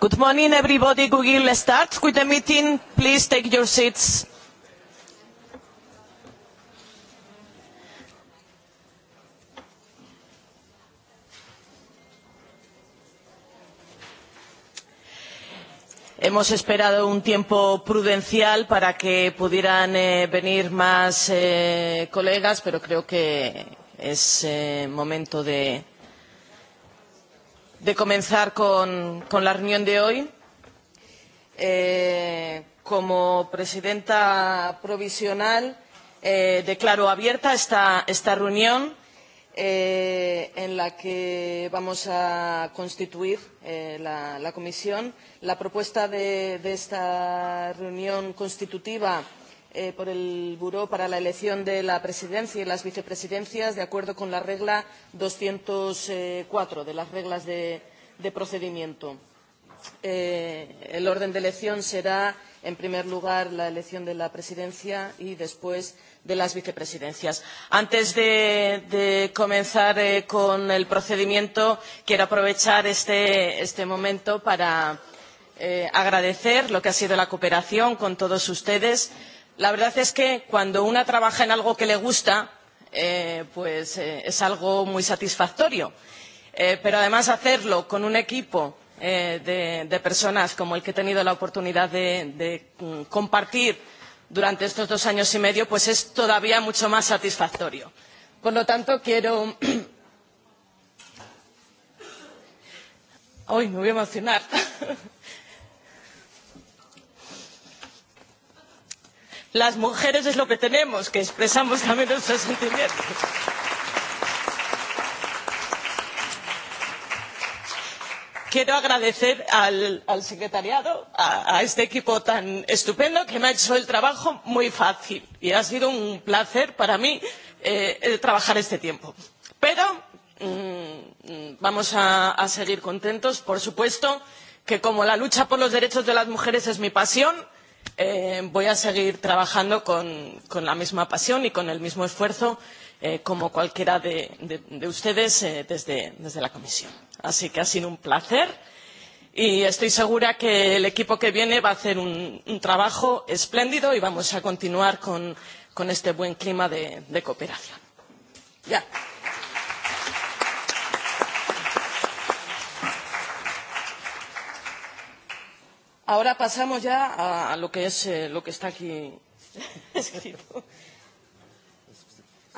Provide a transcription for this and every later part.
Good morning, everybody. We will start with the meeting. Please take your seats. Hemos esperado un tiempo prudencial para que pudieran eh, venir más eh, colegas, pero creo que es eh, momento de, de comenzar con, con la reunión de hoy. Eh, como presidenta provisional, eh, declaro abierta esta, esta reunión eh, en la que vamos a constituir eh, la, la comisión. La propuesta de, de esta reunión constitutiva eh, por el Buró para la elección de la presidencia y las vicepresidencias de acuerdo con la regla 204 de las reglas de, de procedimiento. Eh, el orden de elección será, en primer lugar, la elección de la presidencia y después de las vicepresidencias. Antes de, de comenzar eh, con el procedimiento, quiero aprovechar este, este momento para eh, agradecer lo que ha sido la cooperación con todos ustedes la verdad es que cuando una trabaja en algo que le gusta, eh, pues eh, es algo muy satisfactorio. Eh, pero además hacerlo con un equipo eh, de, de personas como el que he tenido la oportunidad de, de mm, compartir durante estos dos años y medio, pues es todavía mucho más satisfactorio. Por lo tanto, quiero... Hoy me voy a emocionar. Las mujeres es lo que tenemos, que expresamos también nuestros sentimientos. Quiero agradecer al, al secretariado, a, a este equipo tan estupendo que me ha hecho el trabajo muy fácil y ha sido un placer para mí eh, trabajar este tiempo. Pero mmm, vamos a, a seguir contentos, por supuesto, que como la lucha por los derechos de las mujeres es mi pasión, eh, voy a seguir trabajando con, con la misma pasión y con el mismo esfuerzo eh, como cualquiera de, de, de ustedes eh, desde, desde la comisión. Así que ha sido un placer y estoy segura que el equipo que viene va a hacer un, un trabajo espléndido y vamos a continuar con, con este buen clima de, de cooperación. Yeah. Ahora pasamos ya a, a lo que es eh, lo que está aquí escrito.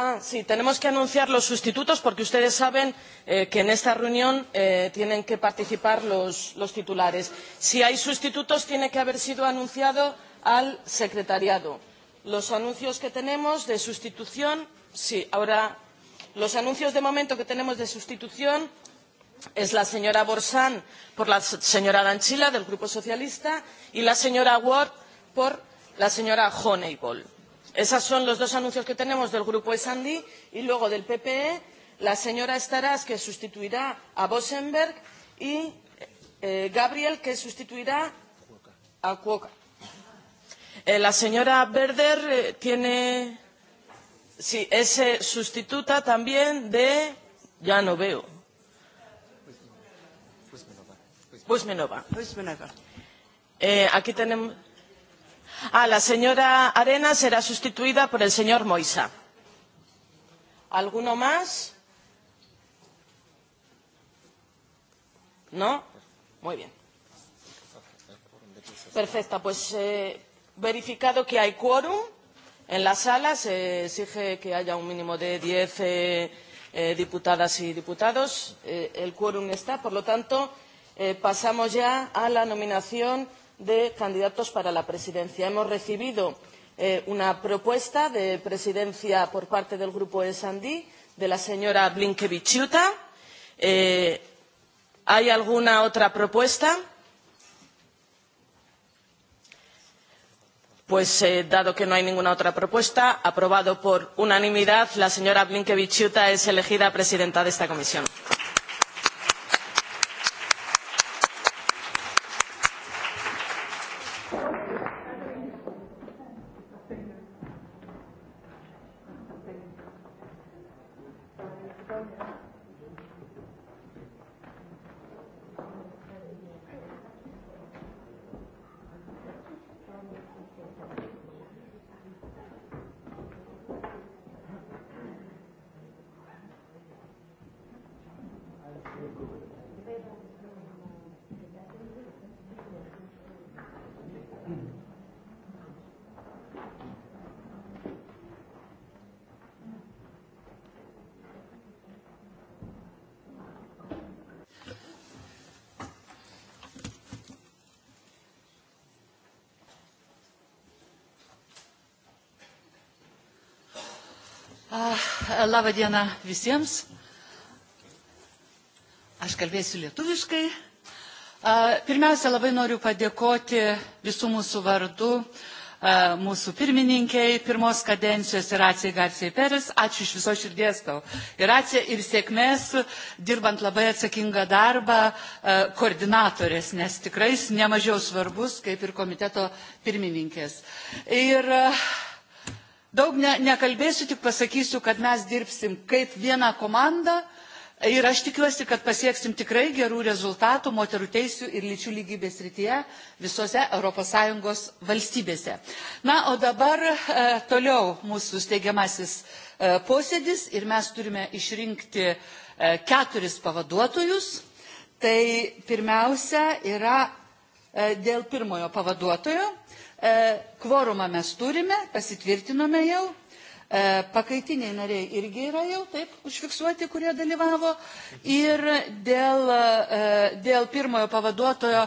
Ah, sí, tenemos que anunciar los sustitutos porque ustedes saben eh, que en esta reunión eh, tienen que participar los, los titulares. Si hay sustitutos, tiene que haber sido anunciado al secretariado. Los anuncios que tenemos de sustitución, sí, ahora los anuncios de momento que tenemos de sustitución es la señora Borsan por la señora Danchila del Grupo Socialista y la señora Ward por la señora Honeyball. Esos son los dos anuncios que tenemos del Grupo ESANDI y luego del PPE la señora Estarás que sustituirá a Bosenberg y eh, Gabriel que sustituirá a Cuoca. Eh, la señora Berder eh, tiene... Sí, es sustituta también de... Ya no veo Busminova. Busminova. Eh, aquí tenemos... Ah, la señora Arena será sustituida por el señor Moisa. ¿Alguno más? ¿No? Muy bien. Perfecto, pues eh, verificado que hay quórum en la sala, se exige que haya un mínimo de 10 eh, eh, diputadas y diputados. Eh, el quórum está, por lo tanto, Eh, pasamos ya a la nominación de candidatos para la presidencia. Hemos recibido eh, una propuesta de presidencia por parte del grupo Sandí, de la señora Blinkevichuta. Eh, ¿Hay alguna otra propuesta? Pues eh, dado que no hay ninguna otra propuesta, aprobado por unanimidad, la señora Blinkevichuta es elegida presidenta de esta comisión. Eh, Labą dieną visiems. Aš kalbėsiu lietuviškai. Eh, pirmiausia, labai noriu padėkoti visų mūsų vardų, eh, mūsų pirmininkiai, pirmos kadencijos Iracijai Garcijai Peris. Ačiū iš viso širdies tau. Iracija ir sėkmės, dirbant labai atsakingą darbą, koordinatorės, nes tikrai nemažiau svarbus, kaip ir komiteto pirmininkės. Ir uh, Daug ne, nekalbėsiu, tik pasakysiu, kad mes dirbsim kaip vieną komandą ir aš tikiuosi, kad pasieksim tikrai gerų rezultatų moterų teisių ir lyčių lygybės rytyje visose ES valstybėse. Na, o dabar e, toliau mūsų steigiamasis e, posėdis ir mes turime išrinkti e, keturis pavaduotojus. Tai pirmiausia yra e, dėl pirmojo pavaduotojo E, kvorumą mes turime, pasitvirtinome jau, e, pakaitiniai nariai irgi yra jau taip užfiksuoti, kurie dalyvavo. Ir dėl, e, dėl pirmojo pavaduotojo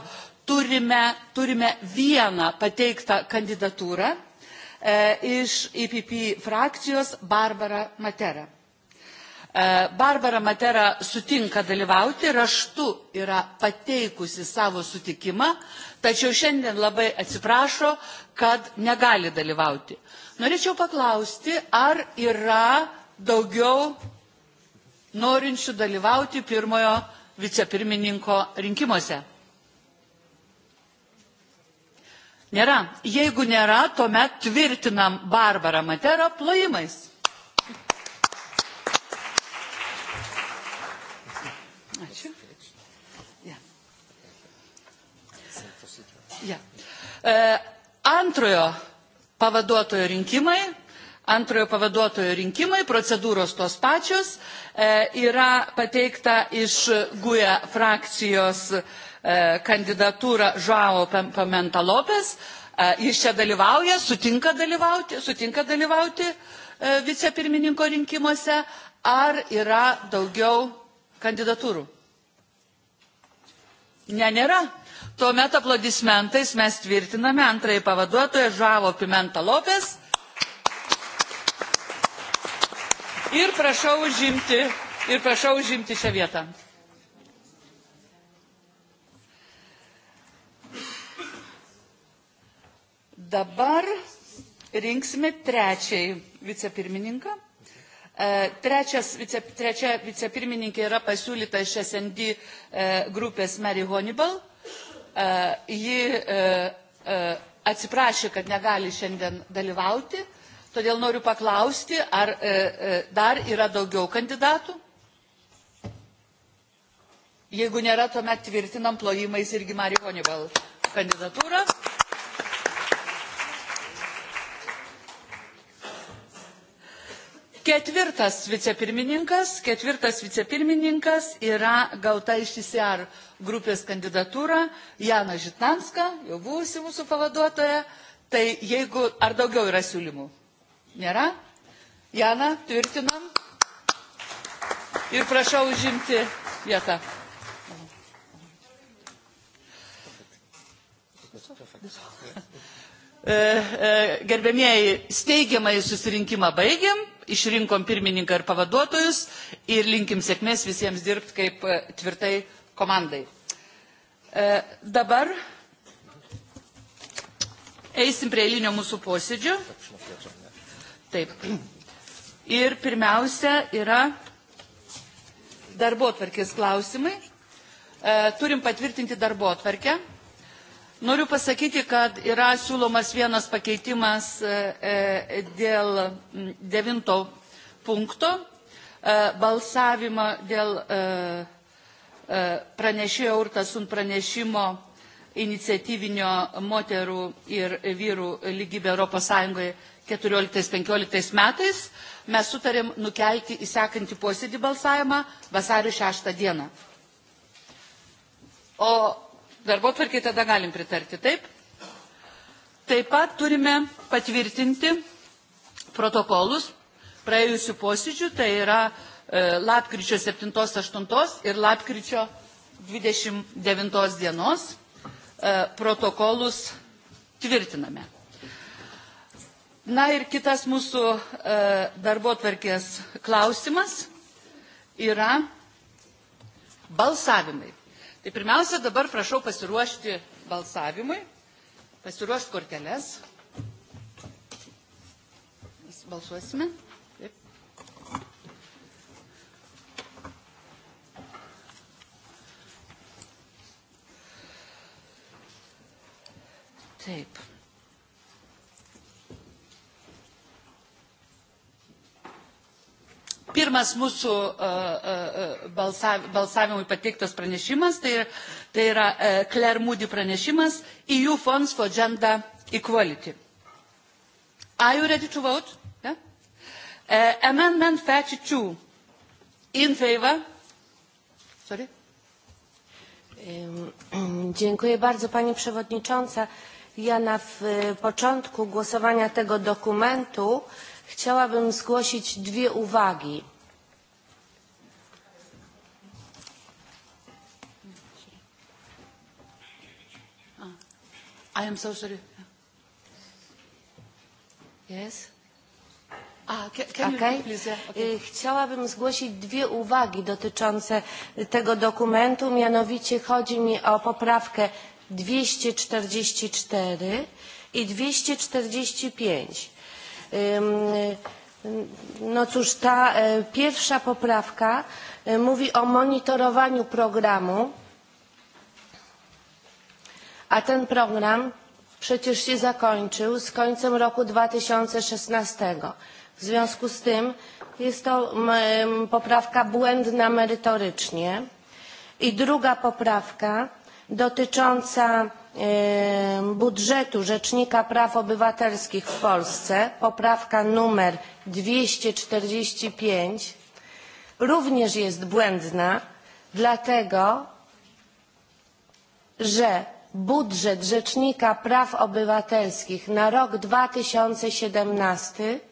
turime, turime vieną pateiktą kandidatūrą iš IPP frakcijos Barbara Matera. E, Barbara Matera sutinka dalyvauti, raštu yra pateikusi savo sutikimą, tačiau šiandien labai atsiprašo, kad negali dalyvauti. Norėčiau paklausti, ar yra daugiau norinčių dalyvauti pirmojo vicepirmininko rinkimuose. Nėra. Jeigu nėra, tuomet tvirtinam Barbarą Matera plojimais. Eh, antrojo pavaduotojo rinkimai antrojo pavaduotojo rinkimai, procedūros tos pačios, eh, yra pateikta iš GUE frakcijos eh, kandidatūra Žuavo Pamenta Lopes. jis čia dalyvauja, sutinka dalyvauti, sutinka dalyvauti vicepirmininko rinkimuose, ar yra daugiau kandidatūrų? Ne, nėra. Tuomet aplodismentais mes tvirtiname antrąjį pavaduotoją Žavo Pimenta Lopes. Ir prašau užimti, ir prašau užimti šią vietą. Dabar rinksime trečiai vicepirmininką. Trečias vice, trečia vicepirmininkė yra pasiūlyta iš SND eh, grupės Mary Honeyball. Ji eh, eh, atsiprašė, kad negali šiandien dalyvauti, todėl noriu paklausti, ar dar yra daugiau kandidatų. Jeigu nėra, tuomet tvirtinam plojimais irgi Mary Honeyball kandidatūrą. Ketvirtas vicepirmininkas, ketvirtas vicepirmininkas yra gauta iš ICR grupės kandidatūra Jana Žitnanska, jau buvusi mūsų pavaduotoja. Tai jeigu, ar daugiau yra siūlymų? Nėra? Jana, tvirtinam. Ir prašau užimti vietą. E, e, Gerbėmėjai, steigiamai susirinkimą baigiam išrinkom pirmininką ir pavaduotojus ir linkim sėkmės visiems dirbti kaip e, tvirtai komandai. E, dabar eisim prie eilinio mūsų posėdžio. Taip. Ir pirmiausia yra darbo tvarkės klausimai. E, turim patvirtinti darbo tvarkę. Noriu pasakyti, kad yra siūlomas vienas pakeitimas e, e, dėl devinto punkto e, balsavimo dėl pranešėjo un pranešimo iniciatyvinio moterų ir vyrų lygybė Europos Sąjungoje 14-15 metais. Mes sutarėm nukelti į sekantį posėdį balsavimą vasario 6 dieną. O Darbo tvarkiai tada galim pritarti, taip? Taip pat turime patvirtinti protokolus praėjusių posėdžių, tai yra e, lapkričio 7-8 ir lapkričio 29 dienos e, protokolus tvirtiname. Na ir kitas mūsų e, darbo tvarkės klausimas yra balsavimai. Tai pirmiausia, dabar prašau pasiruošti balsavimui, pasiruošti korteles. Balsuosime. Taip. Taip. pirmas mūsų e, e, e, balsavimui pateiktas pranešimas, tai, yra Claire Moody pranešimas EU Funds for Gender Equality. Are you ready to vote? Yeah? Uh, amendment 32 in favor. Sorry. Dziękuję bardzo Pani Przewodnicząca. Ja na w początku głosowania tego dokumentu Chciałabym zgłosić dwie uwagi. I am so sorry. Yes? Ah, okay. okay. Chciałabym zgłosić dwie uwagi dotyczące tego dokumentu, mianowicie chodzi mi o poprawkę 244 i 245. No cóż, ta e, pierwsza poprawka e, mówi o monitorowaniu programu, a ten program przecież się zakończył z końcem roku 2016. W związku z tym jest to poprawka błędna merytorycznie. I druga poprawka dotycząca budżetu Rzecznika Praw Obywatelskich w Polsce, poprawka numer 245, również jest błędna, dlatego że budżet Rzecznika Praw Obywatelskich na rok 2017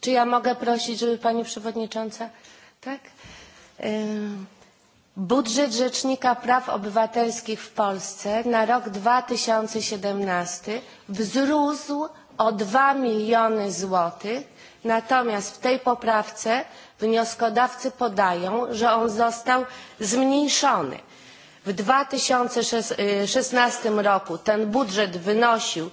Czy ja mogę prosić, żeby Pani Przewodnicząca? Tak? Budżet Rzecznika Praw Obywatelskich w Polsce na rok 2017 wzrósł o 2 miliony złotych, natomiast w tej poprawce wnioskodawcy podają, że on został zmniejszony. W 2016 roku ten budżet wynosił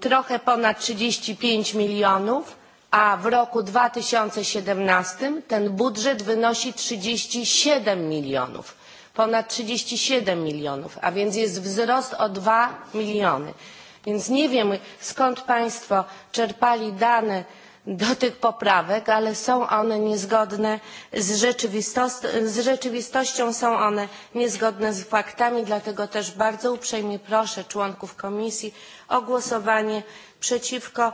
trochę ponad 35 milionów, a w roku 2017 ten budżet wynosi 37 milionów, ponad 37 milionów, a więc jest wzrost o 2 miliony. Więc nie wiem skąd Państwo czerpali dane do tych poprawek, ale są one niezgodne z, rzeczywisto z rzeczywistością, są one niezgodne z faktami, dlatego też bardzo uprzejmie proszę członków komisji o głosowanie przeciwko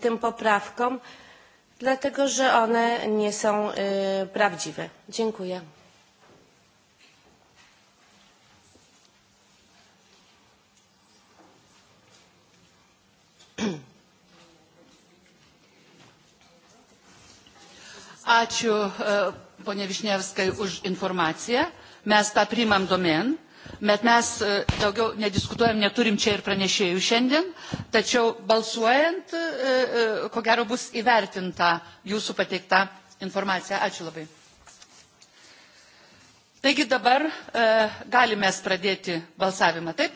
tym poprawkom, dlatego że one nie są prawdziwe. Dziękuję. Ačiū, e, ponia Višnievskai, už informaciją. Mes tą primam domen bet mes e, daugiau nediskutuojam, neturim čia ir pranešėjų šiandien, tačiau balsuojant, e, e, ko gero bus įvertinta jūsų pateikta informacija. Ačiū labai. Taigi dabar galime pradėti balsavimą, taip?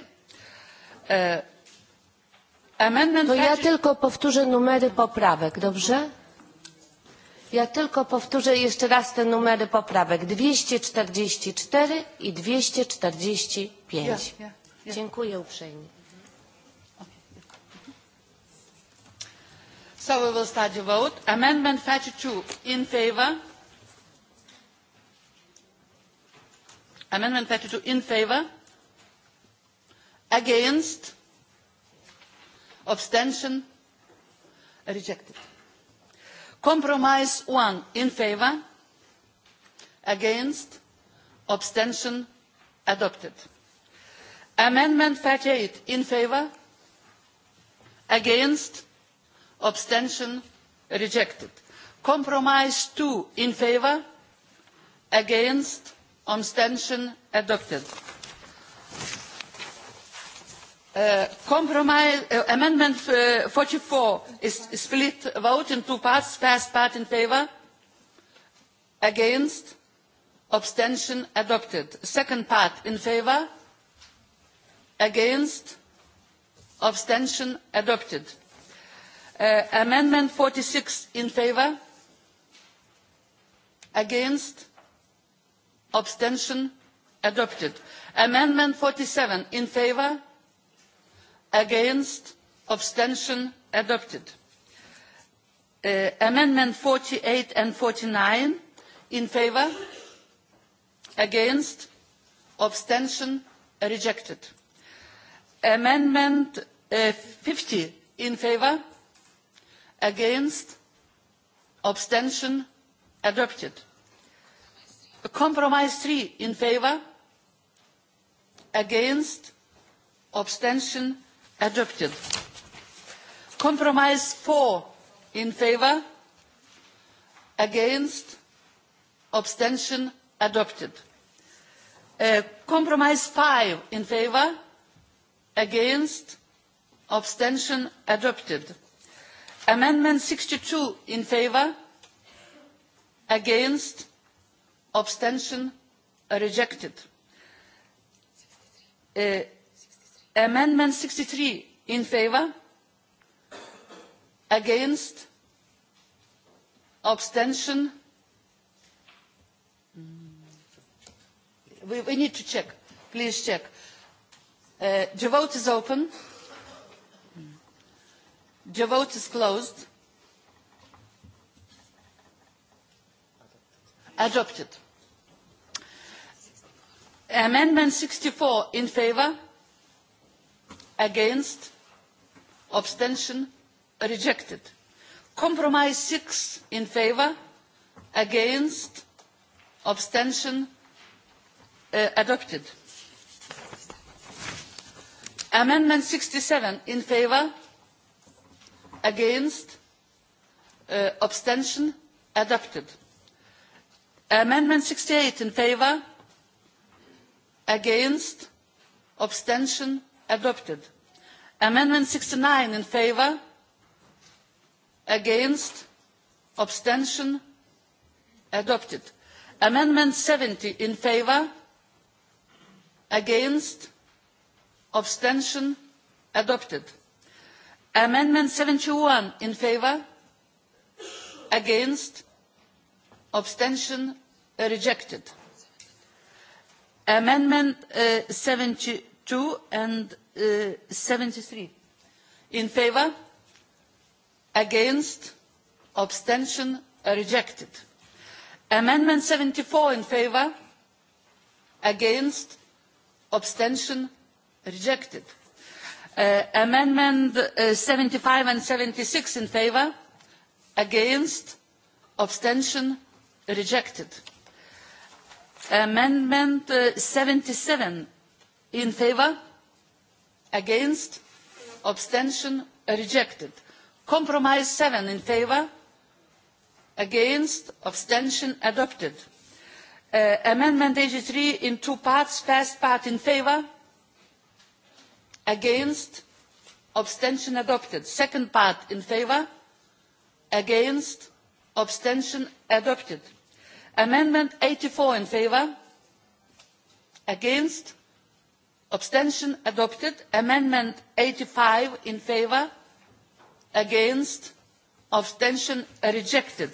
Amendment... To ja tylko powtórzę numery poprawek, dobrze? Ja tylko powtórzę jeszcze raz te numery poprawek. 244 i 245. Ja, ja, ja. Dziękuję uprzejmie. So we will start the vote. Amendment 32 in favor. Amendment 32 in favor. Against. Abstention. Rejected. Compromise one in favor, against, abstention, adopted. Amendment 38 in favor, against, abstention, rejected. Compromise two in favor, against, abstention, adopted compromise eh, uh, amendment uh, eh, 44 is split vote in two parts first part in favor against abstention adopted second part in favor against abstention adopted uh, amendment 46 in favor against abstention adopted amendment 47 in favor against abstention adopted uh, amendment 48 and 49 in favor against abstention rejected amendment uh, 50 in favor against abstention adopted compromise 3 in favor against abstention Adopted. Compromise 4 in favor, against, abstention, adopted. Uh, compromise 5 in favor, against, abstention, adopted. Amendment 62 in favor, against, abstention, rejected. Uh, Amendment 63 in favor? Against? Abstention? We, we need to check. Please check. Uh, the vote is open. The vote is closed. Adopted. Amendment 64 in favor? against abstention rejected compromise 6 in favor against abstention uh, adopted amendment 67 in favor against uh, abstention adopted amendment 68 in favor against abstention adopted adopted amendment 69 in favor against abstention adopted amendment 70 in favor against abstention adopted amendment 71 in favor against abstention rejected amendment uh, 72 2 and uh, 73. In favor? Against? Abstention? Rejected. Amendment 74 in favor? Against? Abstention? Rejected. Uh, amendment uh, 75 and 76 in favor? Against? Abstention? Rejected. Amendment uh, 77 in favor against abstention rejected compromise seven in favor against abstention adopted uh, amendment eighty three in two parts first part in favor against abstention adopted second part in favor against abstention adopted amendment eighty four in favor against abstention adopted amendment eighty five in favour against abstention rejected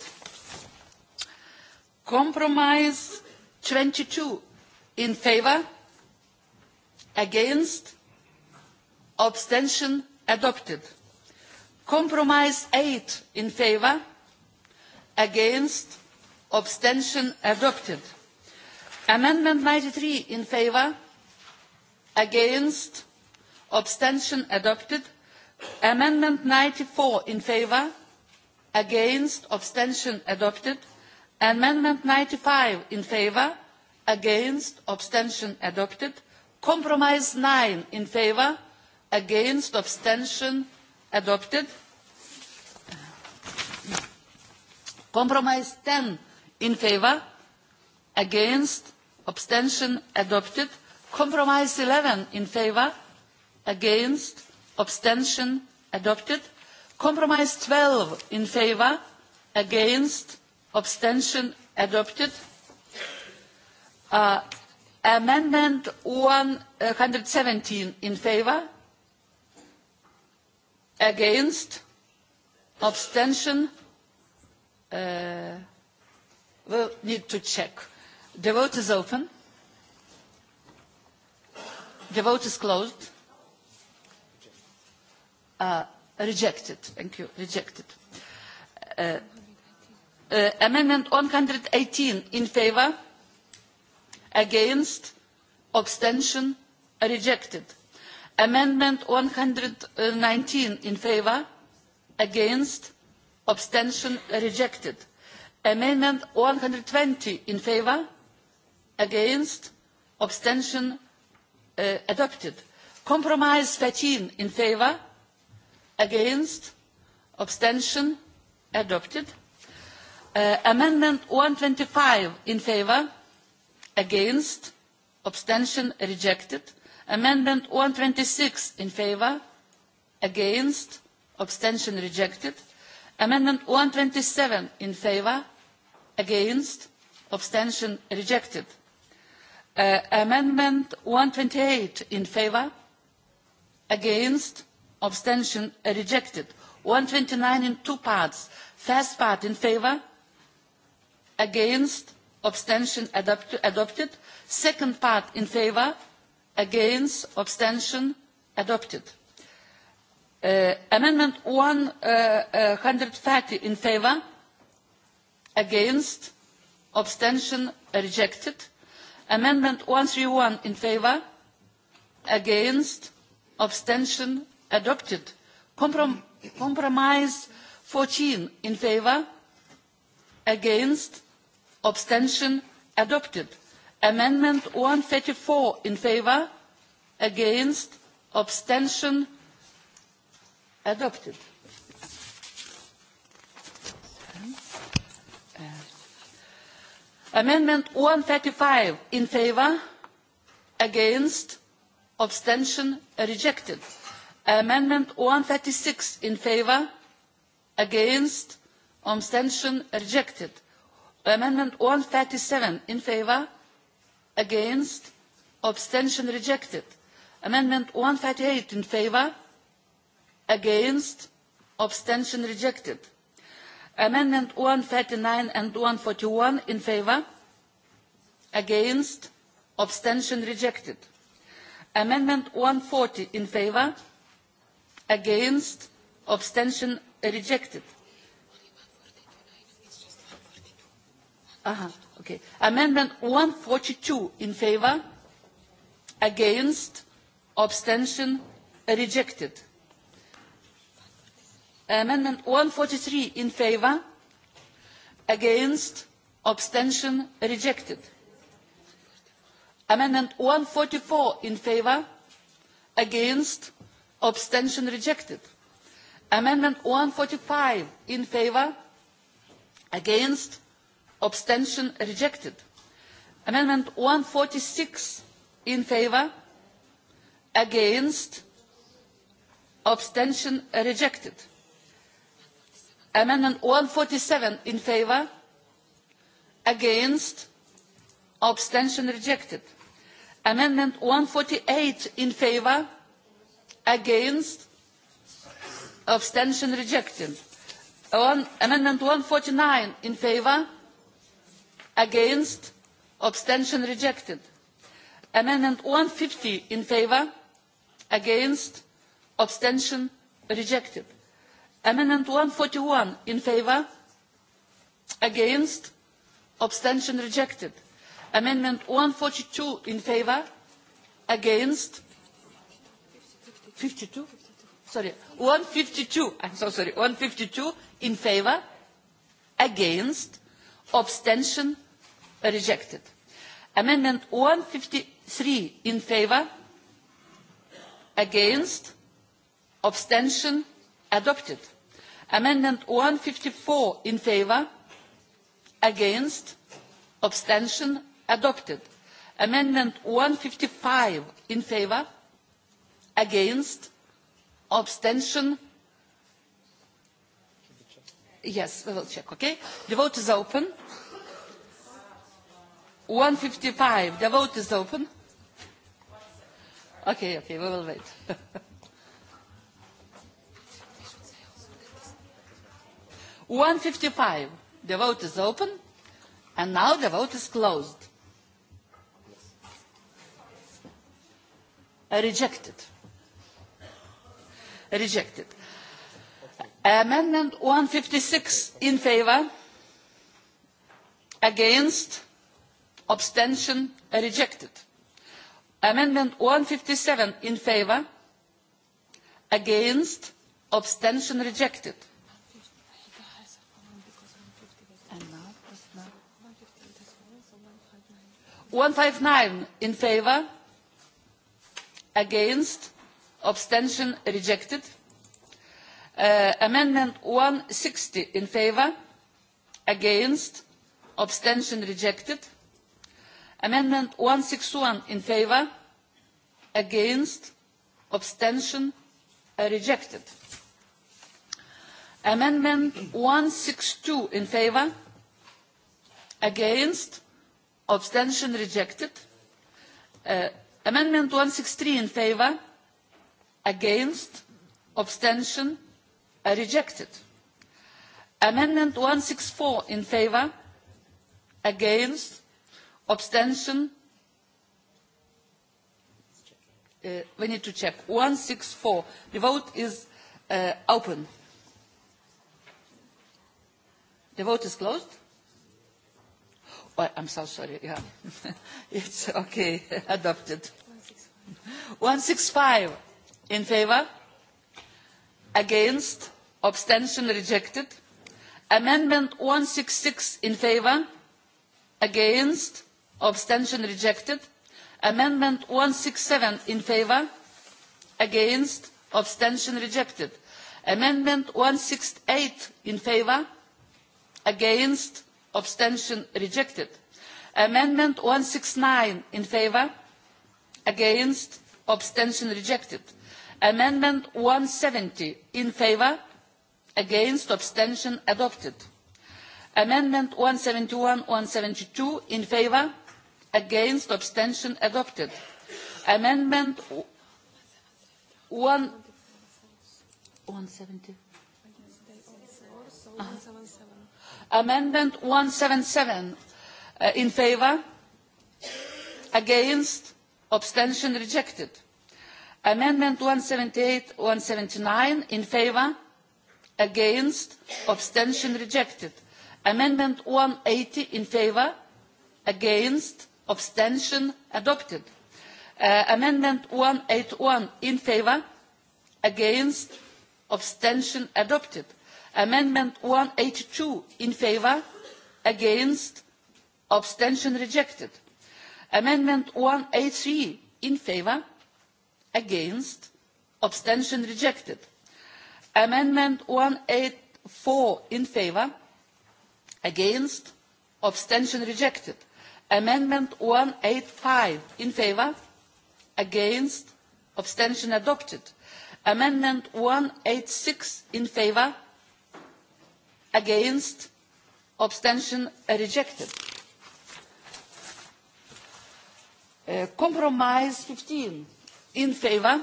compromise twenty two in favour against abstention adopted compromise eight in favour against abstention adopted amendment ninety three in favour against abstention adopted amendment 94 in favour. against abstention adopted amendment 95 in favour. against abstention adopted compromise 9 in favour. against abstention adopted compromise 10 in favour. against abstention adopted Compromise 11 in favor, against, abstention, adopted. Compromise 12 in favor, against, abstention, adopted. Uh, amendment 117 uh, in favor, against, abstention, uh, we'll need to check. The vote is open. The vote is closed. Uh, rejected. Thank you. Rejected. Uh, uh, amendment 118 in favor, against, abstention, rejected. Amendment 119 in favor, against, abstention, rejected. Amendment 120 in favor, against, abstention, uh, adopted. Compromise 13 in favor, against, abstention, adopted. Uh, amendment 125 in favor, against, abstention, rejected. Amendment 126 in favor, against, abstention, rejected. Amendment 127 in favor, against, abstention, rejected. Uh, amendment 128 in favor, against, abstention uh, rejected. 129 in two parts. First part in favor, against, abstention adopt adopted. Second part in favor, against, abstention adopted. Uh, amendment 130 uh, uh, in favor, against, abstention rejected. Amendment one hundred and one in favour, against, abstention, adopted. Comprom compromise fourteen in favour, against, abstention, adopted. Amendment one hundred and thirty four in favour, against, abstention, adopted. Amendment 135 in favor, against, abstention rejected. Amendment 136 in favor, against, abstention rejected. Amendment 137 in favor, against, abstention rejected. Amendment 138 in favor, against, abstention rejected. Amendment 139 and 141 in favor, against, abstention rejected. Amendment 140 in favor, against, abstention rejected. Aha, uh -huh, okay. Amendment 142 in favor, against, abstention rejected. Amendment 143 in favour, against, abstention, rejected. Amendment 144 in favour, against, abstention, rejected. Amendment 145 in favour, against, abstention, rejected. Amendment 146 in favour, against, abstention, rejected. Amendment one forty seven in favour. against, abstention rejected. Amendment one forty eight in favour. against, abstention rejected. Amendment and forty nine in favour. against, abstention rejected. Amendment one fifty in favour. against, abstention rejected. Amendment 141 in favor, against, abstention rejected. Amendment 142 in favor, against, 52? Sorry, 152, I'm so sorry, 152 in favor, against, abstention rejected. Amendment 153 in favor, against, abstention rejected adopted. Amendment 154 in favour, against, abstention, adopted. Amendment 155 in favour, against, abstention, yes, we will check, okay? The vote is open. 155, the vote is open. Okay, okay, we will wait. 155. The vote is open. And now the vote is closed. Rejected. Rejected. Amendment 156 in favor. Against. Abstention. Rejected. Amendment 157 in favor. Against. Abstention. Rejected. 159 in favor against abstention rejected uh, amendment 160 in favor against abstention rejected amendment 161 in favor against abstention rejected amendment 162 in favor against abstention rejected uh, amendment 163 in favor against abstention uh, rejected amendment 164 in favor against abstention uh, we need to check 164 the vote is uh, open the vote is closed Oh, I'm so sorry, yeah. it's okay, adopted. 165 in favor, against, abstention rejected. Amendment 166 in favor, against, abstention rejected. Amendment 167 in favor, against, abstention rejected. Amendment 168 in favor, against, abstention rejected amendment one hundred and sixty nine in favour against abstention rejected amendment one hundred and seventy in favour against abstention adopted amendment one hundred and seventy one one hundred and seventy two in favour against abstention adopted amendment one one seventy Amendment 177 uh, in favor, against, abstention rejected. Amendment 178, 179 in favor, against, abstention rejected. Amendment 180 in favor, against, abstention adopted. Uh, amendment 181 in favor, against, abstention adopted. Amendment one hundred and eighty two in favour, against, abstention rejected. Amendment one hundred and eighty three in favour, against, abstention rejected. Amendment one hundred and eighty four in favour, against, abstention rejected. Amendment one hundred and eighty five in favour, against, abstention adopted. Amendment one hundred and eighty six in favour, against abstention rejected uh, compromise fifteen in favour.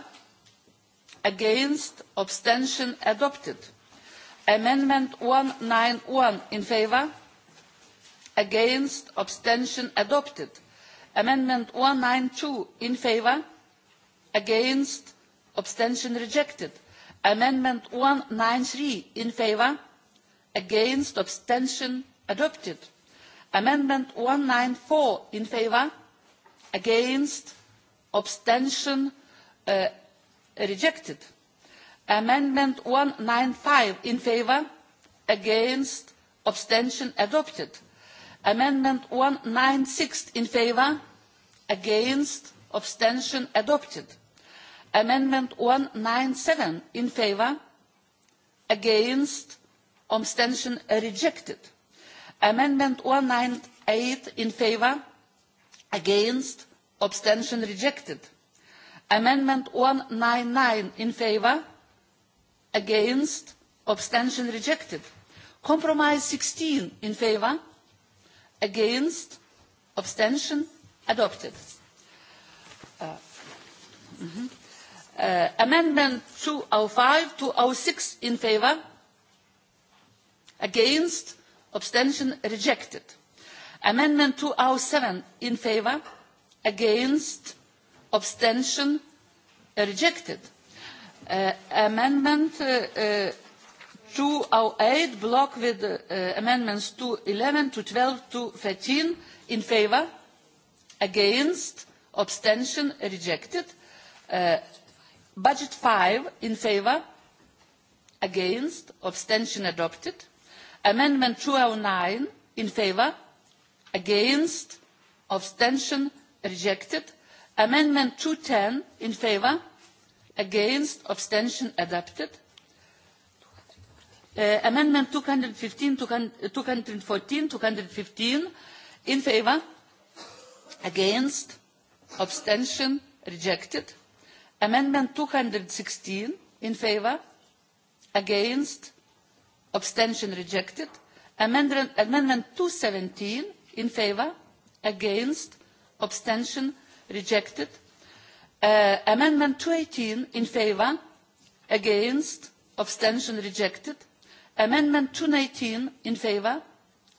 against abstention adopted amendment one one in favour? against abstention adopted amendment one two in favour? against abstention rejected amendment one three in favour? against abstention adopted amendment one hundred and ninety four in favour against abstention uh, rejected amendment one hundred and ninety five in favour against abstention adopted amendment one hundred and ninety six in favour against abstention adopted amendment one hundred and ninety seven in favour against abstention rejected amendment one hundred eight in favour against abstention rejected amendment one hundred ninety nine in favour against abstention rejected compromise sixteen in favour against abstention adopted uh, mm -hmm. uh, amendment two hundred oh five two hundred oh six in favour against abstention rejected amendment 207 in favor against abstention rejected uh, amendment uh, uh, 208 block with uh, amendments 211 to 12 to 13 in favor against abstention rejected uh, budget 5 in favor against abstention adopted Amendment 209 in favour, against, abstention, rejected. Amendment 210 in favour, against, abstention, adopted. Uh, fourteen amendment 215, 214, 215 in favour, against, abstention, rejected. Amendment 216 in favour, against, abstention rejected amendment, amendment 217 in favor against abstention rejected uh, amendment 218 in favor against abstention rejected amendment 219 in favor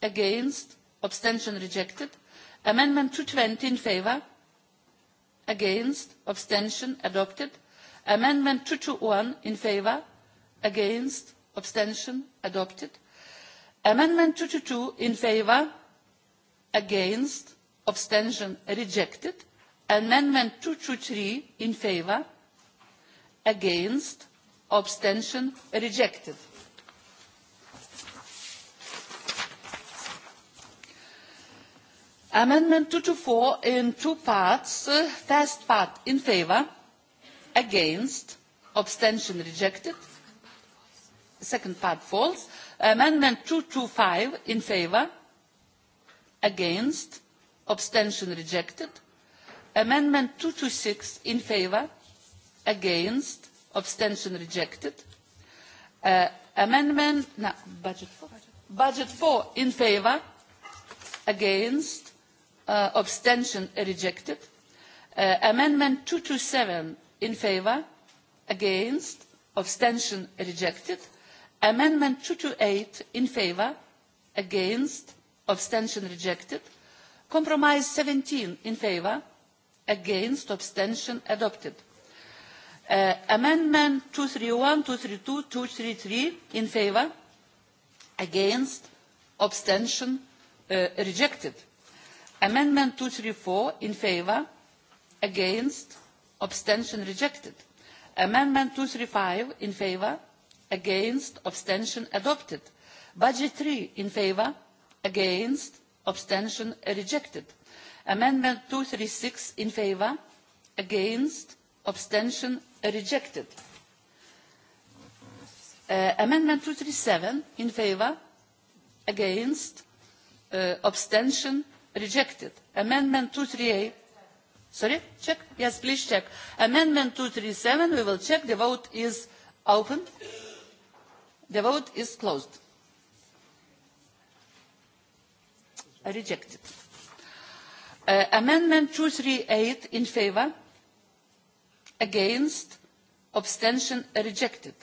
against abstention rejected amendment 220 in favor against abstention adopted amendment 221 in favor against abstention adopted amendment 222 in favor against abstention rejected amendment 223 in favor against abstention rejected Amendment 224 in two parts. Uh, first part in favour, against, abstention rejected second part falls. Amendment 225 in favour. against, abstention rejected. Amendment 226 in favour. against, abstention rejected. Uh, amendment, no, budget 4. Budget 4 in favour. against, uh, abstention rejected. Uh, amendment 227 in favour. against, abstention rejected. Amendment 228 in favour, against, abstention rejected. Compromise 17 in favour, against, abstention adopted. Uh, amendment 231, 232, 233 in favour, against, abstention uh, rejected. Amendment 234 in favour, against, abstention rejected. Amendment 235 in favour, against abstention adopted budget three in favour against abstention rejected amendment two hundred and thirty six in favour against abstention rejected uh, amendment two hundred and thirty seven in favour against uh, abstention rejected amendment two hundred and thirty eight sorry check yes please check amendment two hundred and thirty seven we will check the vote is open The vote is closed. Rejected. Uh, amendment 238 in favor. Against. Abstention rejected.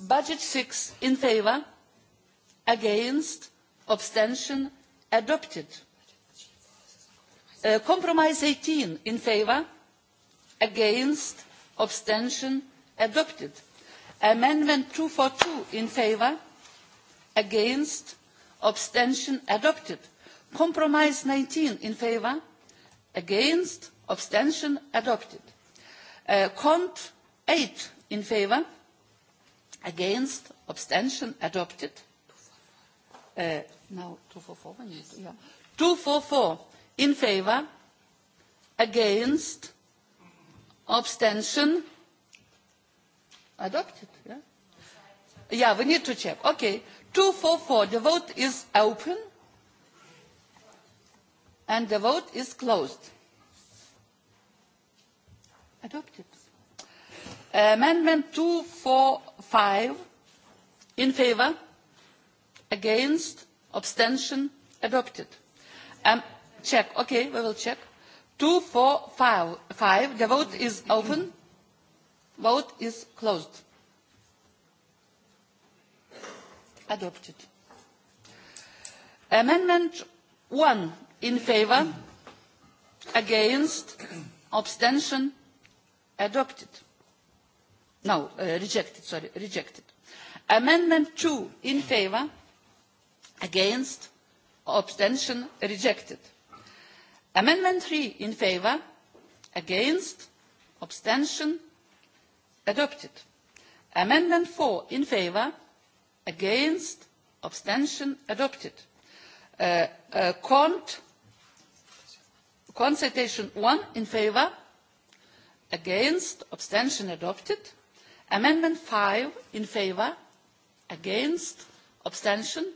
Budget 6 in favor. Against. Abstention adopted. Uh, compromise 18 in favor. Against. Abstention adopted. Amendment 242 in favour, against, abstention adopted. Compromise 19 in favour, against, abstention adopted. Uh, cont 8 in favour, against, abstention adopted. Uh, now 244, yeah. 244 in favour, against, abstention adopted Adopted, yeah? Yeah, we need to check. Okay, 244, the vote is open and the vote is closed. Adopted. Amendment 245 in favor, against, abstention, adopted. Um, check, okay, we will check. 245, the vote is open. Vote is closed. Adopted. Amendment 1 in favor, against, abstention, adopted. No, uh, rejected, sorry, rejected. Amendment 2 in favor, against, abstention, rejected. Amendment 3 in favor, against, abstention, adopted. Amendment 4 in favour, against, abstention, adopted. Uh, uh, cont, consultation 1 in favour, against, abstention, adopted. Amendment 5 in favour, against, abstention,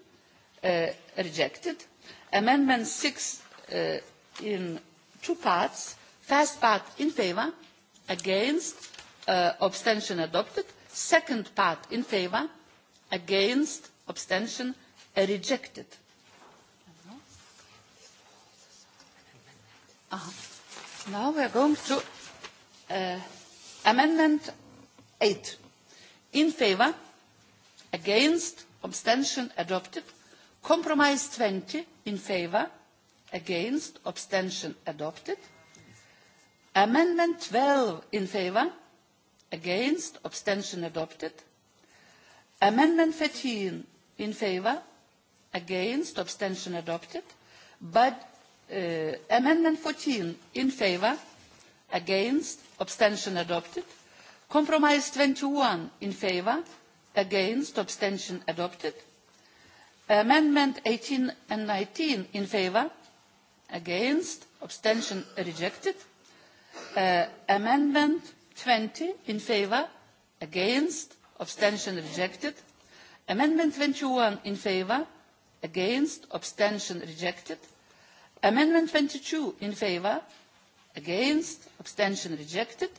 uh, rejected. Amendment 6 uh, in two parts, first part in favour, against, uh, abstention adopted second part in favor against abstention uh, rejected uh -huh. now we are going to uh, amendment 8 in favor against abstention adopted compromise 20 in favor against abstention adopted amendment 12 in favor against abstention adopted amendment 13 in favor against abstention adopted but uh, amendment 14 in favor against abstention adopted compromise 21 in favor against abstention adopted amendment 18 and 19 in favor against abstention rejected uh, amendment 20 in favour, against, abstention rejected. Amendment 21 in favour, against, abstention rejected. Amendment 22 in favour, against, abstention rejected.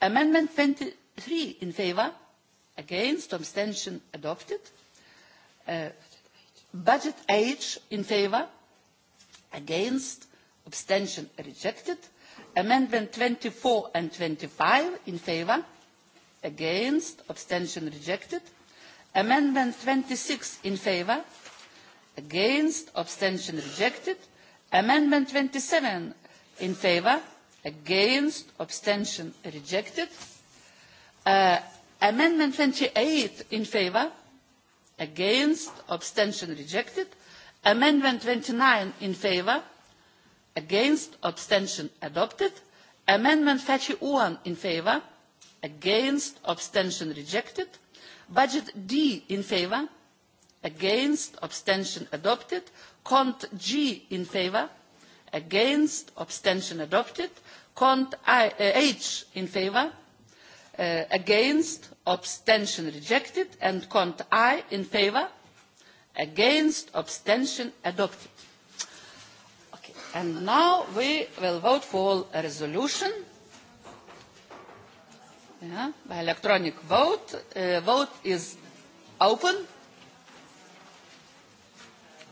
Amendment 23 in favour, against, abstention adopted. Uh, budget H in favour, against, abstention rejected. Amendment 24 and 25 in favor, against, abstention rejected. Amendment 26 in favor, against, abstention rejected. Amendment 27 in favor, against, abstention rejected. Uh, amendment 28 in favor, against, abstention rejected. Amendment 29 in favor, against abstention adopted amendment thirty one in favour against abstention rejected budget d in favour against abstention adopted cont g in favour against abstention adopted cont I, uh, h in favour uh, eh, against abstention rejected and cont i in favour against abstention adopted And now we will vote for a resolution yeah, by electronic vote. Uh, vote is open.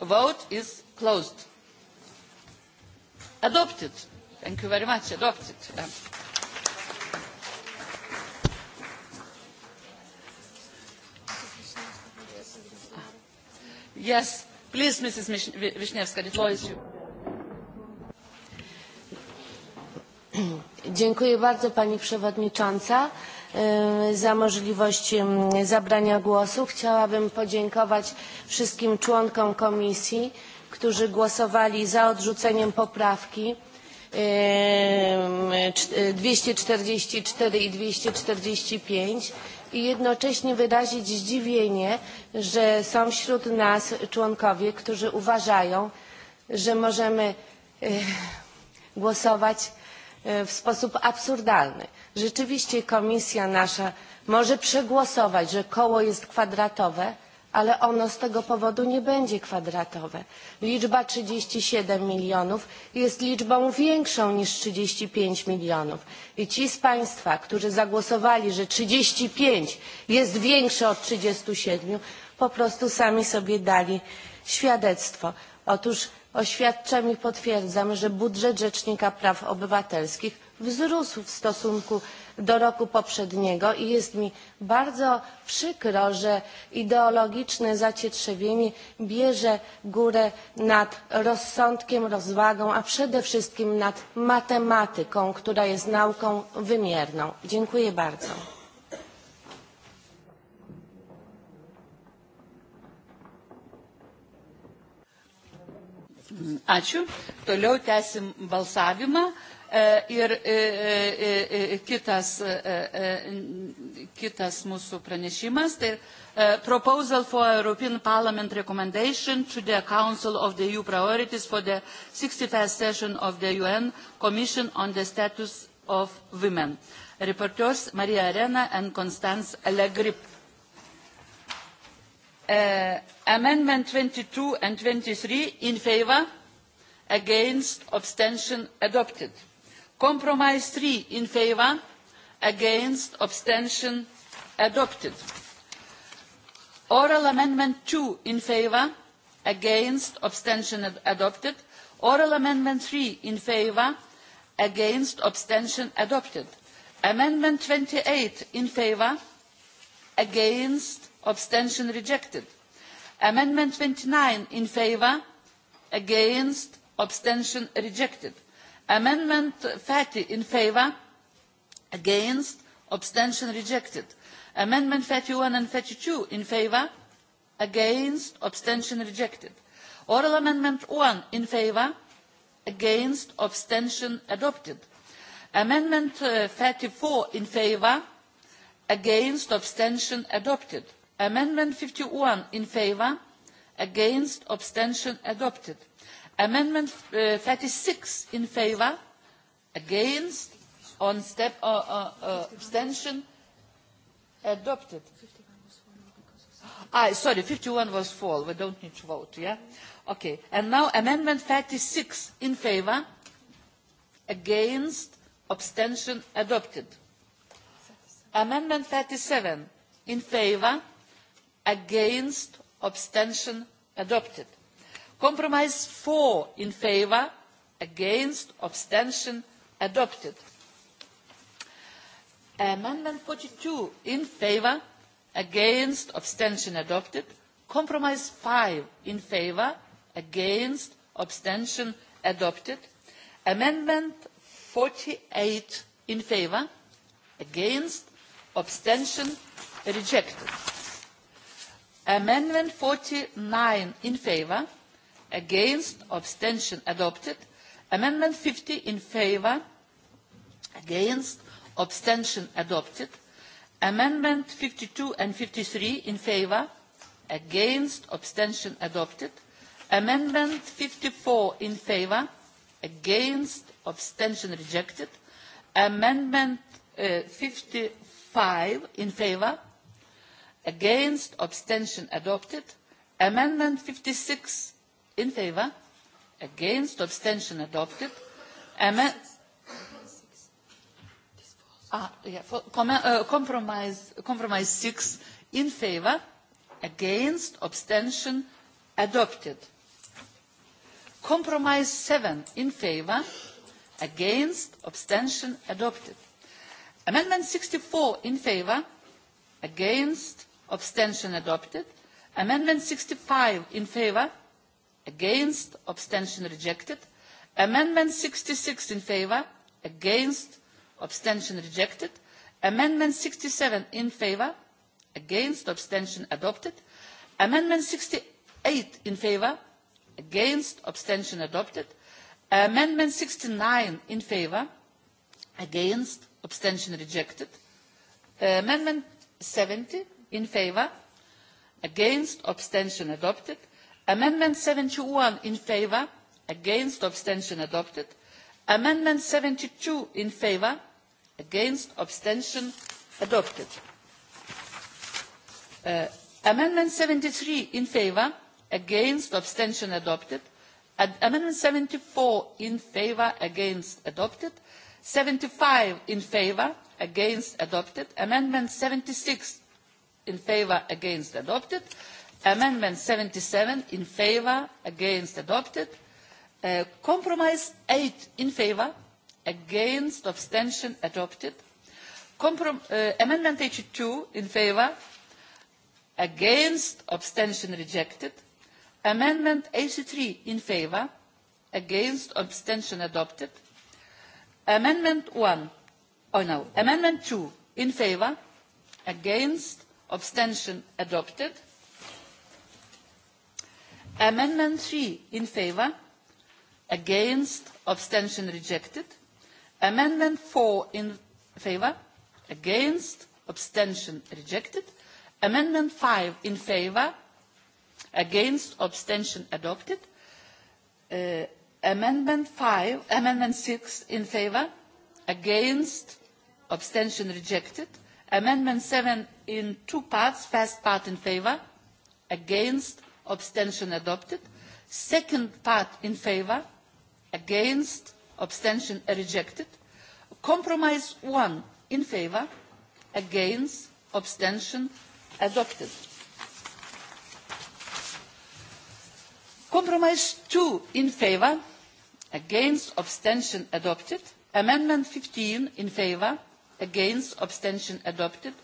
Vote is closed. Adopted. Thank you very much. Adopted. Uh, Yes, please, Mrs. Vishnevska, the floor is yours. Dziękuję bardzo Pani Przewodnicząca za możliwość zabrania głosu. Chciałabym podziękować wszystkim członkom komisji, którzy głosowali za odrzuceniem poprawki 244 i 245 i jednocześnie wyrazić zdziwienie, że są wśród nas członkowie, którzy uważają, że możemy głosować E, w sposób absurdalny. Rzeczywiście komisja nasza może przegłosować, że koło jest kwadratowe, ale ono z tego powodu nie będzie kwadratowe. Liczba 37 milionów jest liczbą większą niż 35 milionów. I ci z Państwa, którzy zagłosowali, że 35 jest większe od 37, po prostu sami sobie dali świadectwo. Otóż Oświadczam i potwierdzam, że budżet Rzecznika Praw Obywatelskich wzrósł w stosunku do roku poprzedniego i jest mi bardzo przykro, że ideologiczne zacietrzewienie bierze górę nad rozsądkiem, rozwagą, a przede wszystkim nad matematyką, która jest nauką wymierną. Dziękuję bardzo. Mm, ačiū. Toliau tęsim balsavimą. E, ir e, e, kitas, mūsų pranešimas, tai Proposal for European Parliament Recommendation to the Council of the EU Priorities for the 61st Session of the UN Commission on the Status of Women. Reporters Maria Arena and Constance Legrip. Uh, amendment twenty two and twenty three in favour against abstention adopted compromise three in favour against abstention adopted oral amendment two in favour against abstention ad adopted oral amendment three in favour against abstention adopted amendment twenty eight in favour against abstention rejected amendment twenty nine in favour against abstention rejected amendment thirty in favour against abstention rejected amendment thirty one and thirty two in favour against abstention rejected oral amendment one in favour against abstention adopted amendment thirty uh, four in favour against abstention adopted amendment fifty one in favour against abstention adopted amendment uh, thirty six in favour against on step uh, uh, abstention adopted I ah, sorry fifty one was fall we don't need to vote yeah okay and now amendment thirty six in favour against abstention adopted amendment thirty seven in favour against abstention adopted compromise 4 in favor against abstention adopted amendment 42 in favor against abstention adopted compromise 5 in favor against abstention adopted amendment 48 in favor against abstention rejected Amendment 49 in favor, against, abstention adopted. Amendment 50 in favor, against, abstention adopted. Amendment 52 and 53 in favor, against, abstention adopted. Amendment 54 in favor, against, abstention rejected. Amendment uh, 55 in favor, against abstention adopted amendment fifty six in favour against abstention adopted amendment ah, yeah, for, com uh, compromise, compromise six in favour against abstention adopted compromise seven in favour against abstention adopted amendment sixty four in favour against abstention adopted. Amendment 65 in favor, against, abstention rejected. Amendment 66 in favor, against, abstention rejected. Amendment 67 in favor, against, abstention adopted. Amendment 68 in favor, against, abstention adopted. Amendment 69 in favor, against, abstention rejected. Amendment 70 in favour against abstention adopted amendment seventy one in favour against abstention adopted amendment seventy two in favour against abstention adopted uh, amendment seventy three in favour against abstention adopted Ad amendment seventy four in favour against adopted seventy five in favour against adopted amendment seventy six in favour against adopted amendment 77 in favour against adopted uh, compromise 8 in favour against abstention adopted Comprom uh, amendment 82 in favour against abstention rejected amendment 83 in favour against abstention adopted amendment 1 oh no amendment 2 in favour against abstention adopted amendment three in favour against abstention rejected amendment four in favour against abstention rejected amendment five in favour against abstention adopted uh, amendment five amendment six in favour against abstention rejected amendment seven in two parts. First part in favor, against, abstention adopted. Second part in favor, against, abstention rejected. Compromise one in favor, against, abstention adopted. Compromise two in favor, against, abstention adopted. Amendment 15 in favor, against, abstention adopted.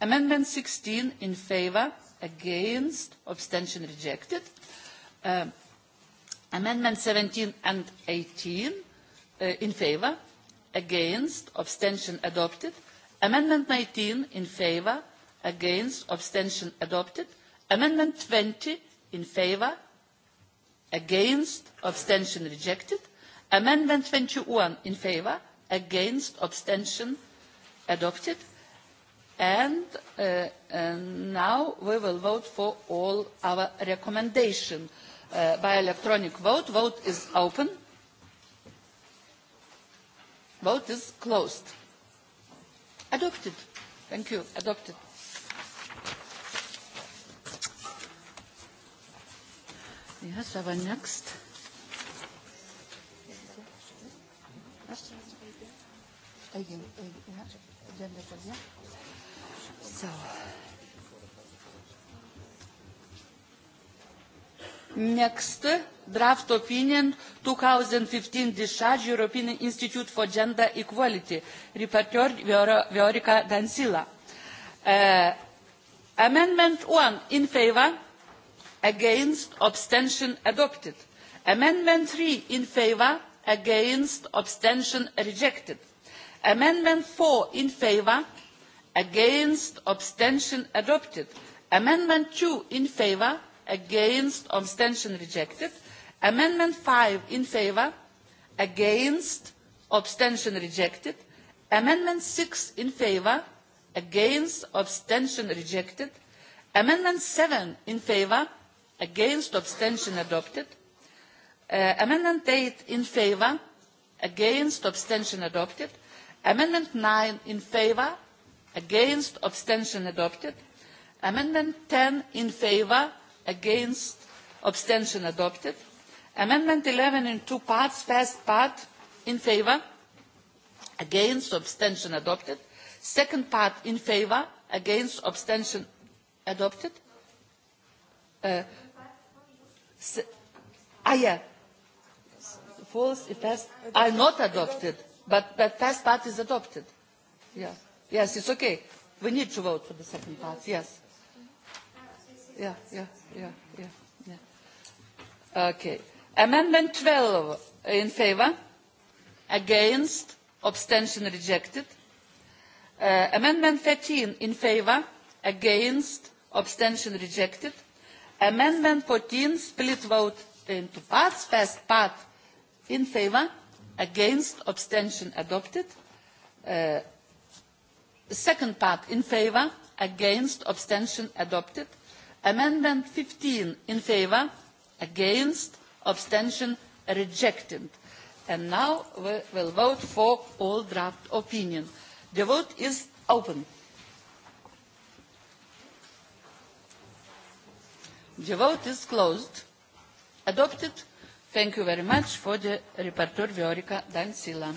Amendment 16 in favor, against, abstention rejected. Uh, amendment 17 and 18 uh, in favor, against, abstention adopted. Amendment 19 in favor, against, abstention adopted. Amendment 20 in favor, against, abstention rejected. Amendment 21 in favor, against, abstention adopted and uh, uh, now we will vote for all our recommendations uh, by electronic vote. Vote is open. Vote is closed. Adopted. Thank you. Adopted. Yes, our next. So. Next, draft opinion 2015 discharge European Institute for Gender Equality, reporter Veorica Dancila. Uh, amendment 1 in favor, against, abstention adopted. Amendment 3 in favor, against, abstention rejected. Amendment 4 in favor, against abstention adopted amendment two in favour against abstention rejected amendment five in favour against abstention rejected amendment six in favour against abstention rejected amendment seven in favour against abstention adopted uh, amendment eight in favour against abstention adopted amendment nine in favour against abstention adopted amendment 10 in favor against abstention adopted amendment 11 in two parts first part in favor against abstention adopted second part in favor against abstention adopted uh, ah yeah false first are not adopted but the first part is adopted yeah Yes, it's okay. We need to vote for the second part, yes. Yeah, yeah, yeah, yeah. yeah. Okay. Amendment 12 in favor, against, abstention rejected. Uh, amendment 13 in favor, against, abstention rejected. Amendment 14 split vote into parts, first part in favor, against, abstention adopted. Uh, second part in favour against abstention adopted amendment fifteen in favour against abstention rejected and now we will vote for all draft opinion the vote is open the vote is closed adopted thank you very much for the rapporteur Viorica Dancila.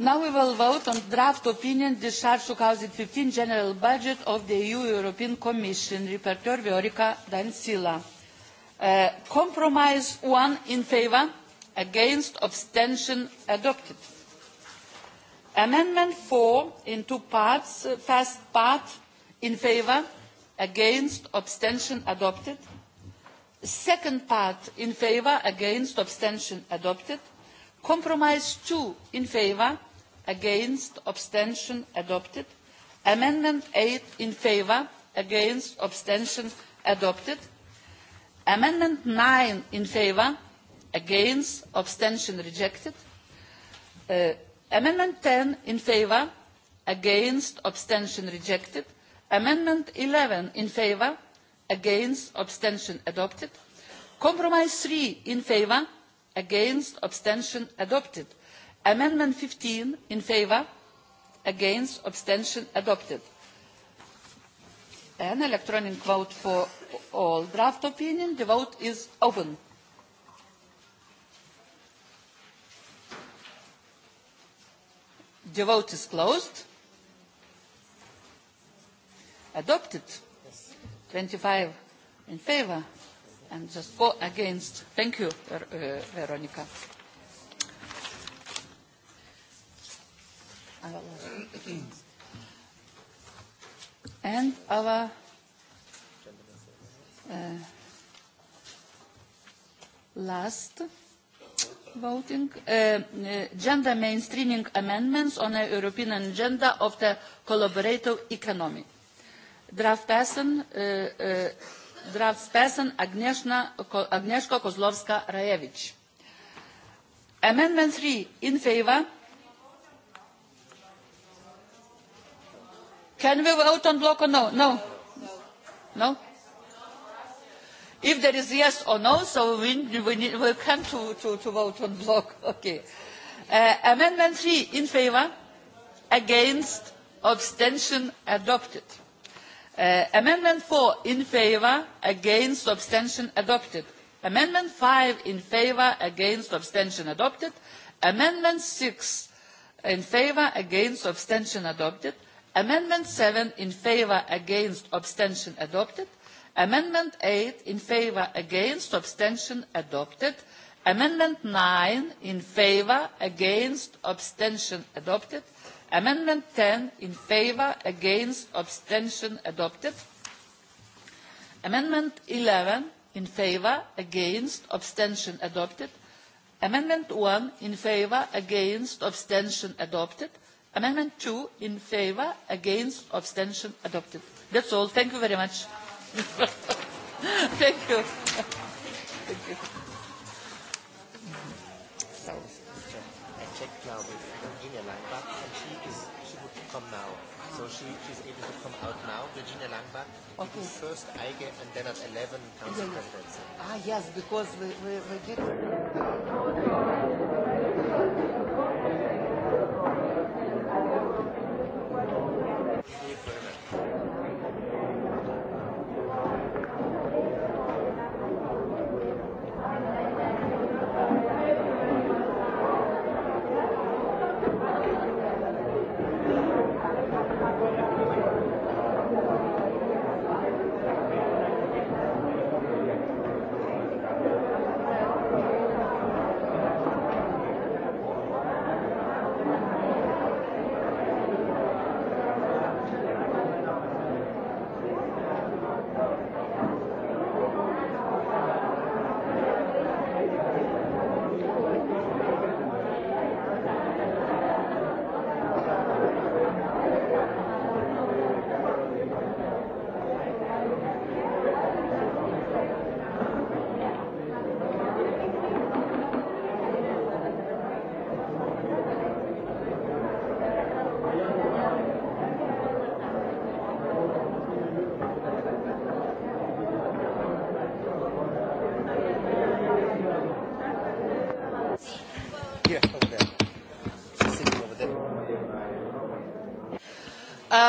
Now we will vote on draft opinion discharge 2015 general budget of the EU European Commission, Rapporteur Viorica Dancila. Uh, compromise one in favor, against, abstention adopted. Amendment four in two parts, uh, first part in favor, against, abstention adopted. Second part in favor, against, abstention adopted. Compromise two in favor, against abstention adopted amendment eight in favour against abstention adopted amendment nine in favour against abstention rejected uh, amendment ten in favour against abstention rejected amendment eleven in favour against abstention adopted compromise three in favour against abstention adopted amendment fifteen in favour against abstention adopted an electronic vote for all draft opinion the vote is open the vote is closed adopted twenty five in favour and just four against thank you uh, veronica and our uh, last voting uh, uh, gender mainstreaming amendments on a European agenda of the collaborative economy. Draft person, uh, uh, draft person Agnieszka, Agnieszka Kozlowska-Rajewicz. Amendment 3 in favor Can we vote on block or no? No. No? If there is yes or no, so we, we, need, we come to, to, to vote on block. Okay. Uh, amendment 3 in favor, against, abstention adopted. Uh, amendment 4 in favor, against, abstention adopted. Amendment 5 in favor, against, abstention adopted. Amendment 6 in favor, against, abstention adopted. Amendment 7 in favor against abstention adopted. Amendment 8 in favor against abstention adopted. Amendment 9 in favor against abstention adopted. Amendment 10 in favor against abstention adopted. Amendment 11 in favor against abstention adopted. Amendment 1 in favor against abstention adopted. Amendment 2 in favor, against, abstention, adopted. That's all. Thank you very much. Thank you. Thank you. So, I checked now with Virginia Langbach, and she is she would come now. So she she's able to come out now. Virginia Langbach, okay. first and then at 11 council Ah yes, because we we, we did.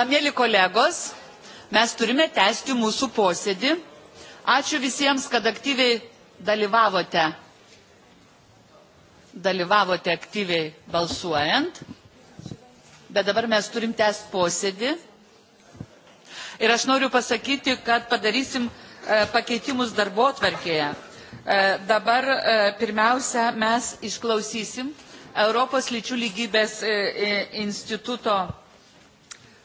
Mėly kolegos, mes turime tęsti mūsų posėdį. Ačiū visiems, kad aktyviai dalyvavote, dalyvavote aktyviai balsuojant. Bet dabar mes turim tęsti posėdį. Ir aš noriu pasakyti, kad padarysim e, pakeitimus darbo atvarkėje. E, dabar e, pirmiausia mes išklausysim Europos lyčių lygybės instituto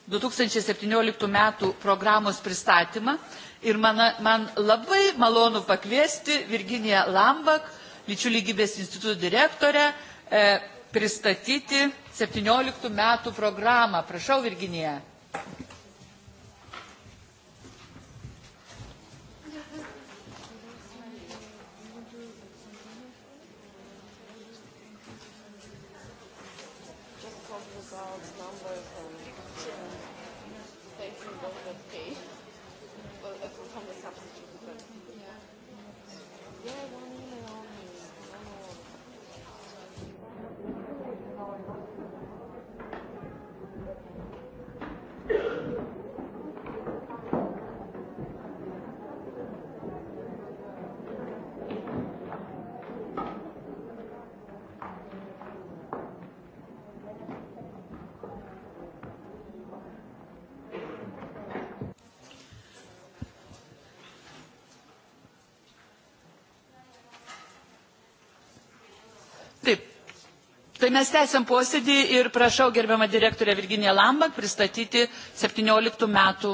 2017 metų programos pristatymą ir man, man labai malonu pakviesti Virginiją Lambak, lyčių lygybės instituto direktorę, e, pristatyti 17 metų programą. Prašau, Virginija. Tai mes tęsiam posėdį ir prašau gerbiamą direktorę Virginiją Lambak pristatyti 17 metų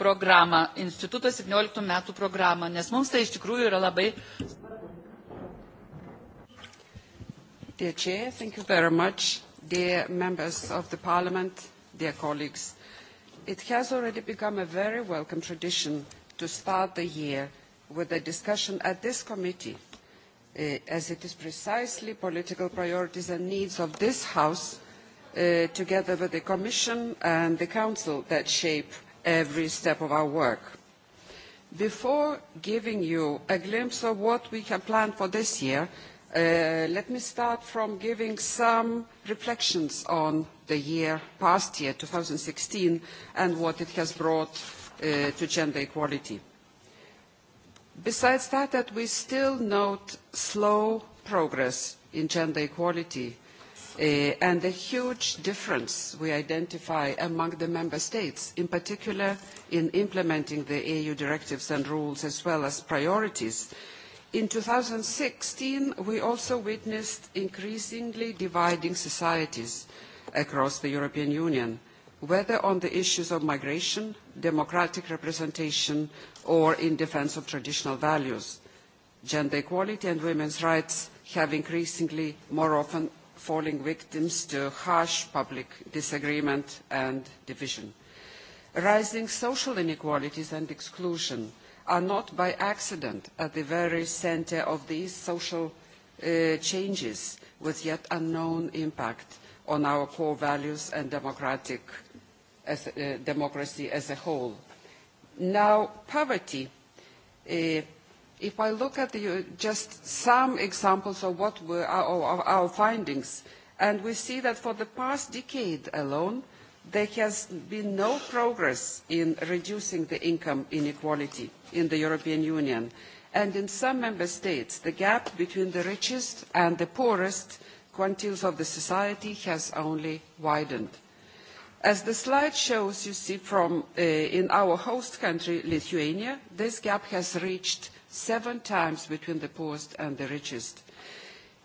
programą, instituto 17 metų programą, nes mums tai iš tikrųjų yra labai. Dear Chair, thank you very much. Dear members of the Parliament, dear colleagues, it has already become a very welcome tradition to start the year with a discussion at this committee uh, as it is precisely political priorities and needs of this House, uh, together with the Commission and the Council, that shape every step of our work. Before giving you a glimpse of what we can plan for this year, uh, let me start from giving some reflections on the year, past year, 2016, and what it has brought uh, to gender equality. Besides that, that we still note slow progress in gender equality uh, and the huge difference we identify among the member states, in particular in implementing the EU directives and rules as well as priorities. In sixteen we also witnessed increasingly dividing societies across the European Union – whether on the issues of migration, democratic representation, or in defense of traditional values. Gender equality and women's rights have increasingly more often falling victims to harsh public disagreement and division. Rising social inequalities and exclusion are not by accident at the very center of these social uh, changes with yet unknown impact on our core values and democratic as, uh, democracy as a whole. Now, poverty. Uh, if I look at the, uh, just some examples of what were our, our, our findings, and we see that for the past decade alone, there has been no progress in reducing the income inequality in the European Union. And in some member states, the gap between the richest and the poorest quantiles of the society has only widened. As the slide shows, you see from uh, in our host country, Lithuania, this gap has reached seven times between the poorest and the richest.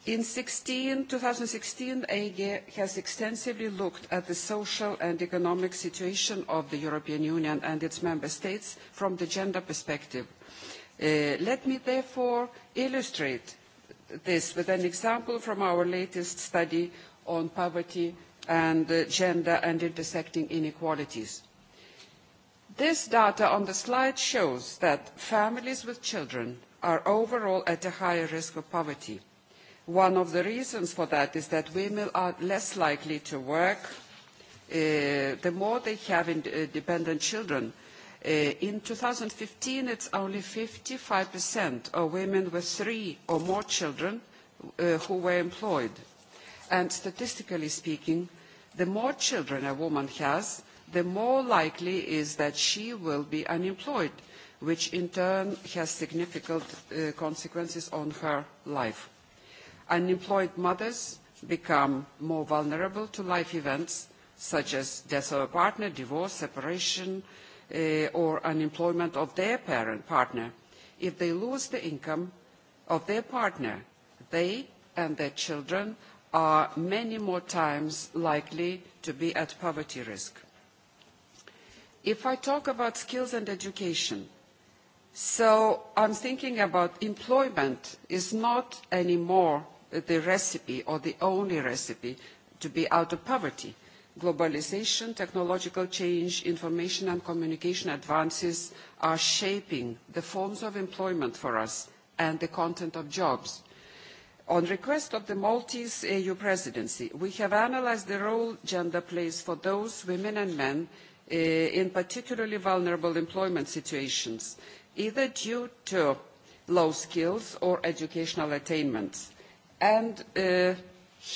In 16, 2016, AG has extensively looked at the social and economic situation of the European Union and its member states from the gender perspective. Uh, let me therefore illustrate this with an example from our latest study on poverty and uh, gender and intersecting inequalities. This data on the slide shows that families with children are overall at a higher risk of poverty. One of the reasons for that is that women are less likely to work uh, the more they have independent uh, children, Uh, in 2015, it's only 55% of women with three or more children uh, who were employed. And statistically speaking, the more children a woman has, the more likely is that she will be unemployed, which in turn has significant uh, consequences on her life. Unemployed mothers become more vulnerable to life events such as death of a partner, divorce, separation, uh, or unemployment of their parent partner. If they lose the income of their partner, they and their children are many more times likely to be at poverty risk. If I talk about skills and education, so I'm thinking about employment is not anymore the recipe or the only recipe to be out of poverty globalization, technological change, information and communication advances are shaping the forms of employment for us and the content of jobs. On request of the Maltese EU presidency, we have analysed the role gender plays for those women and men uh, in particularly vulnerable employment situations, either due to low skills or educational attainments. And uh,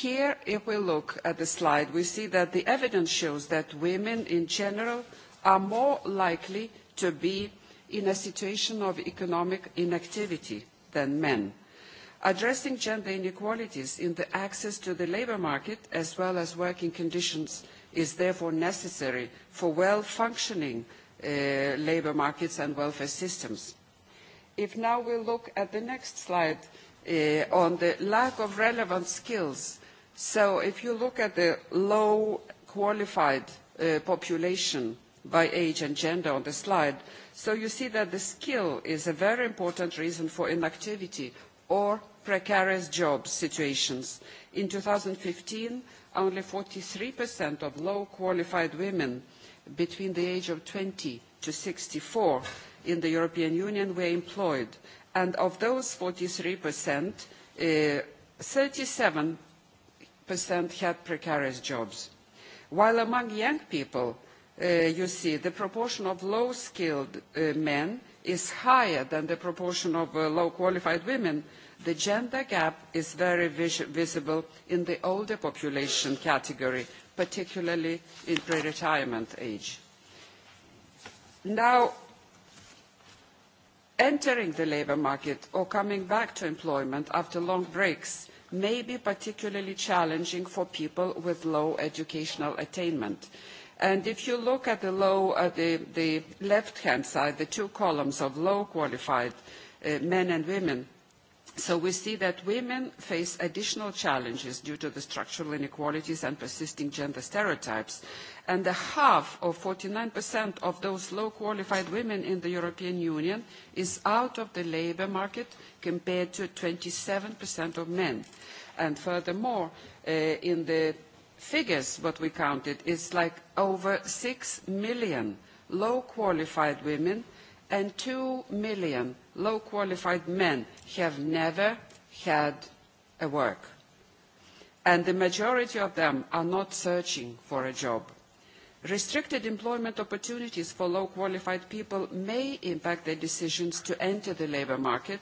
Here, if we look at the slide, we see that the evidence shows that women in general are more likely to be in a situation of economic inactivity than men. Addressing gender inequalities in the access to the labour market as well as working conditions is therefore necessary for well-functioning uh, labor labour markets and welfare systems. If now we look at the next slide uh, on the lack of relevant skills So if you look at the low qualified uh, population by age and gender on the slide, so you see that the skill is a very important reason for inactivity or precarious job situations. In 2015, only 43% of low qualified women between the age of 20 to 64 in the European Union were employed. And of those 43%, uh, 37 percent had precarious jobs. While among young people, uh, you see, the proportion of low-skilled uh, men is higher than the proportion of uh, low-qualified women, the gender gap is very vis visible in the older population category, particularly in pre-retirement age. Now, entering the labour market or coming back to employment after long breaks may be particularly challenging for people with low educational attainment. And if you look at the, low, uh, the, the left-hand side, the two columns of low qualified uh, men and women, So we see that women face additional challenges due to the structural inequalities and persisting gender stereotypes. And a half or 49% of those low qualified women in the European Union is out of the labour market compared to 27% of men. And furthermore, uh, in the figures what we counted, it's like over 6 million low qualified women and 2 million low qualified men have never had a work. And the majority of them are not searching for a job. Restricted employment opportunities for low qualified people may impact their decisions to enter the labour market,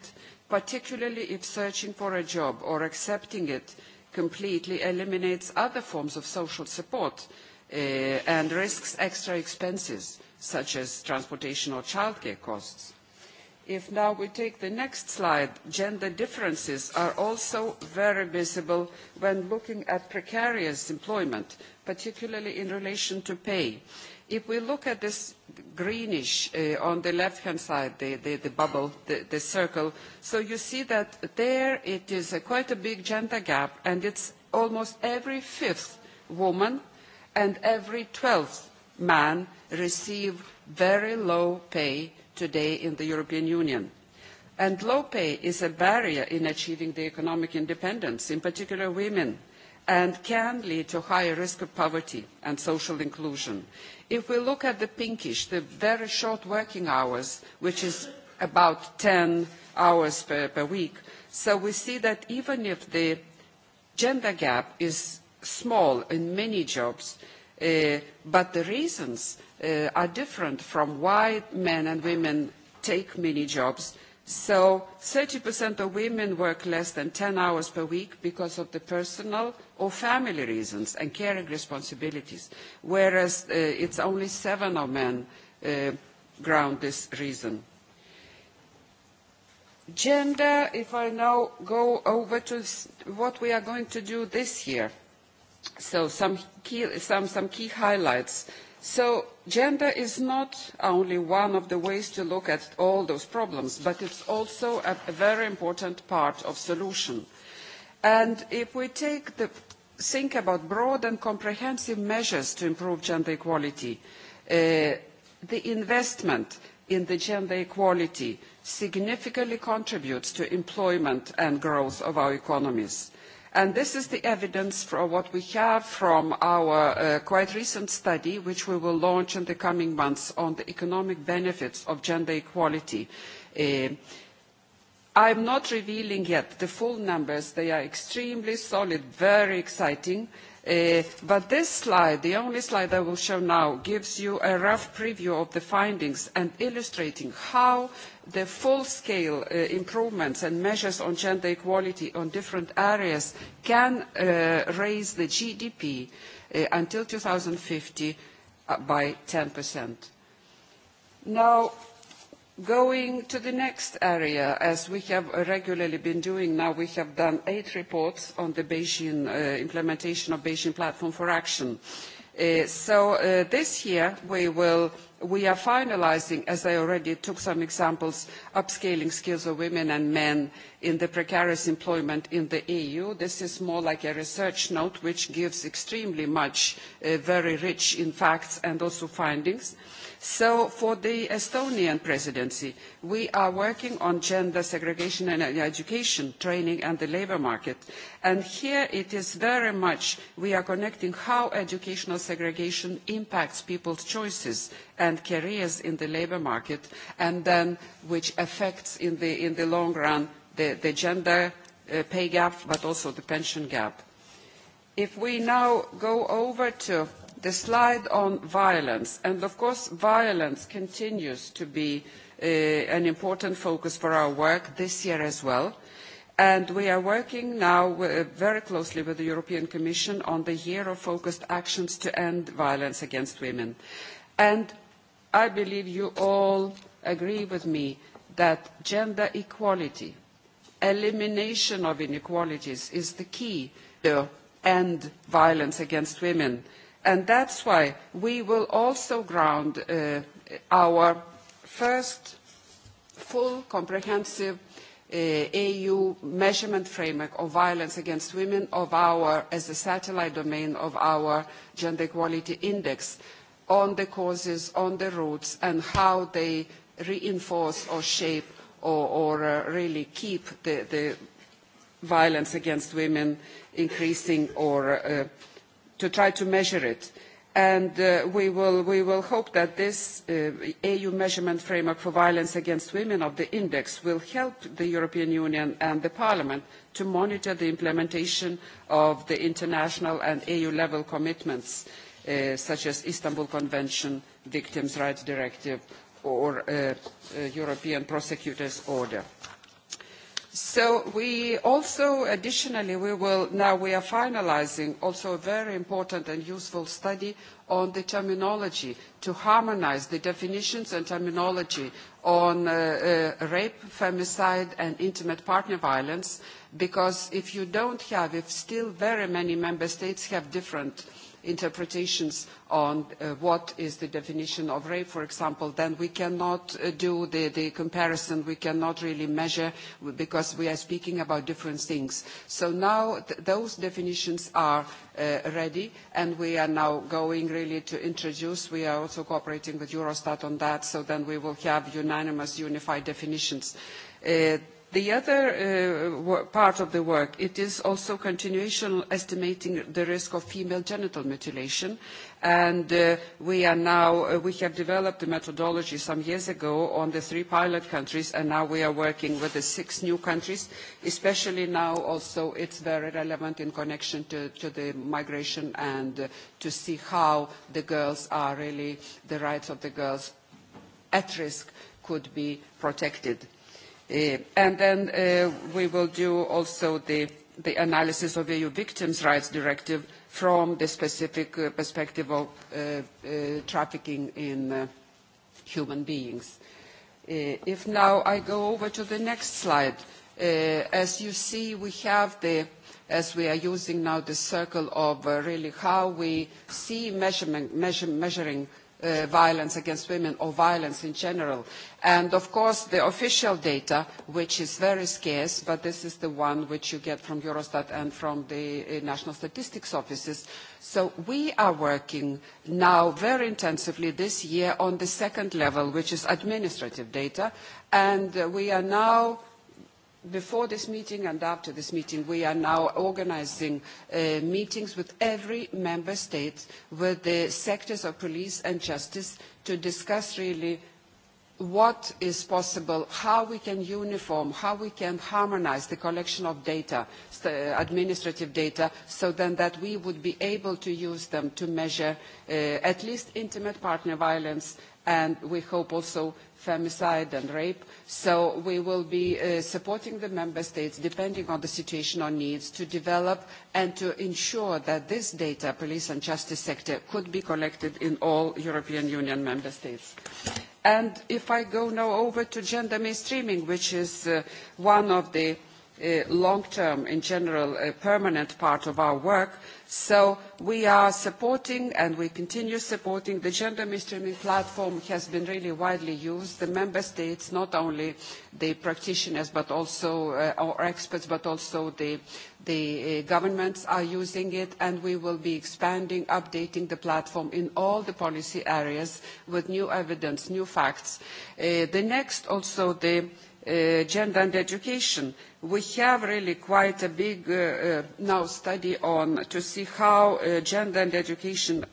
particularly if searching for a job or accepting it completely eliminates other forms of social support uh, and risks extra expenses such as transportation or childcare costs. If now we take the next slide, gender differences are also very visible when looking at precarious employment, particularly in relation to pay. If we look at this greenish uh, on the left-hand side, the, the, the bubble, the, the circle, so you see that there it is a quite a big gender gap, and it's almost every fifth woman and every twelfth man receive very low pay today in the European Union. And low pay is a barrier in achieving the economic independence, in particular women, and can lead to higher risk of poverty and social inclusion. If we look at the pinkish, the very short working hours, which is about 10 hours per, per week, so we see that even if the gender gap is small in many jobs, uh, but the reasons uh, are different from why men and women take many jobs. So 30% of women work less than 10 hours per week because of the personal or family reasons and caring responsibilities, whereas uh, it's only seven of men uh, ground this reason. Gender, if I now go over to what we are going to do this year, so some key, some, some key highlights. So gender is not only one of the ways to look at all those problems, but it's also a, a very important part of solution. And if we take the, think about broad and comprehensive measures to improve gender equality, uh, the investment in the gender equality significantly contributes to employment and growth of our economies. And this is the evidence for what we have from our uh, quite recent study, which we will launch in the coming months on the economic benefits of gender equality. Uh, I am not revealing yet the full numbers. They are extremely solid, very exciting. Uh, but this slide, the only slide I will show now, gives you a rough preview of the findings and illustrating how the full-scale uh, improvements and measures on gender equality on different areas can uh, raise the GDP uh, until 2050 uh, by 10%. Now, Going to the next area, as we have regularly been doing now, we have done eight reports on the Beijing uh, implementation of Beijing Platform for Action. Uh, so uh, this year we will we are finalising, as I already took some examples, upscaling skills of women and men in the precarious employment in the EU. This is more like a research note which gives extremely much, uh, very rich in facts and also findings. So for the Estonian presidency, we are working on gender segregation in education, training and the labour market. And here it is very much we are connecting how educational segregation impacts people's choices and careers in the labour market and then which affects in the, in the long run the, the gender uh, pay gap but also the pension gap. If we now go over to the slide on violence, and of course violence continues to be uh, an important focus for our work this year as well. And we are working now uh, very closely with the European Commission on the year of focused actions to end violence against women. And I believe you all agree with me that gender equality, elimination of inequalities is the key to end violence against women And that's why we will also ground uh, our first full comprehensive uh, EU measurement framework of violence against women of our, as a satellite domain of our gender equality index on the causes, on the roots, and how they reinforce or shape or, or uh, really keep the, the violence against women increasing or uh, to try to measure it. And uh, we, will, we will hope that this uh, EU measurement framework for violence against women of the index will help the European Union and the Parliament to monitor the implementation of the international and EU-level commitments uh, such as Istanbul Convention, Victims' Rights Directive or uh, uh, European Prosecutor's Order. So we also, additionally, we will now we are finalizing also a very important and useful study on the terminology to harmonize the definitions and terminology on uh, uh, rape, femicide, and intimate partner violence, because if you don't have, if still very many member states have different interpretations on uh, what is the definition of rape, for example, then we cannot uh, do the, comparison, we cannot really measure because we are speaking about different things. So now those definitions are uh, ready and we are now going really to introduce, we are also cooperating with Eurostat on that, so then we will have unanimous unified definitions. The other uh, part of the work, it is also continuation estimating the risk of female genital mutilation. And uh, we are now, uh, we have developed a methodology some years ago on the three pilot countries, and now we are working with the six new countries, especially now also it's very relevant in connection to, to the migration and to see how the girls are really, the rights of the girls at risk could be protected. Eh, and then eh, we will do also the, the analysis of EU Victims' Rights Directive from the specific uh, perspective of uh, uh, trafficking in uh, human beings. Uh, if now I go over to the next slide, uh, as you see, we have the, as we are using now the circle of uh, really how we see measurement, measure, measuring uh, violence against women or violence in general. And of course the official data, which is very scarce, but this is the one which you get from Eurostat and from the uh, National Statistics Offices. So we are working now very intensively this year on the second level, which is administrative data, and uh, we are now before this meeting and after this meeting, we are now organising uh, meetings with every member state, with the sectors of police and justice, to discuss really what is possible, how we can uniform, how we can harmonise the collection of data, administrative data, so then that we would be able to use them to measure uh, at least intimate partner violence and we hope also femicide and rape. So we will be uh, supporting the member states, depending on the situation or needs, to develop and to ensure that this data, police and justice sector, could be collected in all European Union member states. And if I go now over to gender mainstreaming, which is uh, one of the Uh, long-term, in general, a permanent part of our work. So we are supporting and we continue supporting. The gender mainstreaming platform has been really widely used. The member states, not only the practitioners but also uh, our experts, but also the, the uh, governments are using it. And we will be expanding, updating the platform in all the policy areas with new evidence, new facts. Uh, the next also the uh, gender and education, we have really quite a big uh, uh, now study on to see how uh, gender and education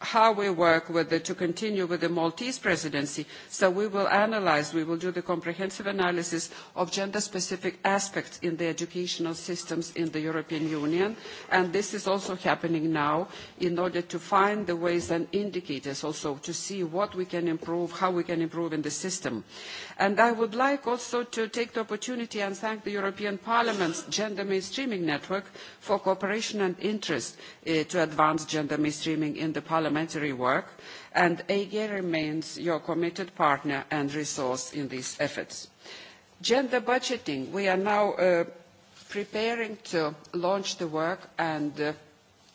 how we work with the, to continue with the Maltese presidency. So we will analyze, we will do the comprehensive analysis of gender-specific aspects in the educational systems in the European Union. And this is also happening now in order to find the ways and indicators also to see what we can improve, how we can improve in the system. And I would like also to take the opportunity and thank the European Parliament's Gender Mainstreaming Network for cooperation and interest uh, to advance gender mainstreaming in the Parliament parliamentary work, and AGE remains your committed partner and resource in these efforts. Gender budgeting, we are now uh, preparing to launch the work and uh,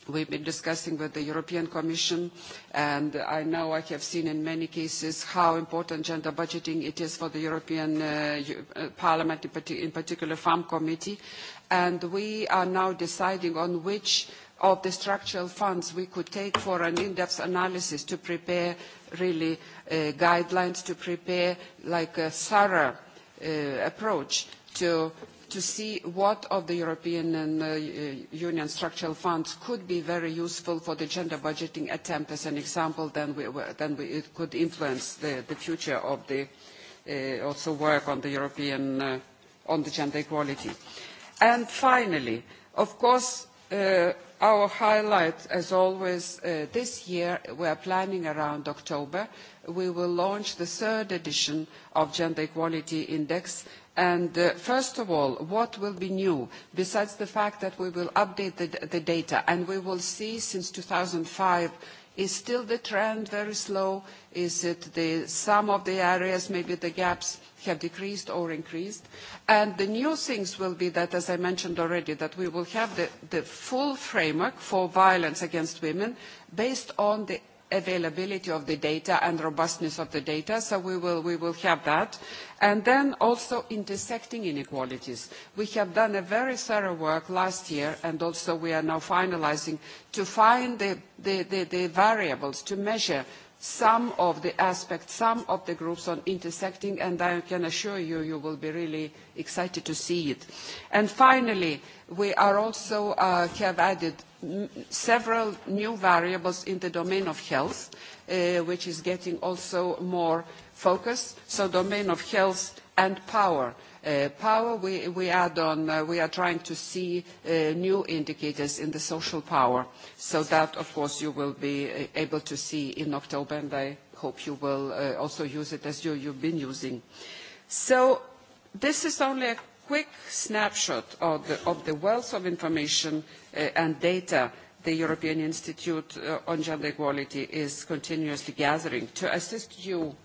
We've been discussing with the European Commission, and I know I have seen in many cases how important gender budgeting it is for the European uh, uh Parliament, in, in particular Farm Committee. And we are now deciding on which of the structural funds we could take for an in-depth analysis to prepare really uh, guidelines, to prepare like a thorough uh, approach to, see what of the European and, uh, Union structural funds could be very useful for the gender budgeting attempt as an example, then, it could influence the, future of the also work on the European, on the gender equality. And finally, of course, Our highlight, as always, uh, this year, we are planning around October, we will launch the third edition of Gender Equality Index. And uh, first of all, what will be new, besides the fact that we will update the, data, and we will see since 2005 is still the trend very slow? Is it the, some of the areas, maybe the gaps have decreased or increased. the new things will be that, as I mentioned already, that we will have the, the full framework for violence against women based on the availability of the data and robustness of the data, so we will, we will have that. And then also intersecting inequalities. We have done a very thorough work last year, and also we are now finalizing, to find the, the, the, the variables to measure some of the aspects, some of the groups on intersecting, and I can assure you, you will be really excited to see it. And finally, we are also uh, have added several new variables in the domain of health, uh, which is getting also more focus, so domain of health and power uh, power. We, we, add on, uh, we are trying to see uh, new indicators in the social power. So that, of course, you will be uh, able to see in October, and I hope you will uh, also use it as you, you've been using. So this is only a quick snapshot of the, of the wealth of information and data the European Institute on Gender Equality is continuously gathering to assist you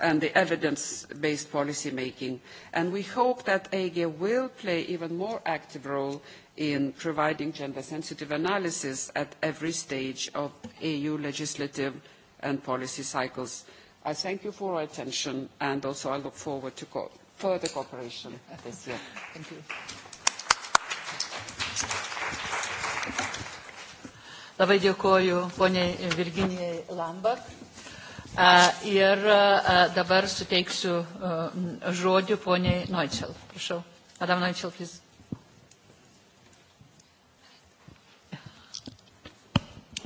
and the evidence-based policy making. And we hope that AGA will play an even more active role in providing gender-sensitive analysis at every stage of EU legislative and policy cycles. I thank you for your attention and also I look forward to co further cooperation this year. Thank you. Eh, ir eh, dabar suteiksiu eh, žodį poniai Noichel. Prašau. Adam Noichel, please.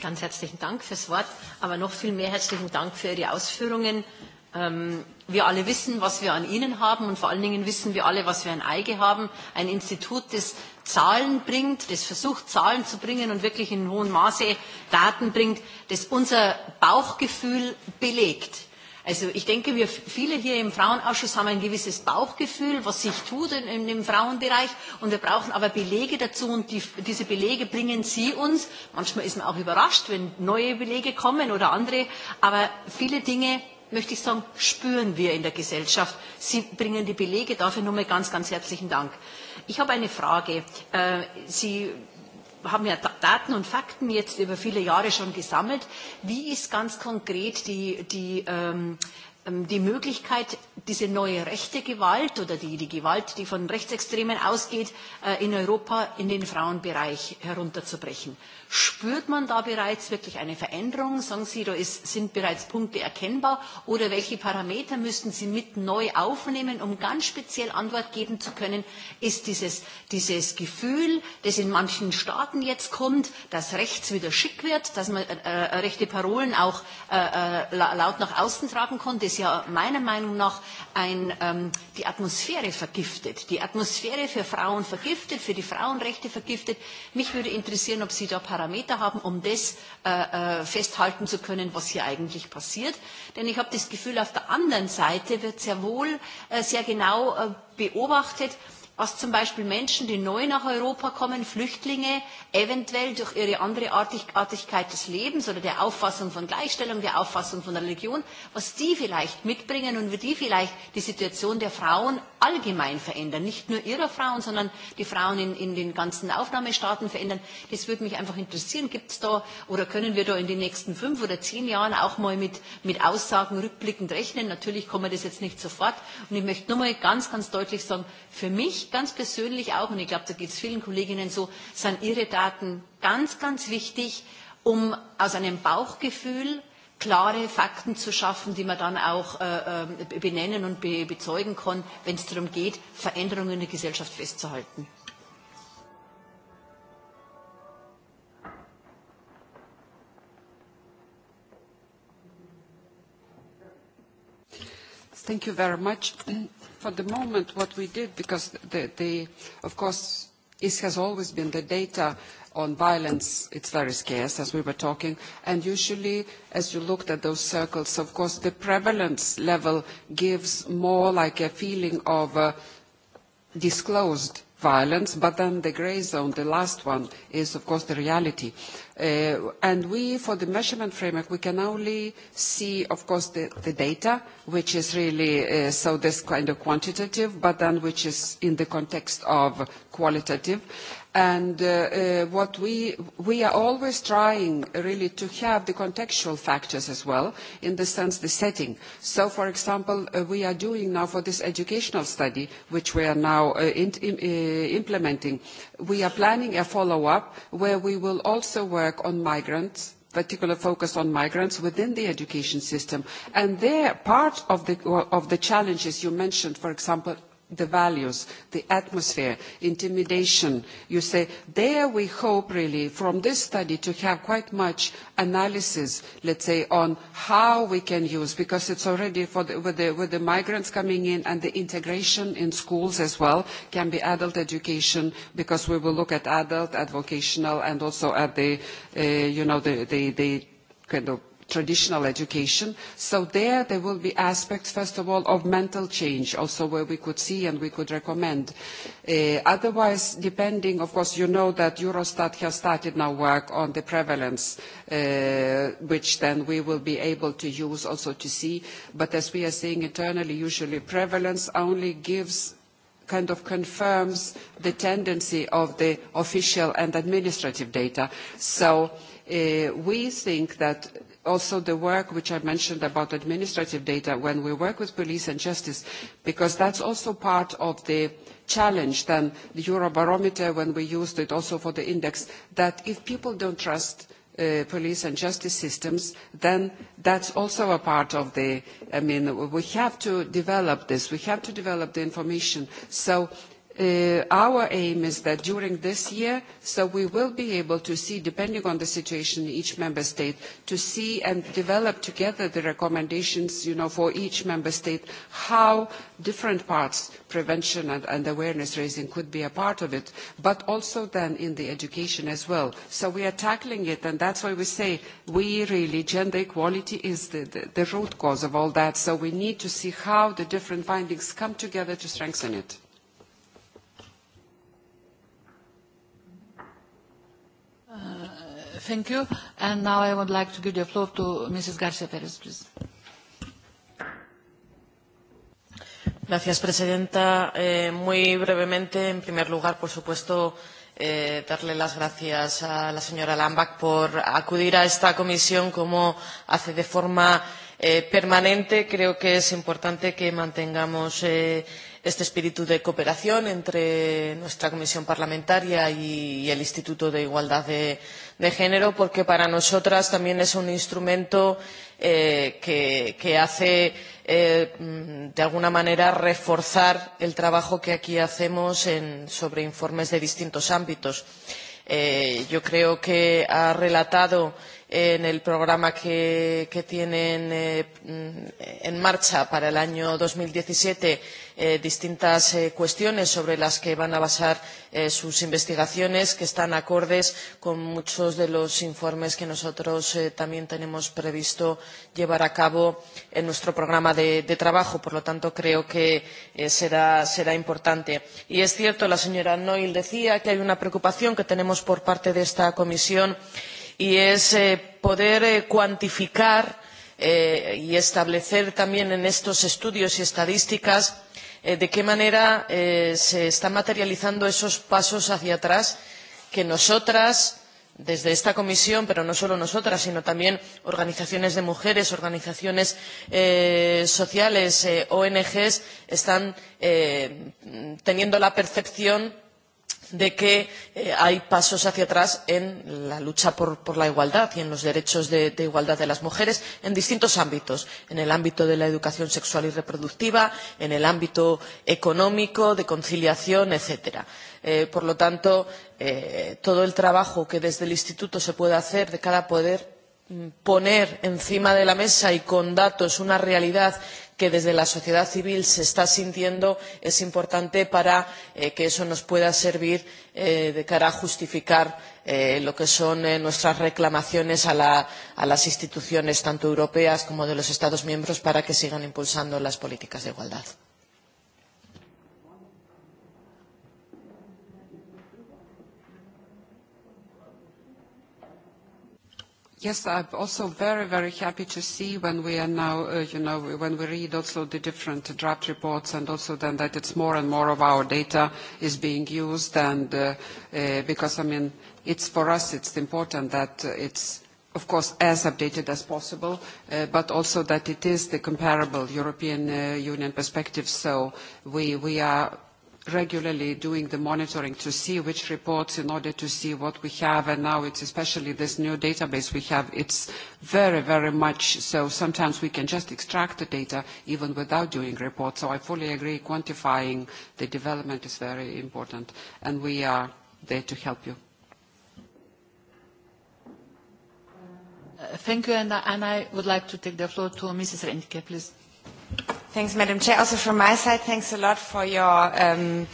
Ganz herzlichen Dank fürs Wort, aber noch viel mehr herzlichen Dank für Ihre Ausführungen. Ähm, wir alle wissen, was wir an Ihnen haben und vor allen Dingen wissen wir alle, was wir an EIGE haben. Ein Institut, das Zahlen bringt, das versucht, Zahlen zu bringen und wirklich in hohem Maße Daten bringt, das unser Bauchgefühl belegt. Also ich denke, wir viele hier im Frauenausschuss haben ein gewisses Bauchgefühl, was sich tut in, in dem Frauenbereich. Und wir brauchen aber Belege dazu und die, diese Belege bringen Sie uns. Manchmal ist man auch überrascht, wenn neue Belege kommen oder andere. Aber viele Dinge, möchte ich sagen, spüren wir in der Gesellschaft. Sie bringen die Belege. Dafür nochmal ganz, ganz herzlichen Dank. Ich habe eine Frage. Äh, Sie haben ja Daten und Fakten jetzt über viele Jahre schon gesammelt. Wie ist ganz konkret die, die ähm, Ähm, die Möglichkeit, diese neue rechte Gewalt oder die, die Gewalt, die von Rechtsextremen ausgeht, äh, in Europa in den Frauenbereich herunterzubrechen. Spürt man da bereits wirklich eine Veränderung? Sagen Sie, da ist, sind bereits Punkte erkennbar? Oder welche Parameter müssten Sie mit neu aufnehmen, um ganz speziell Antwort geben zu können? Ist dieses, dieses Gefühl, das in manchen Staaten jetzt kommt, dass rechts wieder schick wird, dass man äh, äh rechte Parolen auch äh, äh laut nach außen tragen konnte, ist ja meiner Meinung nach ein, ähm, die Atmosphäre vergiftet. Die Atmosphäre für Frauen vergiftet, für die Frauenrechte vergiftet. Mich würde interessieren, ob Sie da Parameter haben, um das äh, äh, festhalten zu können, was hier eigentlich passiert. Denn ich habe das Gefühl, auf der anderen Seite wird sehr wohl äh, sehr genau äh, beobachtet, was zum Beispiel Menschen, die neu nach Europa kommen, Flüchtlinge, eventuell durch ihre andere Artigkeit des Lebens oder der Auffassung von Gleichstellung, der Auffassung von Religion, was die vielleicht mitbringen und wie die vielleicht die Situation der Frauen allgemein verändern. Nicht nur ihrer Frauen, sondern die Frauen in, in den ganzen Aufnahmestaaten verändern. Das würde mich einfach interessieren. Gibt es da oder können wir da in den nächsten fünf oder zehn Jahren auch mal mit, mit Aussagen rückblickend rechnen? Natürlich kommen wir das jetzt nicht sofort. Und ich möchte nur mal ganz, ganz deutlich sagen, für mich ich ganz persönlich auch, und ich glaube, da geht es vielen Kolleginnen so, sind Ihre Daten ganz, ganz wichtig, um aus einem Bauchgefühl klare Fakten zu schaffen, die man dann auch äh, ähm, benennen und be bezeugen kann, wenn es darum geht, Veränderungen in der Gesellschaft festzuhalten. Thank you very much for the moment what we did, because the, the, of course it has always been the data on violence, it's very scarce, as we were talking, and usually as you looked at those circles, of course the prevalence level gives more like a feeling of uh, disclosed violence, but then the grey zone, the last one, is of course the reality. Uh, and we, for the measurement framework, we can only see, of course, the, the data, which is really, uh, so this kind of quantitative, but then which is in the context of qualitative. And uh, uh, what we, we are always trying really to have the contextual factors as well, in the sense the setting. So, for example, uh, we are doing now for this educational study, which we are now uh, in, uh, implementing, we are planning a follow-up where we will also work on migrants, particular focus on migrants within the education system. And there, part of the, of the challenges you mentioned, for example, the values, the atmosphere, intimidation. You say, there we hope really from this study to have quite much analysis, let's say, on how we can use, because it's already for the, with, the, with the migrants coming in and the integration in schools as well can be adult education, because we will look at adult, at vocational, and also at the, uh, you know, the, the, the kind of traditional education. So there, there will be aspects, first of all, of mental change, also where we could see and we could recommend. Uh, otherwise, depending, of course, you know that Eurostat has started now work on the prevalence, uh, which then we will be able to use also to see. But as we are saying internally, usually prevalence only gives kind of confirms the tendency of the official and administrative data. So uh, we think that also the work which I mentioned about administrative data when we work with police and justice, because that's also part of the challenge than the Eurobarometer when we used it also for the index, that if people don't trust uh, police and justice systems, then that's also a part of the, I mean, we have to develop this, we have to develop the information. So Uh, our aim is that during this year, so we will be able to see, depending on the situation in each member state, to see and develop together the recommendations, you know, for each member state, how different parts, prevention and, awareness raising could be a part of it, but also then in the education as well. So we are tackling it, and that's why we say we really, gender equality is the, the root cause of all that, so we need to see how the different findings come together to strengthen it. Thank you. And now I would like to give the floor to Mrs. Garcia Perez, please. Gracias, Presidenta. Eh, muy brevemente, en primer lugar, por supuesto, eh, darle las gracias a la señora Lambach por acudir a esta comisión como hace de forma eh, permanente. Creo que es importante que mantengamos eh, este espíritu de cooperación entre nuestra comisión parlamentaria y, y el Instituto de Igualdad de, de Género, porque para nosotras también es un instrumento eh, que, que hace, eh, de alguna manera, reforzar el trabajo que aquí hacemos en, sobre informes de distintos ámbitos. Eh, yo creo que ha relatado en el programa que, que tienen eh, mm, en marcha para el año 2017 eh, distintas eh, cuestiones sobre las que van a basar eh, sus investigaciones que están acordes con muchos de los informes que nosotros eh, también tenemos previsto llevar a cabo en nuestro programa de, de trabajo. Por lo tanto, creo que eh, será, será importante. Y es cierto, la señora Noil decía que hay una preocupación que tenemos por parte de esta comisión y es eh, poder eh, cuantificar eh, y establecer también en estos estudios y estadísticas eh, de qué manera eh, se están materializando esos pasos hacia atrás que nosotras, desde esta comisión, pero no solo nosotras, sino también organizaciones de mujeres, organizaciones eh, sociales, eh, ONGs, están eh, teniendo la percepción de que eh, hay pasos hacia atrás en la lucha por, por la igualdad y en los derechos de, de igualdad de las mujeres en distintos ámbitos, en el ámbito de la educación sexual y reproductiva, en el ámbito económico, de conciliación, etcétera. Eh, por lo tanto, eh, todo el trabajo que desde el Instituto se puede hacer de cada poder mm, poner encima de la mesa y con datos una realidad que desde la sociedad civil se está sintiendo es importante para eh, que eso nos pueda servir eh, de cara a justificar eh, lo que son eh, nuestras reclamaciones a, la, a las instituciones tanto europeas como de los Estados miembros para que sigan impulsando las políticas de igualdad. Yes, I'm also very, very happy to see when we are now, uh, you know, when we read also the different draft reports and also then that it's more and more of our data is being used and uh, uh, because, I mean, it's for us, it's important that it's of course, as updated as possible, but also that it is the comparable European Union perspective, so we, we are regularly doing the monitoring to see which reports in order to see what we have and now it's especially this new database we have it's very very much so sometimes we can just extract the data even without doing reports so I fully agree quantifying the development is very important and we are there to help you. Uh, thank you and, and I would like to take the floor to Mrs. Rentke please. Thanks, Madam Chair. Also from my side, thanks a lot for your um,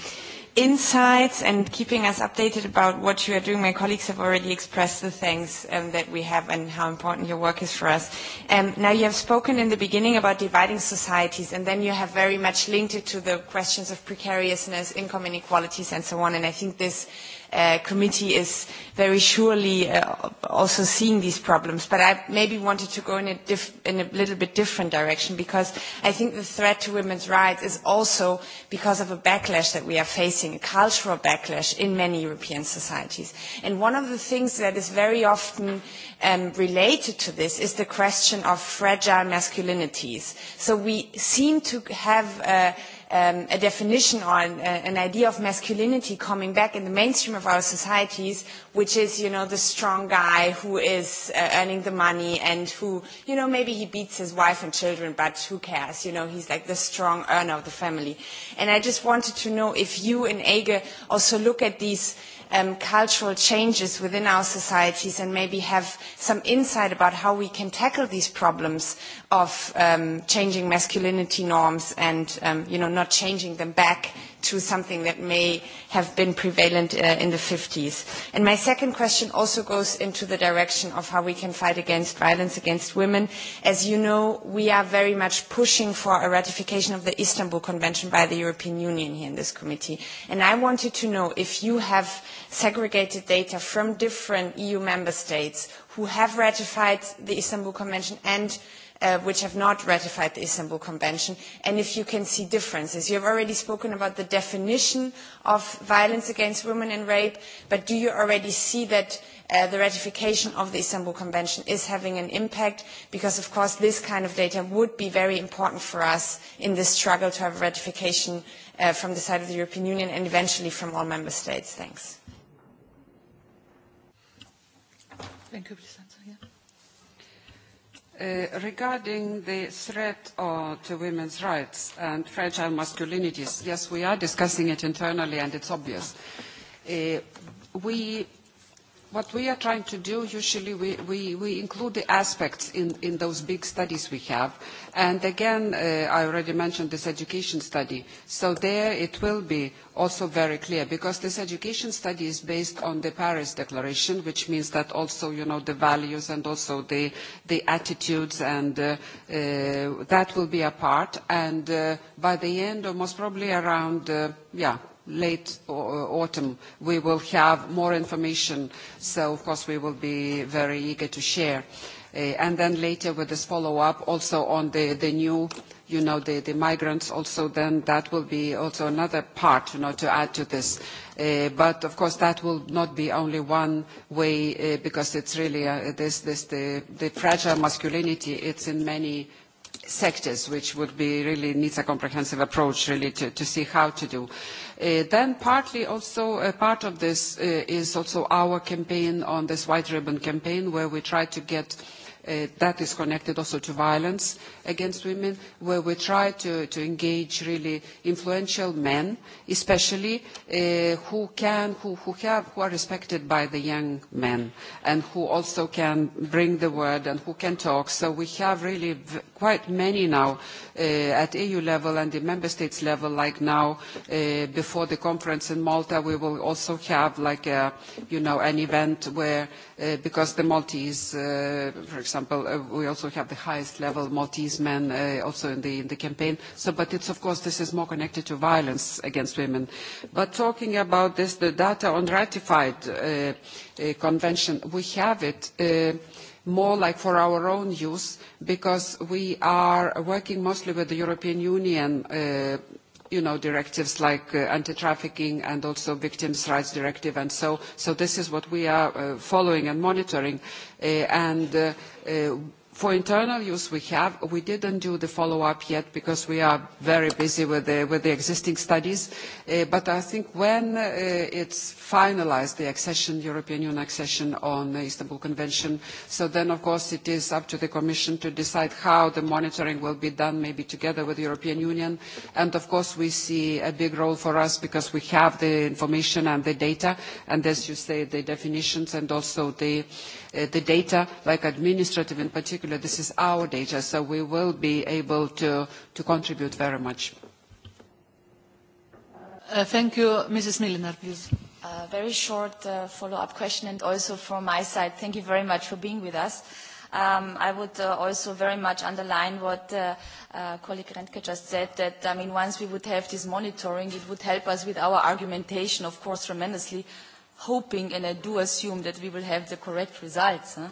insights and keeping us updated about what you are doing. My colleagues have already expressed the thanks um, that we have and how important your work is for us. Um, now, you have spoken in the beginning about dividing societies, and then you have very much linked it to the questions of precariousness, income inequalities, and so on. And I think this uh, committee is very surely uh, also seeing these problems. But I maybe wanted to go in a, diff in a little bit different direction because I think the threat to women's rights is also because of a backlash that we are facing, a cultural backlash in many European societies. And one of the things that is very often um, related to this is the question of fragile masculinities. So we seem to have... Uh, um, a definition or an, an idea of masculinity coming back in the mainstream of our societies, which is, you know, the strong guy who is uh, earning the money and who, you know, maybe he beats his wife and children, but who cares? You know, he's like the strong earner of the family. And I just wanted to know if you and Ege also look at these um, cultural changes within our societies and maybe have some insight about how we can tackle these problems of um, changing masculinity norms and um, you know, not changing them back to something that may have been prevalent uh, in the 50s. And my second question also goes into the direction of how we can fight against violence against women. As you know, we are very much pushing for a ratification of the Istanbul Convention by the European Union here in this committee. And I wanted to know if you have segregated data from different EU member states who have ratified the Istanbul Convention and uh, which have not ratified the Istanbul Convention, and if you can see differences. You have already spoken about the definition of violence against women and rape, but do you already see that uh, the ratification of the Istanbul Convention is having an impact? Because, of course, this kind of data would be very important for us in this struggle to have ratification uh, from the side of the European Union and eventually from all member states. Thanks. Thank you, President. Uh, regarding the threat uh, to women's rights and fragile masculinities, yes, we are discussing it internally and it's obvious. Uh, we what we are trying to do, usually we, we, we include the aspects in, in those big studies we have. And again, uh, I already mentioned this education study. So there it will be also very clear because this education study is based on the Paris Declaration, which means that also, you know, the values and also the, the attitudes and uh, uh, that will be a part. And uh, by the end, or most probably around, uh, yeah, late uh, autumn, we will have more information. So, of course, we will be very eager to share. Uh, and then later with this follow-up also on the, the new, you know, the, the migrants also, then that will be also another part, you know, to add to this. Uh, but of course that will not be only one way because it's really this, this the, the fragile masculinity it's in many sectors, which would be really needs a comprehensive approach really to, to see how to do. Uh, then partly also uh, part of this uh, is also our campaign on this white ribbon campaign where we try to get uh, Uh, that is connected also to violence against women, where we try to, to engage really influential men, especially uh, who can, who, who, have, who are respected by the young men, and who also can bring the word and who can talk. So we have really v quite many now uh, at EU level and the member states level, like now uh, before the conference in Malta, we will also have like a, you know, an event where, uh, because the Maltese, uh, for example, example, uh, we also have the highest level Maltese men uh, also in the, campaign. but it's, of course, this is more connected to violence against women. But talking about this, the data on ratified uh, convention, we have it more like for our own use because we are working mostly with the European Union you know, directives like uh, anti-trafficking and also victims' rights directive and so. So this is what we are uh, following and monitoring. Uh, and uh, uh, for internal use we have, we didn't do the follow-up yet because we are very busy with the, with the existing studies. Uh, but I think when uh, it's finalise the accession, European Union accession on the Istanbul Convention. So then, of course, it is up to the Commission to decide how the monitoring will be done, maybe together with the European Union. And, of course, we see a big role for us because we have the information and the data, and as you say, the definitions and also the, uh, the data, like administrative in particular, this is our data, so we will be able to, to contribute very much. Uh, thank you. Mrs. Milliner, please uh, very short uh, follow-up question and also from my side, thank you very much for being with us. Um, I would uh, also very much underline what uh, uh, colleague Rentke just said, that I mean, once we would have this monitoring, it would help us with our argumentation, of course, tremendously, hoping, and I do assume that we will have the correct results. Huh?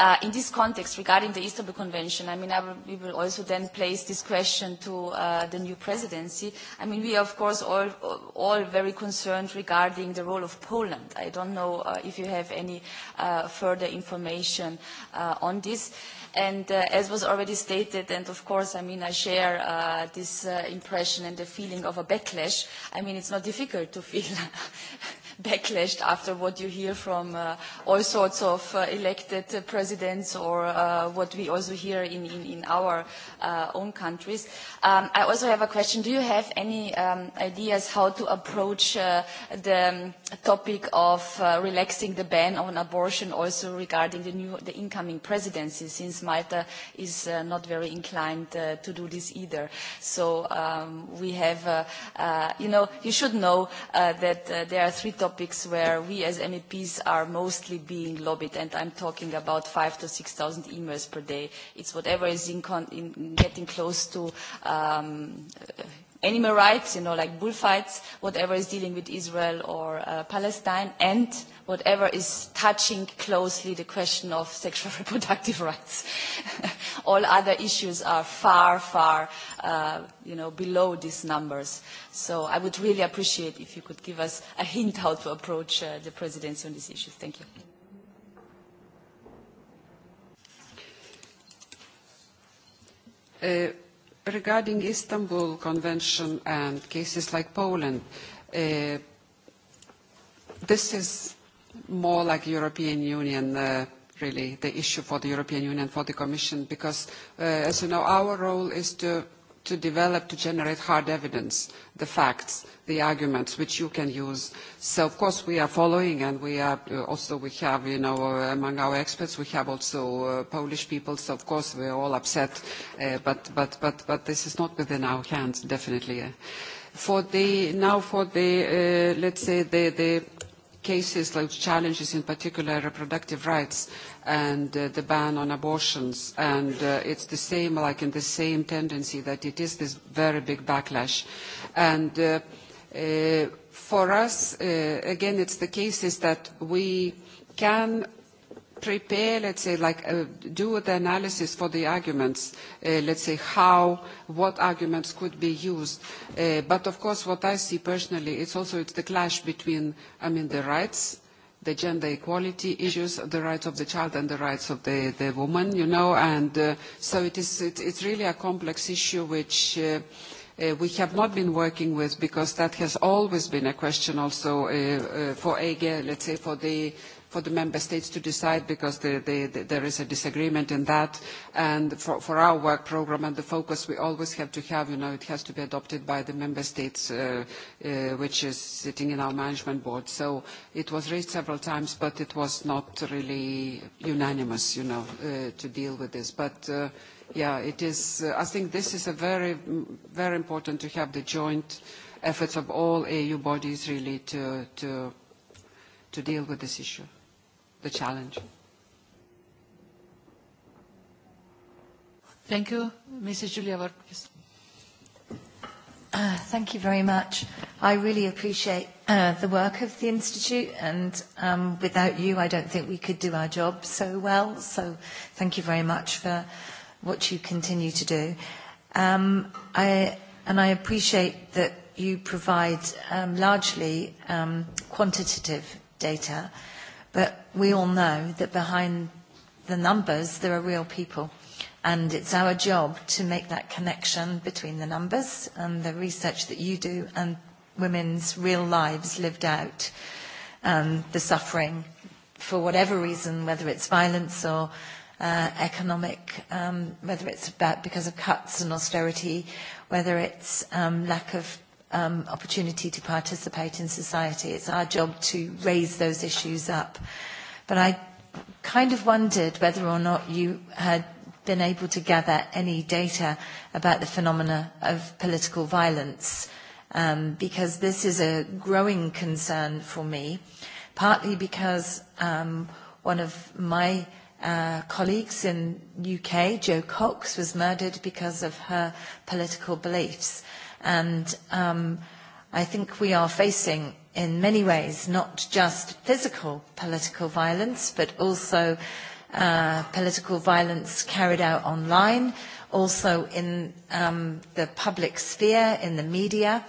Uh, in this context, regarding the Istanbul Convention, I mean, I will, we will also then place this question to uh, the new presidency. I mean, we are, of course, all, all very concerned regarding the role of Poland. I don't know uh, if you have any uh, further information uh, on this. And uh, as was already stated, and of course, I mean, I share uh, this uh, impression and the feeling of a backlash. I mean, it's not difficult to feel backlashed after what you hear from uh, all sorts of uh, elected uh, presidents or uh, what we also hear in, in, in our uh, own countries. Um, I also have a question. Do you have any um, ideas how to approach uh, the um, topic of uh, relaxing the ban on abortion also regarding the, new, the incoming presidency since Malta is uh, not very inclined uh, to do this either. So um, we have, uh, uh, you know, you should know uh, that uh, there are three topics topics where we as MEPs are mostly being lobbied, and I'm talking about five to 6,000 emails per day. It's whatever is in, con in getting close to um, animal rights, you know, like bullfights, whatever is dealing with Israel or uh, Palestine, and whatever is touching closely the question of sexual reproductive rights. All other issues are far, far uh, you know, below these numbers. So I would really appreciate if you could give us a hint how to approach uh, the presidency on these issues. Thank you. Uh, regarding Istanbul Convention and cases like Poland, uh, this is more like European Union, uh, really, the issue for the European Union, for the Commission, because, uh, as you know, our role is to to develop, to generate hard evidence, the facts, the arguments which you can use. So of course we are following and we are uh, also we have, you know, uh, among our experts we have also uh, Polish people, so of course we are all upset, uh, but, but, but, but this is not within our hands, definitely. For the, now for the, uh, let's say the, the cases like challenges in particular reproductive rights, and uh, the ban on abortions. And uh, it's the same, like in the same tendency that it is this very big backlash. And uh, uh, for us, uh, again, it's the cases that we can prepare, let's say, like uh, do the analysis for the arguments, uh, let's say how, what arguments could be used. Uh, but of course, what I see personally, it's also it's the clash between, I mean, the rights the gender equality issues, the rights of the child and the rights of the, the woman, you know, and uh, so it is, it, it's really a complex issue which uh, uh, we have not been working with because that has always been a question also uh, uh, for AGE, let's say for the for the member states to decide because the, the, the, there is a disagreement in that. And for, for our work program and the focus we always have to have, you know, it has to be adopted by the member states, uh, uh, which is sitting in our management board. So it was raised several times, but it was not really unanimous, you know, uh, to deal with this. But uh, yeah, it is, uh, I think this is a very, very important to have the joint efforts of all EU bodies really to, to, to deal with this issue the challenge. Thank you. Mrs. Julia Vargas. Uh, thank you very much. I really appreciate uh, the work of the Institute, and um, without you, I don't think we could do our job so well. So, thank you very much for what you continue to do. Um, I, and I appreciate that you provide um, largely um, quantitative data. But we all know that behind the numbers, there are real people. And it's our job to make that connection between the numbers and the research that you do and women's real lives lived out and um, the suffering for whatever reason, whether it's violence or uh, economic, um, whether it's about because of cuts and austerity, whether it's um, lack of um, opportunity to participate in society. It's our job to raise those issues up. But I kind of wondered whether or not you had been able to gather any data about the phenomena of political violence, um, because this is a growing concern for me, partly because um, one of my uh, colleagues in UK, Jo Cox, was murdered because of her political beliefs. And um, I think we are facing in many ways not just physical political violence, but also uh, political violence carried out online, also in um, the public sphere, in the media.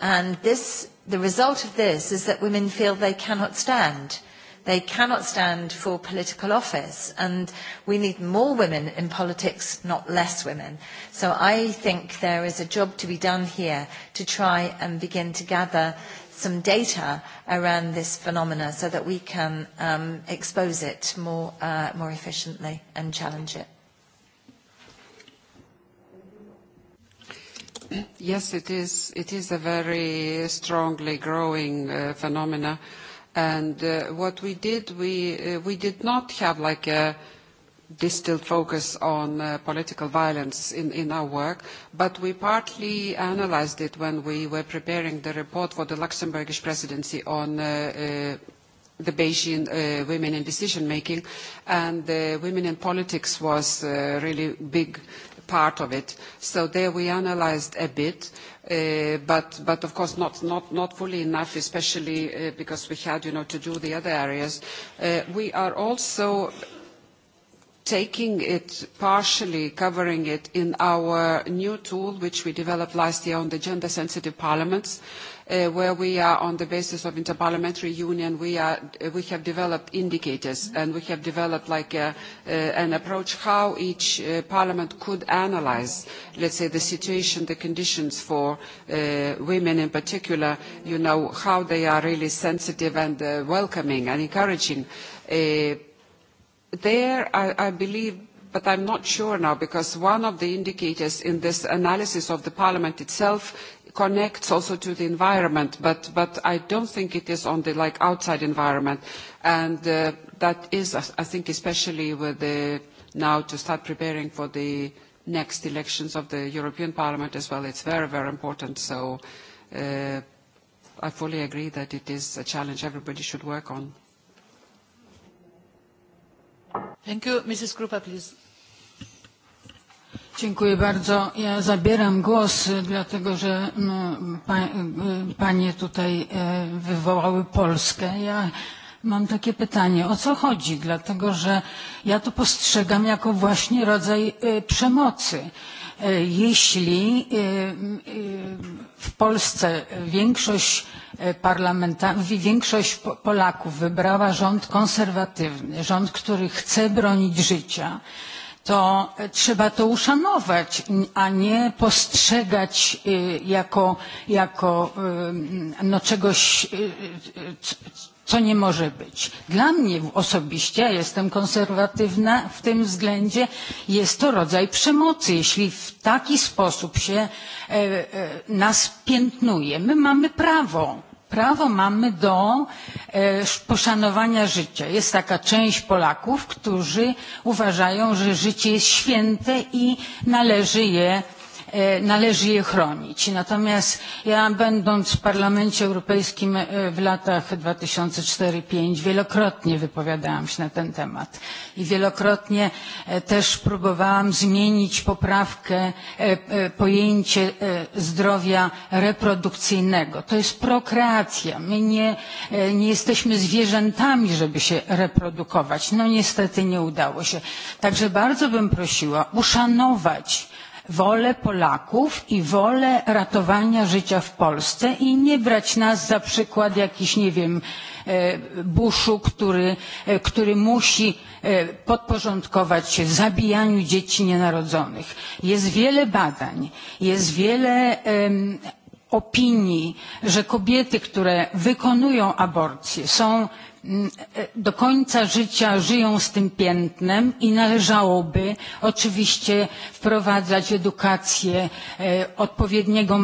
And this, the result of this is that women feel they cannot stand They cannot stand for political office. And we need more women in politics, not less women. So I think there is a job to be done here to try and begin to gather some data around this phenomena so that we can um, expose it more, uh, more efficiently and challenge it. Yes, it is, it is a very strongly growing uh, phenomena And uh, what we did, we, uh, we did not have like a distilled focus on uh, political violence in, in our work, but we partly analyzed it when we were preparing the report for the Luxembourgish presidency on the Beijing women in decision making and women in politics was a really big part of it. So there we analyzed a bit, uh, but, but of course not, not, not fully enough, especially uh, because we had, you know, to do the other areas. Uh, we are also taking it partially, covering it in our new tool, which we developed last year on the gender-sensitive parliaments, uh, Uh, where we are on the basis of interparliamentary union, we, are, uh, we have developed indicators and we have developed like a, uh, an approach how each uh, parliament could analyze, let's say, the situation, the conditions for uh, women in particular, you know, how they are really sensitive and uh, welcoming and encouraging. Uh, there, I, I believe but I'm not sure now because one of the indicators in this analysis of the Parliament itself connects also to the environment, but, but I don't think it is on the like outside environment. And uh, that is, I think, especially with the, now to start preparing for the next elections of the European Parliament as well, it's very, very important. So uh, I fully agree that it is a challenge everybody should work on. Thank you. Mrs. Krupa, please. Dziękuję bardzo. Ja zabieram głos, e, dlatego że no, pa, e, panie tutaj e, wywołały Polskę. Ja Mam takie pytanie, o co chodzi? Dlatego, że ja to postrzegam jako właśnie rodzaj przemocy. Jeśli w Polsce większość, parlamenta- większość Polaków wybrała rząd konserwatywny, rząd, który chce bronić życia, to trzeba to uszanować, a nie postrzegać jako, jako no czegoś, co nie może być. Dla mnie osobiście, ja jestem konserwatywna w tym względzie, jest to rodzaj przemocy, jeśli w taki sposób się e, e, nas piętnuje. My mamy prawo prawo mamy do e, poszanowania życia. Jest taka część Polaków, którzy uważają, że życie jest święte i należy je E, należy je chronić. Natomiast ja będąc w Parlamencie Europejskim e, w latach 2004-2005 wielokrotnie wypowiadałam się na ten temat i wielokrotnie e, też próbowałam zmienić poprawkę, pojęcie zdrowia reprodukcyjnego. To jest prokreacja. My nie, nie jesteśmy zwierzętami, żeby się reprodukować. No niestety nie udało się. Także bardzo bym prosiła uszanować wolę Polaków i wolę ratowania życia w Polsce i nie brać nas za przykład jakiś, nie wiem, e, Bushu, który, e, który musi e, podporządkować się zabijaniu dzieci nienarodzonych. Jest wiele badań, jest wiele opinii, że kobiety, które wykonują aborcję, są mm, do końca życia żyją z tym piętnem i należałoby oczywiście wprowadzać edukację e, odpowiedniego,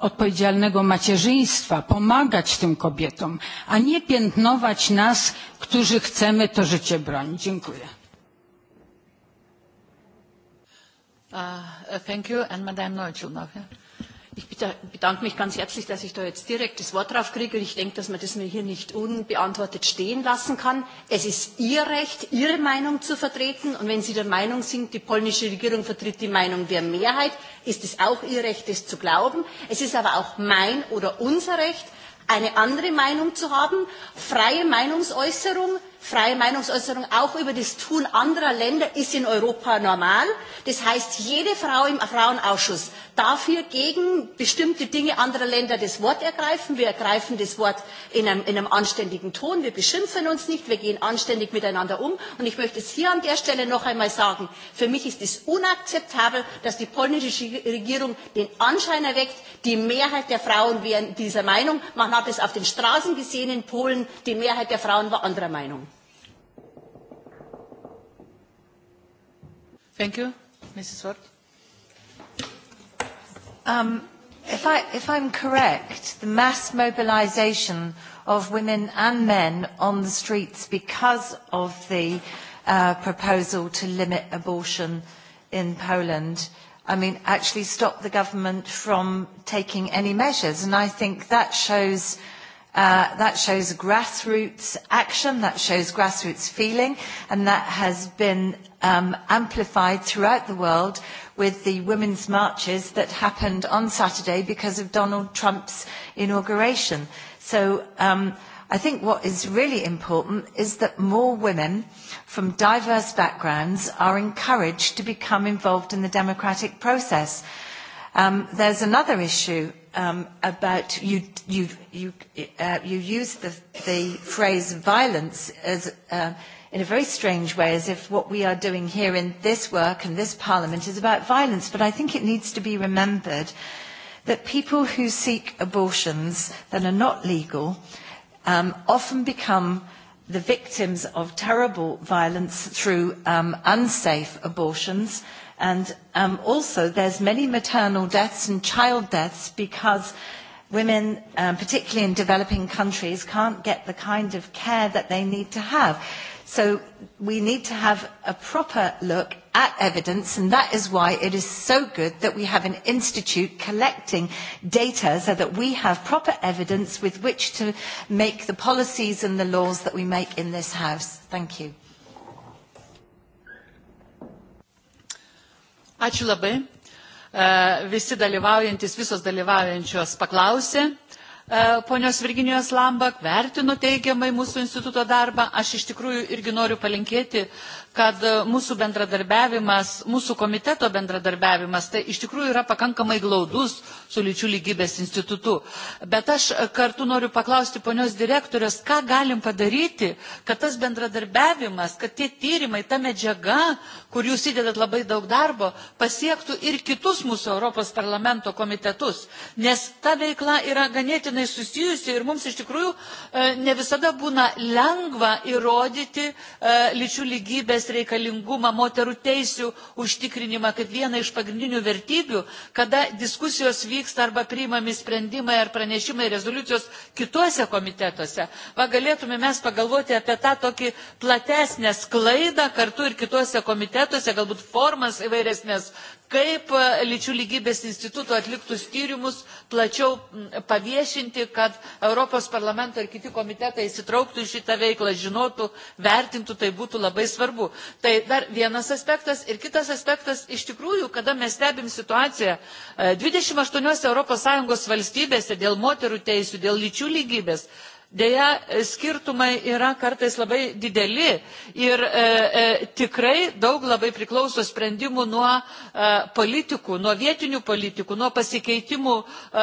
odpowiedzialnego macierzyństwa, pomagać tym kobietom, a nie piętnować nas, którzy chcemy to życie bronić. Dziękuję. Uh, thank you and Madame Yeah? Ich bedanke mich ganz herzlich, dass ich da jetzt direkt das Wort drauf kriege und ich denke, dass man das mir hier nicht unbeantwortet stehen lassen kann. Es ist Ihr Recht, Ihre Meinung zu vertreten und wenn Sie der Meinung sind, die polnische Regierung vertritt die Meinung der Mehrheit, ist es auch Ihr Recht, das zu glauben. Es ist aber auch mein oder unser Recht, eine andere Meinung zu haben, freie Meinungsäußerung, Freie Meinungsäußerung auch über das Tun anderer Länder ist in Europa normal. Das heißt, jede Frau im Frauenausschuss darf hier gegen bestimmte Dinge anderer Länder das Wort ergreifen. Wir ergreifen das Wort in einem, in einem anständigen Ton. Wir beschimpfen uns nicht. Wir gehen anständig miteinander um. Und ich möchte es hier an der Stelle noch einmal sagen. Für mich ist es unakzeptabel, dass die polnische Regierung den Anschein erweckt, die Mehrheit der Frauen wären dieser Meinung. Man hat es auf den Straßen gesehen in Polen. Die Mehrheit der Frauen war anderer Meinung. Thank you, Mrs. Ward. Um, if, I, if I'm correct, the mass mobilization of women and men on the streets because of the uh, proposal to limit abortion in Poland, I mean, actually stopped the government from taking any measures. And I think that shows Uh, that shows grassroots action, that shows grassroots feeling, and that has been um, amplified throughout the world with the women's marches that happened on Saturday because of Donald Trump's inauguration. So um, I think what is really important is that more women from diverse backgrounds are encouraged to become involved in the democratic process. Um, there's another issue um, about you, you, you, uh, you use the, the phrase violence as uh, in a very strange way as if what we are doing here in this work and this parliament is about violence. But I think it needs to be remembered that people who seek abortions that are not legal um, often become the victims of terrible violence through um, unsafe abortions. And um, also there's many maternal deaths and child deaths because women, um, particularly in developing countries, can't get the kind of care that they need to have. So we need to have a proper look at evidence, and that is why it is so good that we have an institute collecting data so that we have proper evidence with which to make the policies and the laws that we make in this House. Thank you. Ačiū labai. E, visi dalyvaujantis, visos dalyvaujančios paklausė. E, ponios Virginijos Lambak, vertinu teigiamai mūsų instituto darbą. Aš iš tikrųjų irgi noriu palinkėti kad e, mūsų bendradarbiavimas, mūsų komiteto bendradarbiavimas, tai iš tikrųjų yra pakankamai glaudus su lyčių lygybės institutu. Bet aš e, kartu noriu paklausti ponios direktorės, ką galim padaryti, kad tas bendradarbiavimas, kad tie tyrimai, ta medžiaga, kur jūs įdedat labai daug darbo, pasiektų ir kitus mūsų Europos parlamento komitetus. Nes ta veikla yra ganėtinai susijusi ir mums iš tikrųjų e, ne visada būna lengva įrodyti lyčių lygybės reikalingumą, moterų teisių užtikrinimą kaip vieną iš pagrindinių vertybių, kada diskusijos vyksta arba priimami sprendimai ar pranešimai rezoliucijos kituose komitetuose. Va galėtume mes pagalvoti apie tą tokį platesnę sklaidą kartu ir kituose komitetuose, galbūt formas įvairesnės, kaip e, lyčių lygybės instituto atliktus tyrimus plačiau paviešinti, kad Europos parlamento ir kiti komitetai įsitrauktų į šitą veiklą, žinotų, vertintų, tai būtų labai svarbu. Tai dar vienas aspektas. Ir kitas aspektas, iš tikrųjų, kada mes stebim situaciją 28 e, ES valstybėse dėl moterų teisų, dėl lyčių lygybės, Deja, e, skirtumai yra kartais labai dideli ir e, e, tikrai daug labai priklauso sprendimų nuo e, politikų, nuo vietinių politikų, nuo pasikeitimų e,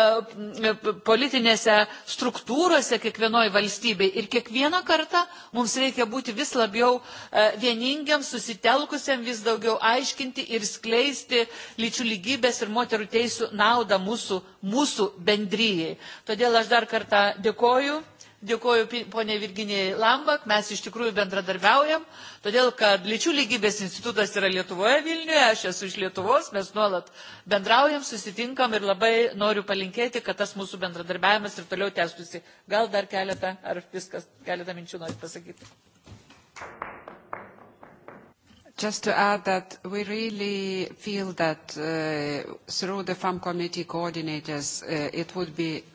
e politinėse struktūrose kiekvienoje valstybėje. Ir kiekvieną kartą mums reikia būti vis labiau e, vieningiam, susitelkusiam, vis daugiau aiškinti ir skleisti lyčių lygybės ir moterų teisų naudą mūsų, mūsų bendryjei. Todėl aš dar kartą dėkoju. Dėkoju ponė Virginijai Lambak, mes iš tikrųjų bendradarbiaujam, todėl kad Lyčių lygybės institutas yra Lietuvoje Vilniuje, aš esu iš Lietuvos, mes nuolat bendraujam, susitinkam ir labai noriu palinkėti, kad tas mūsų bendradarbiavimas ir toliau tęstusi Gal dar keletą, ar viskas, keletą minčių noriu pasakyti. Just to add that we really feel that uh, through the FAM committee coordinators, uh, it would be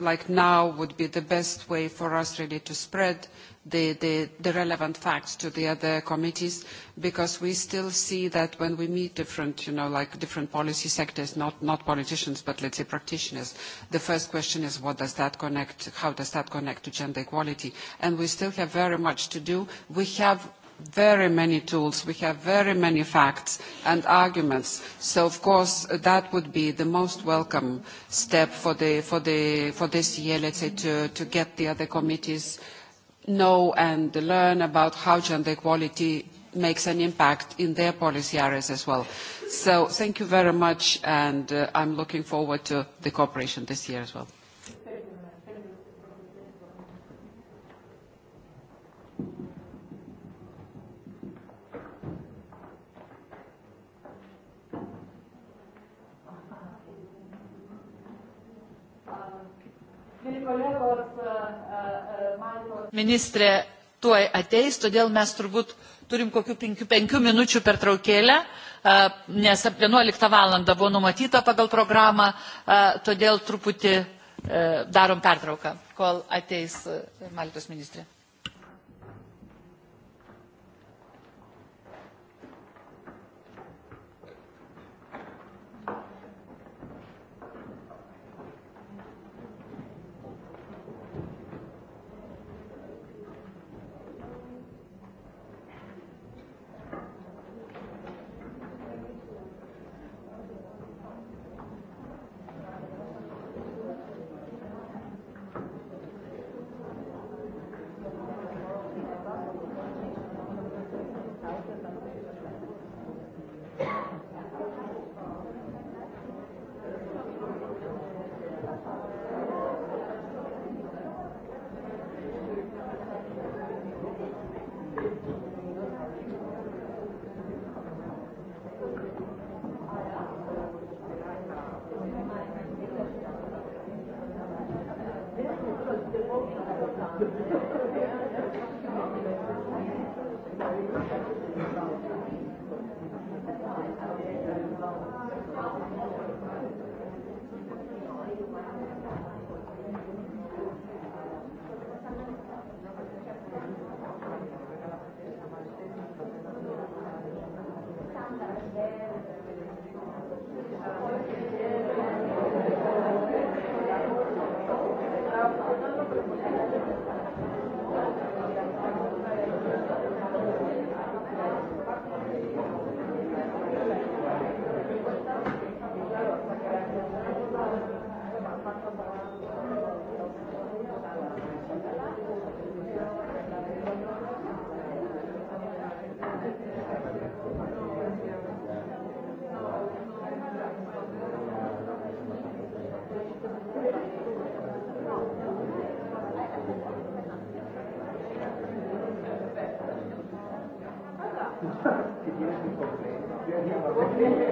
like now would be the best way for us really to spread the, the, the relevant facts to the other committees because we still see that when we meet different, you know, like different policy sectors, not, not politicians, but let's say practitioners, the first question is what does that connect, how does that connect to gender equality? And we still have very much to do. We have very many tools, we have very many facts and arguments. So of course that would be the most welcome step for, the, for, the, for this year, let's say, to, to get the other committees know and learn about how gender equality makes an impact in their policy areas as well. So thank you very much and uh, I'm looking forward to the cooperation this year as well. Ministrė tuoj ateis, todėl mes turbūt turim kokių penkių, penkių minučių pertraukėlę, nes 11 valandą buvo numatyta pagal programą, todėl truputį e, darom pertrauką, kol ateis e, Maltos ministrė. Thank you.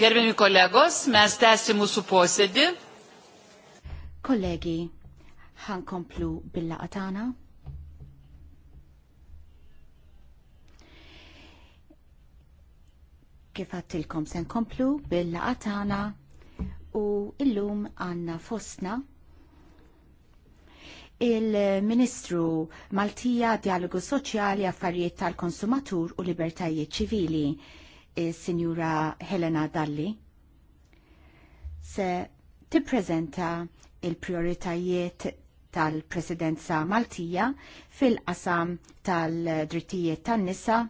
Gerbimi kollegos, mes tęsim mūsų posėdį. Kollegi, ħankomplu billa atana. Kif għattilkom sen komplu billa atana u illum għanna fosna il-Ministru Maltija Dialogu Soċjali Affarijiet tal-Konsumatur u Libertajiet Ċivili il signora Helena Dalli se tippreżenta il-prioritajiet tal-Presidenza Maltija fil-qasam tal-drittijiet tan-nisa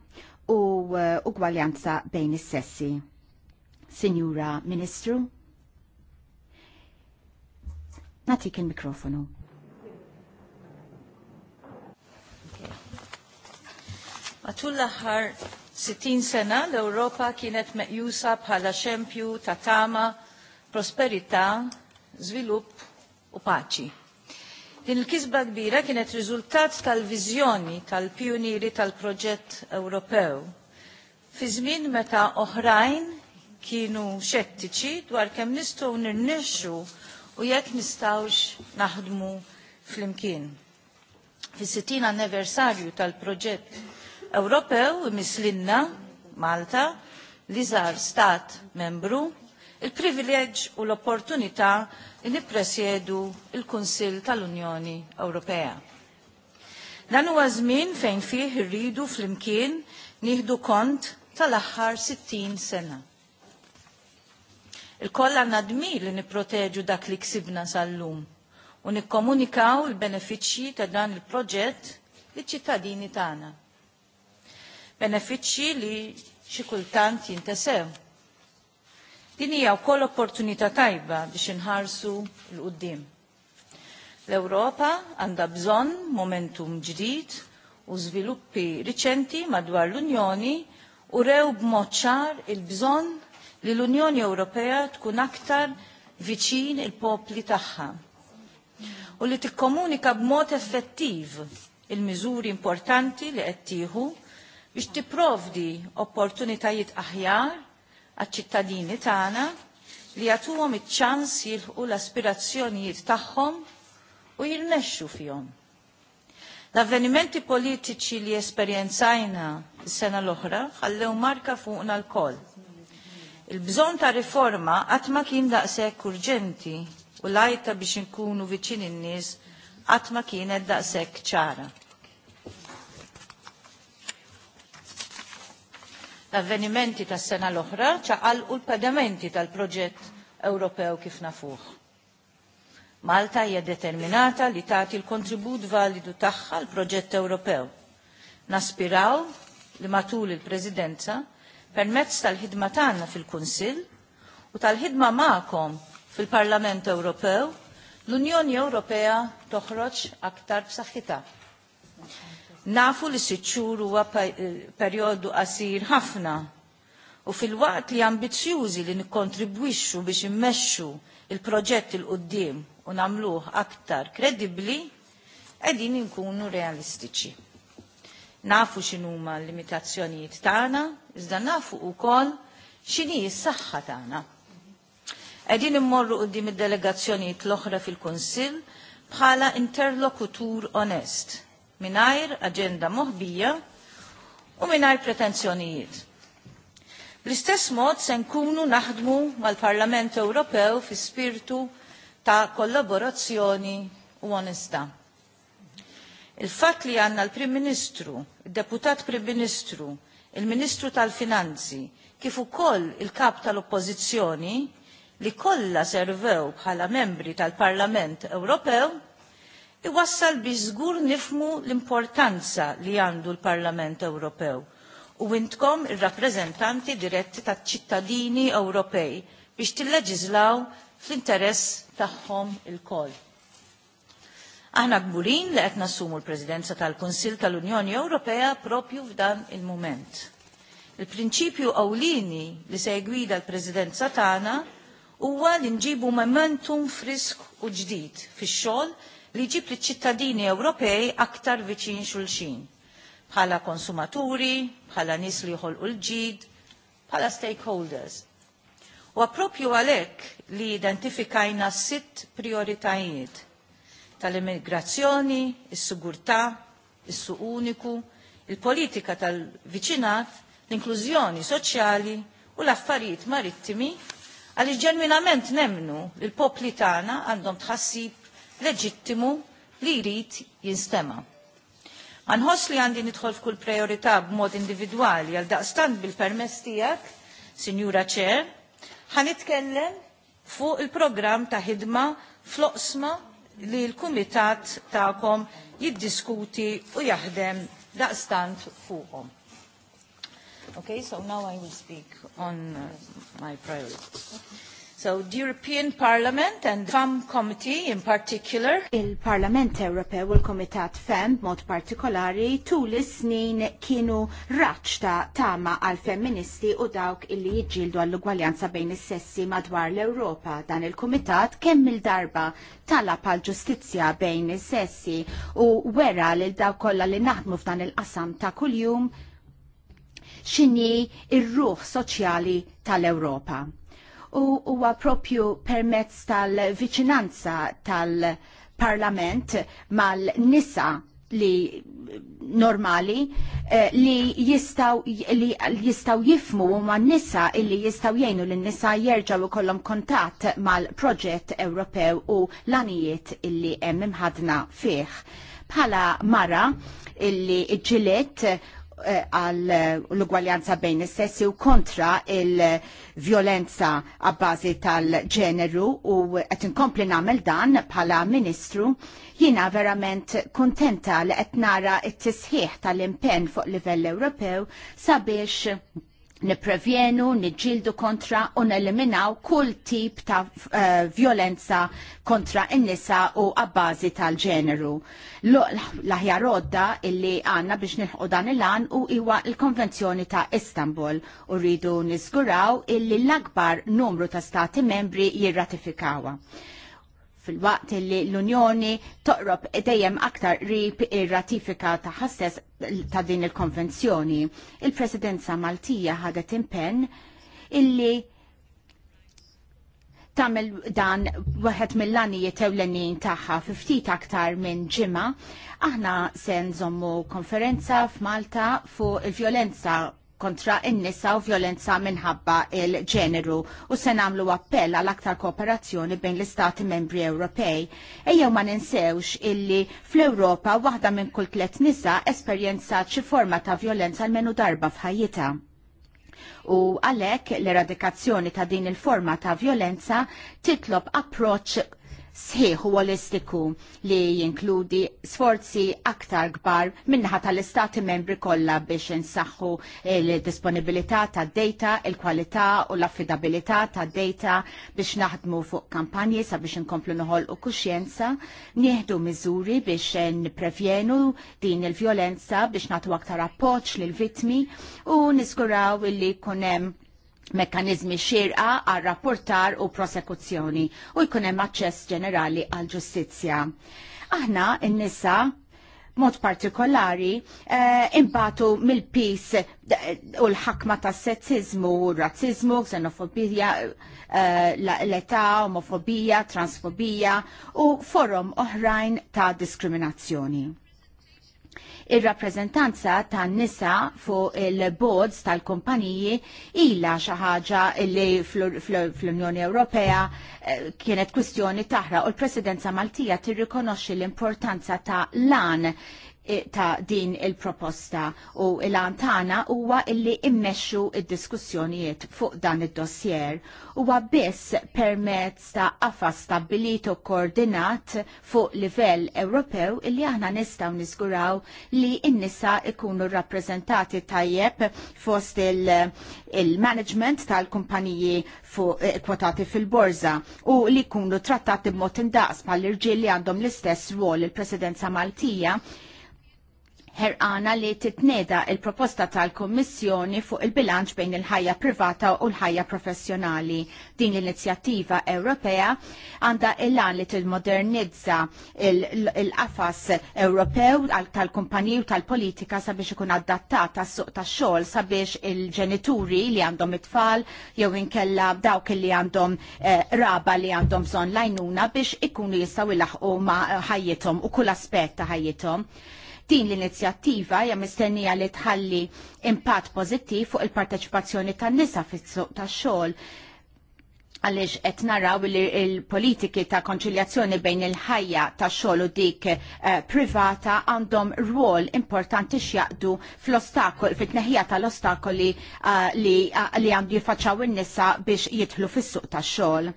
u eh, ugwaljanza bejn is-sessi. Signora Ministru, natik il-mikrofonu. Matul l 60 sena l-Ewropa kienet meqjusa bħala xempju ta' tama, prosperità, żvilupp u paċi. Din il-kisba kbira kienet riżultat tal-viżjoni tal-pjunieri tal-proġett Ewropew. Fi żmien meta oħrajn kienu xettiċi dwar kemm nistgħu nirnexxu u jekk nistgħux naħdmu flimkien. Fis-60 anniversarju tal-proġett Ewropew mislinna Malta li żar stat membru il-privileġġ u l-opportunità li nippresjedu il-Kunsill tal-Unjoni Ewropea. Dan huwa żmien fejn fih irridu flimkien nieħdu kont tal-aħħar 60 sena. Il-kolla nadmi li niproteġu dak li ksibna sal-lum u nikkomunikaw il-benefiċċji ta' dan il-proġett li ċittadini tagħna benefiċċji li xi kultant jintesew. Din hija wkoll opportunità tajba biex inħarsu l qudiem L-Ewropa għandha bżonn momentum ġdid u żviluppi riċenti madwar l-Unjoni u rew b'mod ċar il-bżonn li l-Unjoni Ewropea tkun aktar viċin il-popli tagħha u li tikkomunika b'mod effettiv il-miżuri importanti li qed tieħu biex tipprovdi opportunitajiet aħjar għaċ-ċittadini tagħna li jagħtuhom iċ-ċans jilħqu l-aspirazzjonijiet tagħhom u jirnexxu fihom. L-avvenimenti politiċi li esperjenzajna s-sena l-oħra ħallew marka fuqna l-koll. Il-bżon ta' riforma qatt ma kien daqshekk urġenti u lajta biex inkunu viċin in-nies qatt ma kienet daqshekk ċara. l-avvenimenti tas sena l-oħra ċaqalqu l-pedamenti tal-proġett Ewropew kif nafuh. Malta hija determinata li tagħti l-kontribut validu tagħha l-proġett Ewropew. Naspiraw li matul il-Presidenza permezz tal-ħidma tagħna fil-Kunsill u tal-ħidma magħkom fil-Parlament Ewropew l-Unjoni Ewropea toħroġ aktar b'saħħitha Nafu li sitt xhur huwa eh, perjodu qasir ħafna u fil-waqt li ambizjużi li nikkontribwixxu biex immexxu il-proġett il qudiem u nagħmluh aktar kredibbli qegħdin inkunu realistiċi. Nafu x'inhuma l-limitazzjonijiet tagħna, iżda nafu wkoll x'inhi s-saħħa tagħna. Qegħdin immorru qudiem id-delegazzjonijiet l-oħra fil-Kunsill bħala interlokutur onest minajr aġenda moħbija u minajr pretenzjonijiet. Bl-istess mod se nkunu naħdmu mal-Parlament Ewropew fi spirtu ta' kollaborazzjoni u onesta. Il-fat li għanna l-Prim Ministru, il-Deputat Prim Ministru, il-Ministru tal-Finanzi, kif ukoll il-kap tal-Oppożizzjoni li kollha servew bħala membri tal-Parlament Ewropew iwassal bi żgur nifmu l-importanza li għandu l-Parlament Ewropew u intkom ir-rappreżentanti diretti taċ-ċittadini Ewropej biex tilleġiżlaw fl-interess tagħhom il-koll. Aħna gburin li qed nassumu l-Presidenza tal-Kunsill tal-Unjoni Ewropea propju f'dan il-mument. Il-prinċipju awlini li se jgwida l-Presidenza tagħna huwa li nġibu momentum frisk u ġdid fix-xogħol li ġib li ċittadini Ewropej aktar viċin xulxin, bħala konsumaturi, bħala nis li u l-ġid, bħala stakeholders. U appropju għalek li identifikajna sitt prioritajiet tal-immigrazzjoni, il sigurtà is-suq uniku, il-politika tal-viċinat, l-inklużjoni soċjali u l-affarijiet marittimi għaliex ġenwinament nemnu l popli tagħna għandhom tħassib leġittimu li jrid jinstema'. Anħoss li għandi nidħol f'kull priorità b'mod individwali għal daqstant bil-permess tiegħek, Sinjura Chair, ħanitkellem fuq il-programm ta' ħidma fl-oqsma li l-Kumitat ta'kom jiddiskuti u jaħdem daqstant fuqhom. Okay, so now I will speak on uh, my priorities. So the European Parliament and the FAM Committee in particular. Il-Parlament Ewropew u l-Komitat FEM mod partikolari tul is-snin kienu raċta tama għal femministi u dawk illi jġildu għall-ugwaljanza bejn is-sessi madwar l-Ewropa. Dan il-Komitat kemm il-darba talab pal ġustizzja bejn is-sessi u wera lil dawk kollha li naħdmu f'dan il-qasam ta' kuljum x'inhi ir-ruħ soċjali tal-Ewropa u huwa propju permezz tal-viċinanza tal-parlament mal-nisa li normali eh, li jistaw li jistaw jifmu u ma nisa illi jistaw jgħinu li nisa jerġaw kollom kontat mal-proġett Ewropew u lanijiet illi hemm imħadna fih. Bħala mara illi ġilet Eh, għal eh, l-ugwaljanza bejn is-sessi u kontra il violenza għabbażi tal-ġeneru u qed inkompli nagħmel dan bħala Ministru jiena verament kontenta li qed nara t-tisħiħ tal-impenn fuq livell Ewropew sabiex niprevjenu, niġġieldu kontra u neliminaw kull tip ta' uh, violenza kontra n nisa u għabbażi tal-ġeneru. L-aħjar odda illi għanna biex nilħu dan il-għan u iwa il-Konvenzjoni ta' Istanbul u rridu nizguraw illi l-akbar numru ta' stati membri jirratifikawa fil-waqt li l-Unjoni toqrob dejjem aktar rib ir-ratifika ta' ħasses ta' din il-konvenzjoni. Il-Presidenza Maltija ħadet impenn illi tamel dan waħed mill-lanijiet ewlenin tagħha fi ftit aktar minn ġimgħa, aħna se nżommu konferenza f'Malta fuq il-vjolenza kontra in-nisa u violenza minħabba il-ġeneru u se nagħmlu appell għal aktar kooperazzjoni bejn l-Istati membri Ewropej. Ejjew ma ninsewx illi fl-Ewropa waħda minn kull tliet nisa esperjenzat xi forma ta' violenza l-menu darba f'ħajjitha. U għalhekk l-eradikazzjoni ta' din il-forma ta' violenza titlob approċċ sħiħ u holistiku li jinkludi sforzi aktar kbar minnaħa tal-istati membri kollha biex insaħħu l-disponibilità tad-data, il-kwalità u l-affidabilità tad-data biex naħdmu fuq kampanji sabiex inkomplu noħol u kuxjenza, nieħdu miżuri biex nprevjenu din il-vjolenza biex nagħtu aktar appoġġ lil vittmi u niskuraw illi kunem mekkanizmi xirqa għal rapportar u prosekuzzjoni u jkun hemm aċċess ġenerali għal ġustizzja. Aħna n-nisa mod partikolari eh, imbatu mill-pis u l-ħakma ta' sezzizmu, razzizmu, xenofobija, eh, l-età, omofobija, transfobija u forum oħrajn ta' diskriminazzjoni. Ir-rappreżentanza tan-nisa fuq il-boards tal-kumpaniji ilha xi ħaġa li fl-Unjoni Ewropea eh, kienet kwistjoni taħra u l-Presidenza Maltija tirrikonoxxi l-importanza ta' lan Eh, ta' din il-proposta u il-antana huwa illi immexxu id-diskussjonijiet fuq dan id-dossier huwa biss permezz ta' qafa stabbilit u koordinat fuq livell Ewropew illi aħna nistgħu niżguraw li n-nisa ikunu rappreżentati tajjeb fost il-management il tal-kumpaniji fuq eh, kwotati fil-borza u li jkunu trattati b'mod indaqs pal irġiel li għandhom l-istess ruol il-Presidenza Maltija ħerqana li titneda il-proposta tal-Kommissjoni fuq il-bilanċ bejn il-ħajja privata u l-ħajja professjonali. Din l-inizjattiva Ewropea għanda il-lan li t-modernizza il-qafas Ewropew tal-kumpaniju tal-politika sabiex ikun adattata suq ta' xogħol sabiex il-ġenituri li għandhom it-tfal jew inkella dawk li għandhom eh, raba li għandhom bżonn lajnuna biex ikunu jistgħu laħqu ma' ħajjithom u kull aspett ta' ħajjithom. Din l-inizjattiva hija mistennija li tħalli impatt pożittiv fuq il-parteċipazzjoni tan-nisa fis-suq tax-xogħol Għaliex qed naraw li l politiki ta' konċiljazzjoni bejn il-ħajja ta' xogħol u dik eh, privata għandhom rwol importanti x'jaqdu fl-ostakol fit-tneħija tal-ostakoli eh, eh, li għandu jifaċċaw in-nisa biex jidħlu fis-suq tax-xogħol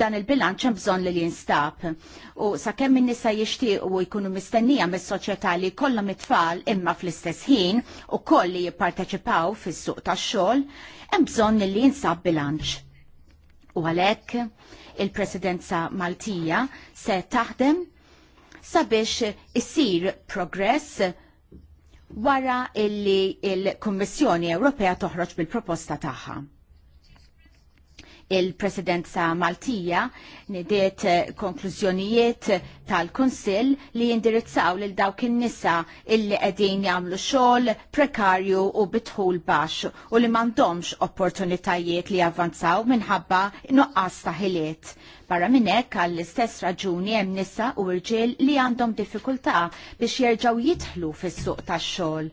dan il-bilanċ hemm bżonn li jinstab. U sakemm min nisa jixtiequ jkunu mistennija mis-soċjetà li jkollhom it-tfal imma fl-istess ħin u koll li jipparteċipaw fis-suq tax-xogħol, hemm bżonn li jinsab bilanċ. U għalhekk il-Presidenza Maltija se taħdem sabiex issir progress wara illi il-Kommissjoni Ewropea toħroġ bil-proposta tagħha. Il-presidenza Maltija nidiet eh, konklużjonijiet tal-Kunsill li jindirizzaw lil dawk in-nisa illi qegħdin jagħmlu xogħol prekarju u bitħul baxx u li m'għandhomx opportunitajiet li avvanzaw minħabba nuqqas ta' ħiliet. Barra minn hekk għall-istess raġuni hemm nisa u rġiel li għandhom diffikultà biex jerġgħu jidħlu fis-suq tax-xogħol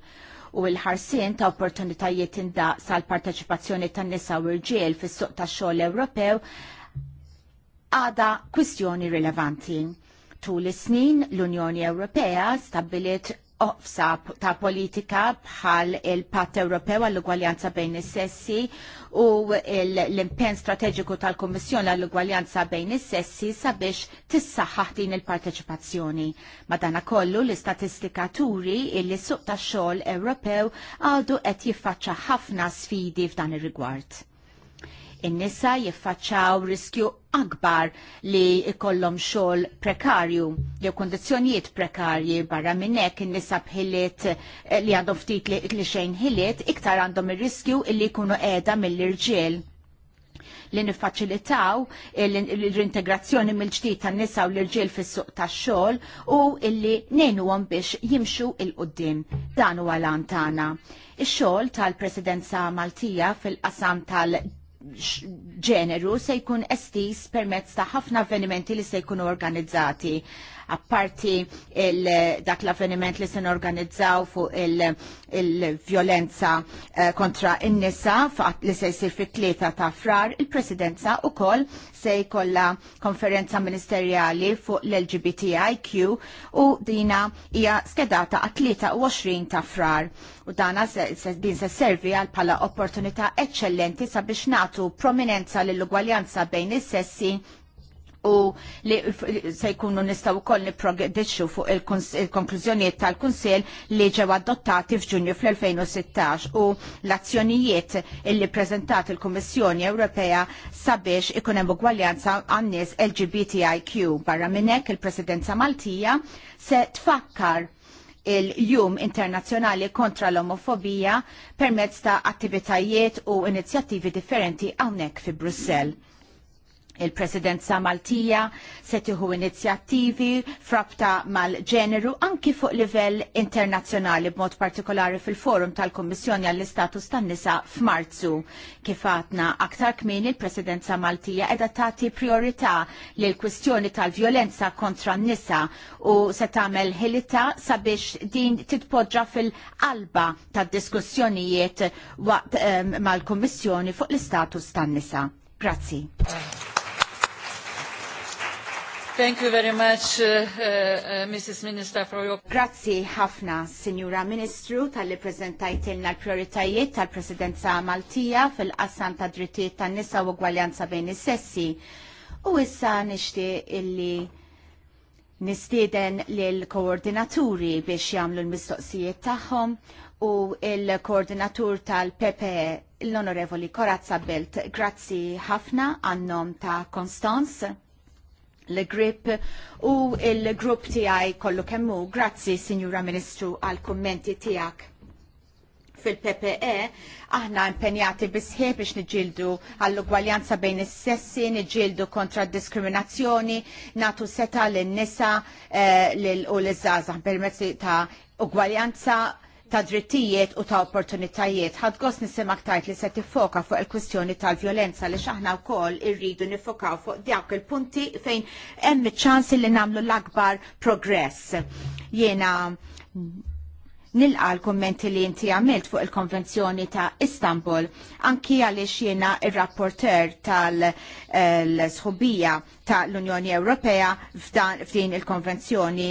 u l-ħarsien ta' opportunitajiet inda sal parteċipazzjoni tan nisa u rġiel fis-suq tax-xogħol Ewropew għada kwistjoni rilevanti. Tul is-snin l-Unjoni Ewropea stabbilit oqsa ta' politika bħal il-Patt Ewropew għall-ugwaljanza bejn is-sessi u l-impenn strateġiku tal-Kummissjoni għall-ugwaljanza bejn is-sessi sabiex tissaħħaħ din il-parteċipazzjoni. Madana kollu l-istatistika turi illi suq tax-xogħol Ewropew għadu qed jiffaċċa ħafna sfidi f'dan ir-rigward in-nisa jiffaċċaw riskju akbar li jkollhom xogħol prekarju jew kondizzjonijiet prekarji barra minn hekk in-nisa bħiliet eh, li għandhom ftit li xejn ħiliet iktar għandhom ir-riskju li jkunu qiegħda mill-irġiel li nifaċilitaw l-integrazzjoni mill-ġdid tan-nisa u l-irġiel fis-suq tax-xogħol u illi ngħinuhom biex jimxu il-qudiem. Dan huwa lan tagħna. Ix-xogħol tal-Presidenza Maltija fil-qasam tal- ġeneru se jkun estis permezz ta' ħafna avvenimenti li se jkunu organizzati apparti dak l-avveniment li se organizzaw fuq il-violenza eh, kontra in-nisa li se jsir fit-tlieta ta' frar, il-presidenza wkoll se jkollha konferenza ministerjali fuq l-LGBTIQ u dina hija skedata għat 23 ta' frar. U dana din se servi għal pala opportunità eccellenti sabiex natu prominenza l-ugwaljanza bejn is-sessi u li se jkunu nistaw ukoll niprogedixxu fuq il-konklużjonijiet tal-Kunsill li ġew adottati f'Ġunju fl-2016 u l-azzjonijiet illi preżentat il-Kummissjoni Ewropea sabiex ikun hemm ugwaljanza għan-nies LGBTIQ. Barra minn hekk il-Presidenza Maltija se tfakkar il-Jum Internazzjonali kontra l-Omofobija permezz ta' attivitajiet u inizjattivi differenti hawnhekk fi Brussell Il-Presidenza Maltija se tieħu inizjattivi frabta mal-ġeneru anki fuq livell internazzjonali b'mod partikolari fil-forum tal-Kommissjoni għall-Istatus tan-nisa f'Marzu. Kif għatna aktar kmin il-Presidenza Maltija edha tagħti priorità l kwistjoni tal-vjolenza kontra n-nisa u se tagħmel ħilita sabiex din titpoġġa fil-qalba tad-diskussjonijiet waqt ehm, mal-Kommissjoni fuq l-istatus tan-nisa. Grazzi. Thank you very much, uh, uh, uh Mrs. Minister, for your... Grazzi ħafna, Signora Ministru, tal-li prezentajtilna l-prioritajiet tal-Presidenza Maltija fil qassan ta' drittijiet tan nisa u gwaljanza bejn is-sessi. U issa nishti illi nistieden l koordinaturi biex jagħmlu l-mistoqsijiet tagħhom u l koordinatur tal-PPE l-Onorevoli Korazza Belt. Grazzi ħafna għannom ta' Konstanz l-grip u il-grupp tijaj kollu kemmu. Grazzi, Signora Ministru, għal-kommenti tiegħek fil-PPE, aħna impenjati bisħieb biex niġildu għall-ugwaljanza bejn is-sessi, nġildu kontra diskriminazzjoni, natu seta l-nisa eh, u l izzaza permezz ta' ugwaljanza ta' drittijiet u ta' opportunitajiet. Ħad gost nisimak tajt li se tiffoka fuq il-kwistjoni tal-violenza li xaħna wkoll irridu nifokaw fuq dawk il-punti fejn hemm ċans li nagħmlu l-akbar progress. Jiena nilqa l-kommenti li inti għamilt fuq il-Konvenzjoni ta' Istanbul, anki għaliex jiena il-rapporter tal-sħubija ta' l-Unjoni Ewropea f'din il-Konvenzjoni.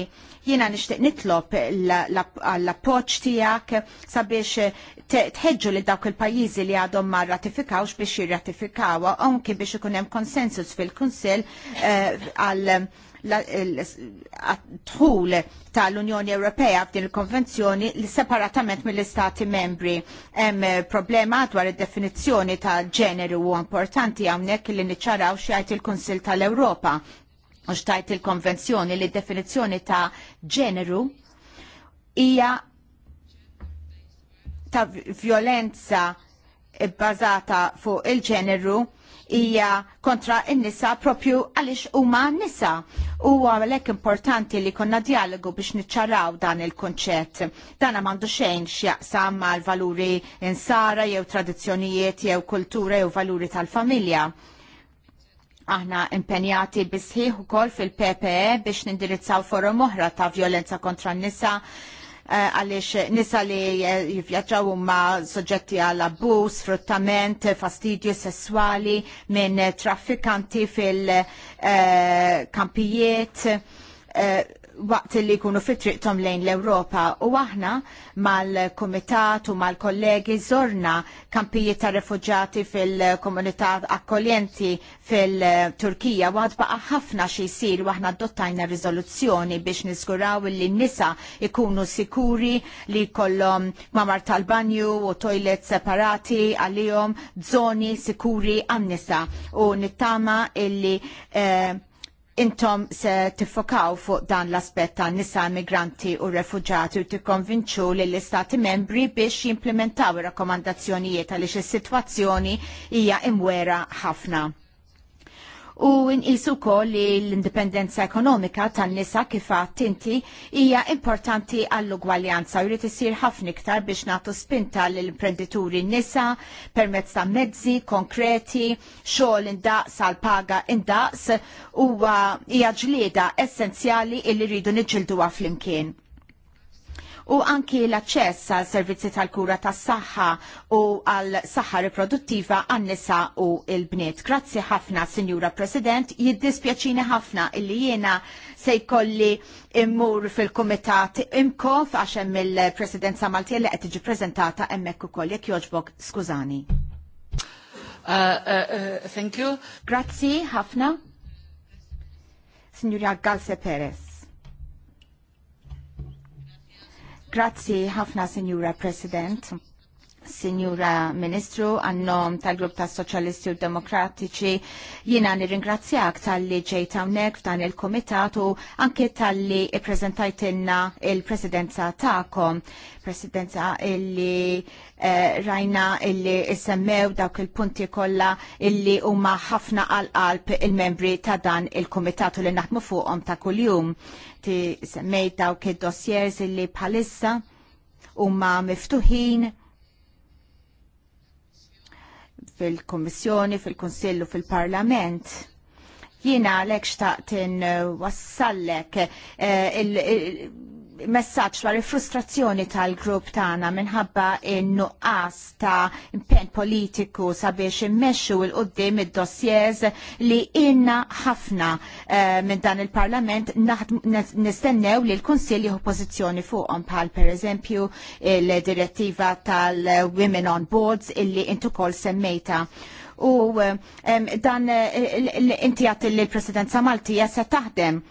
Jiena nixtieq nitlob l-appoċ tiegħek sabiex tħedġu li dawk il-pajjiżi li għadhom ma ratifikawx biex jirratifikawa, anki biex ikun hemm konsensus fil-Kunsill eh, għal uh, l-tħul tal-Unjoni Ewropea f'din il-konvenzjoni li separatament mill-Istati membri. Hemm eh, problema dwar id-definizzjoni ta' ġeneru u importanti hawnhekk li niċċaraw x'għid il-Kunsill tal-Ewropa u xtajt il-konvenzjoni li definizzjoni ta' ġeneru hija ta' violenza bbażata fuq il-ġeneru hija kontra n-nisa propju għaliex huma nisa. U għalhekk importanti li konna dialogu biex niċċaraw dan il-konċett. Dan m'għandu xejn x'jaqsam mal-valuri insara jew tradizzjonijiet jew kultura jew valuri tal-familja aħna impenjati bisħiħ u kol fil-PPE biex nindirizzaw forum oħra ta' violenza kontra n-nisa Eh, għaliex nisa li eh, jivjaġġaw huma soġġetti għal abus, fruttament, fastidju sessuali minn traffikanti fil-kampijiet eh, waqt li jkunu fitriqtom lejn l-Ewropa u aħna mal-komitat u mal-kollegi zorna kampijiet ta' refugġati fil-komunità akkoljenti fil-Turkija u għad baqa ħafna xi jisir u aħna dottajna rizoluzzjoni biex niżguraw li nisa ikunu sikuri li kollom mamar tal-banju u toilet separati għalihom żoni sikuri għan-nisa u nittama illi eh, intom se tiffokaw fuq dan l-aspett tan nisa migranti u refugġati u tikkonvinċu li l-istati membri biex jimplementaw ir rakkomandazzjonijiet għaliex is-sitwazzjoni hija imwera ħafna u nqisu wkoll li l-indipendenza ekonomika tan-nisa kif għadt inti hija importanti għall-ugwaljanza u jrid isir ħafna iktar biex nagħtu spinta lill n nisa permezz ta' mezzi konkreti, xogħol indaqs għal paga indaqs huwa hija ġlieda essenzjali li rridu niġġilduha flimkien u anki l-aċċess għal servizzi tal-kura tas-saħħa u għal saħħa riproduttiva għan nisa u l-bniet. Grazzi ħafna, Signora President, jiddispjaċini ħafna illi jiena se jkolli immur fil-komitat imkof għax hemm il-Presidenza Malti li qed tiġi preżentata hemmhekk ukoll jekk jogħġbok skużani. Uh, uh, uh, thank you. Grazzi ħafna. Signora Galse Perez. Grazzi ħafna, Signora President. Signora Ministru, għannom tal-Grupp ta' Soċjalisti u Demokratiċi, jina nirringrazzjak tal-li ġejt hawnhekk f'dan il-Komitat u anke tal-li i-prezentajtinna il-Presidenza tagħkom, Presidenza illi eh, rajna illi issemmew dawk il-punti kollha illi huma ħafna għal qalb il-membri ta' dan il-Komitat u li naħdmu fuqhom ta' kuljum ti semmejt dawk id-dossiers illi bħalissa huma miftuħin fil-Kommissjoni, fil-Konsillu, fil-Parlament. Jiena għalek xtaqt wassallek eh, messaġġ dwar il-frustrazzjoni tal-grupp tagħna minħabba n-nuqqas ta' impenn politiku sabiex immexxu l qudiem id-dossiers li inna ħafna eh, minn dan il-Parlament nistennew li l-Kunsill jieħu pożizzjoni fuqhom bħal pereżempju il-direttiva tal-Women on Boards illi intu kol semmejta u eh, dan eh, inti għat l-presidenza Maltija se taħdem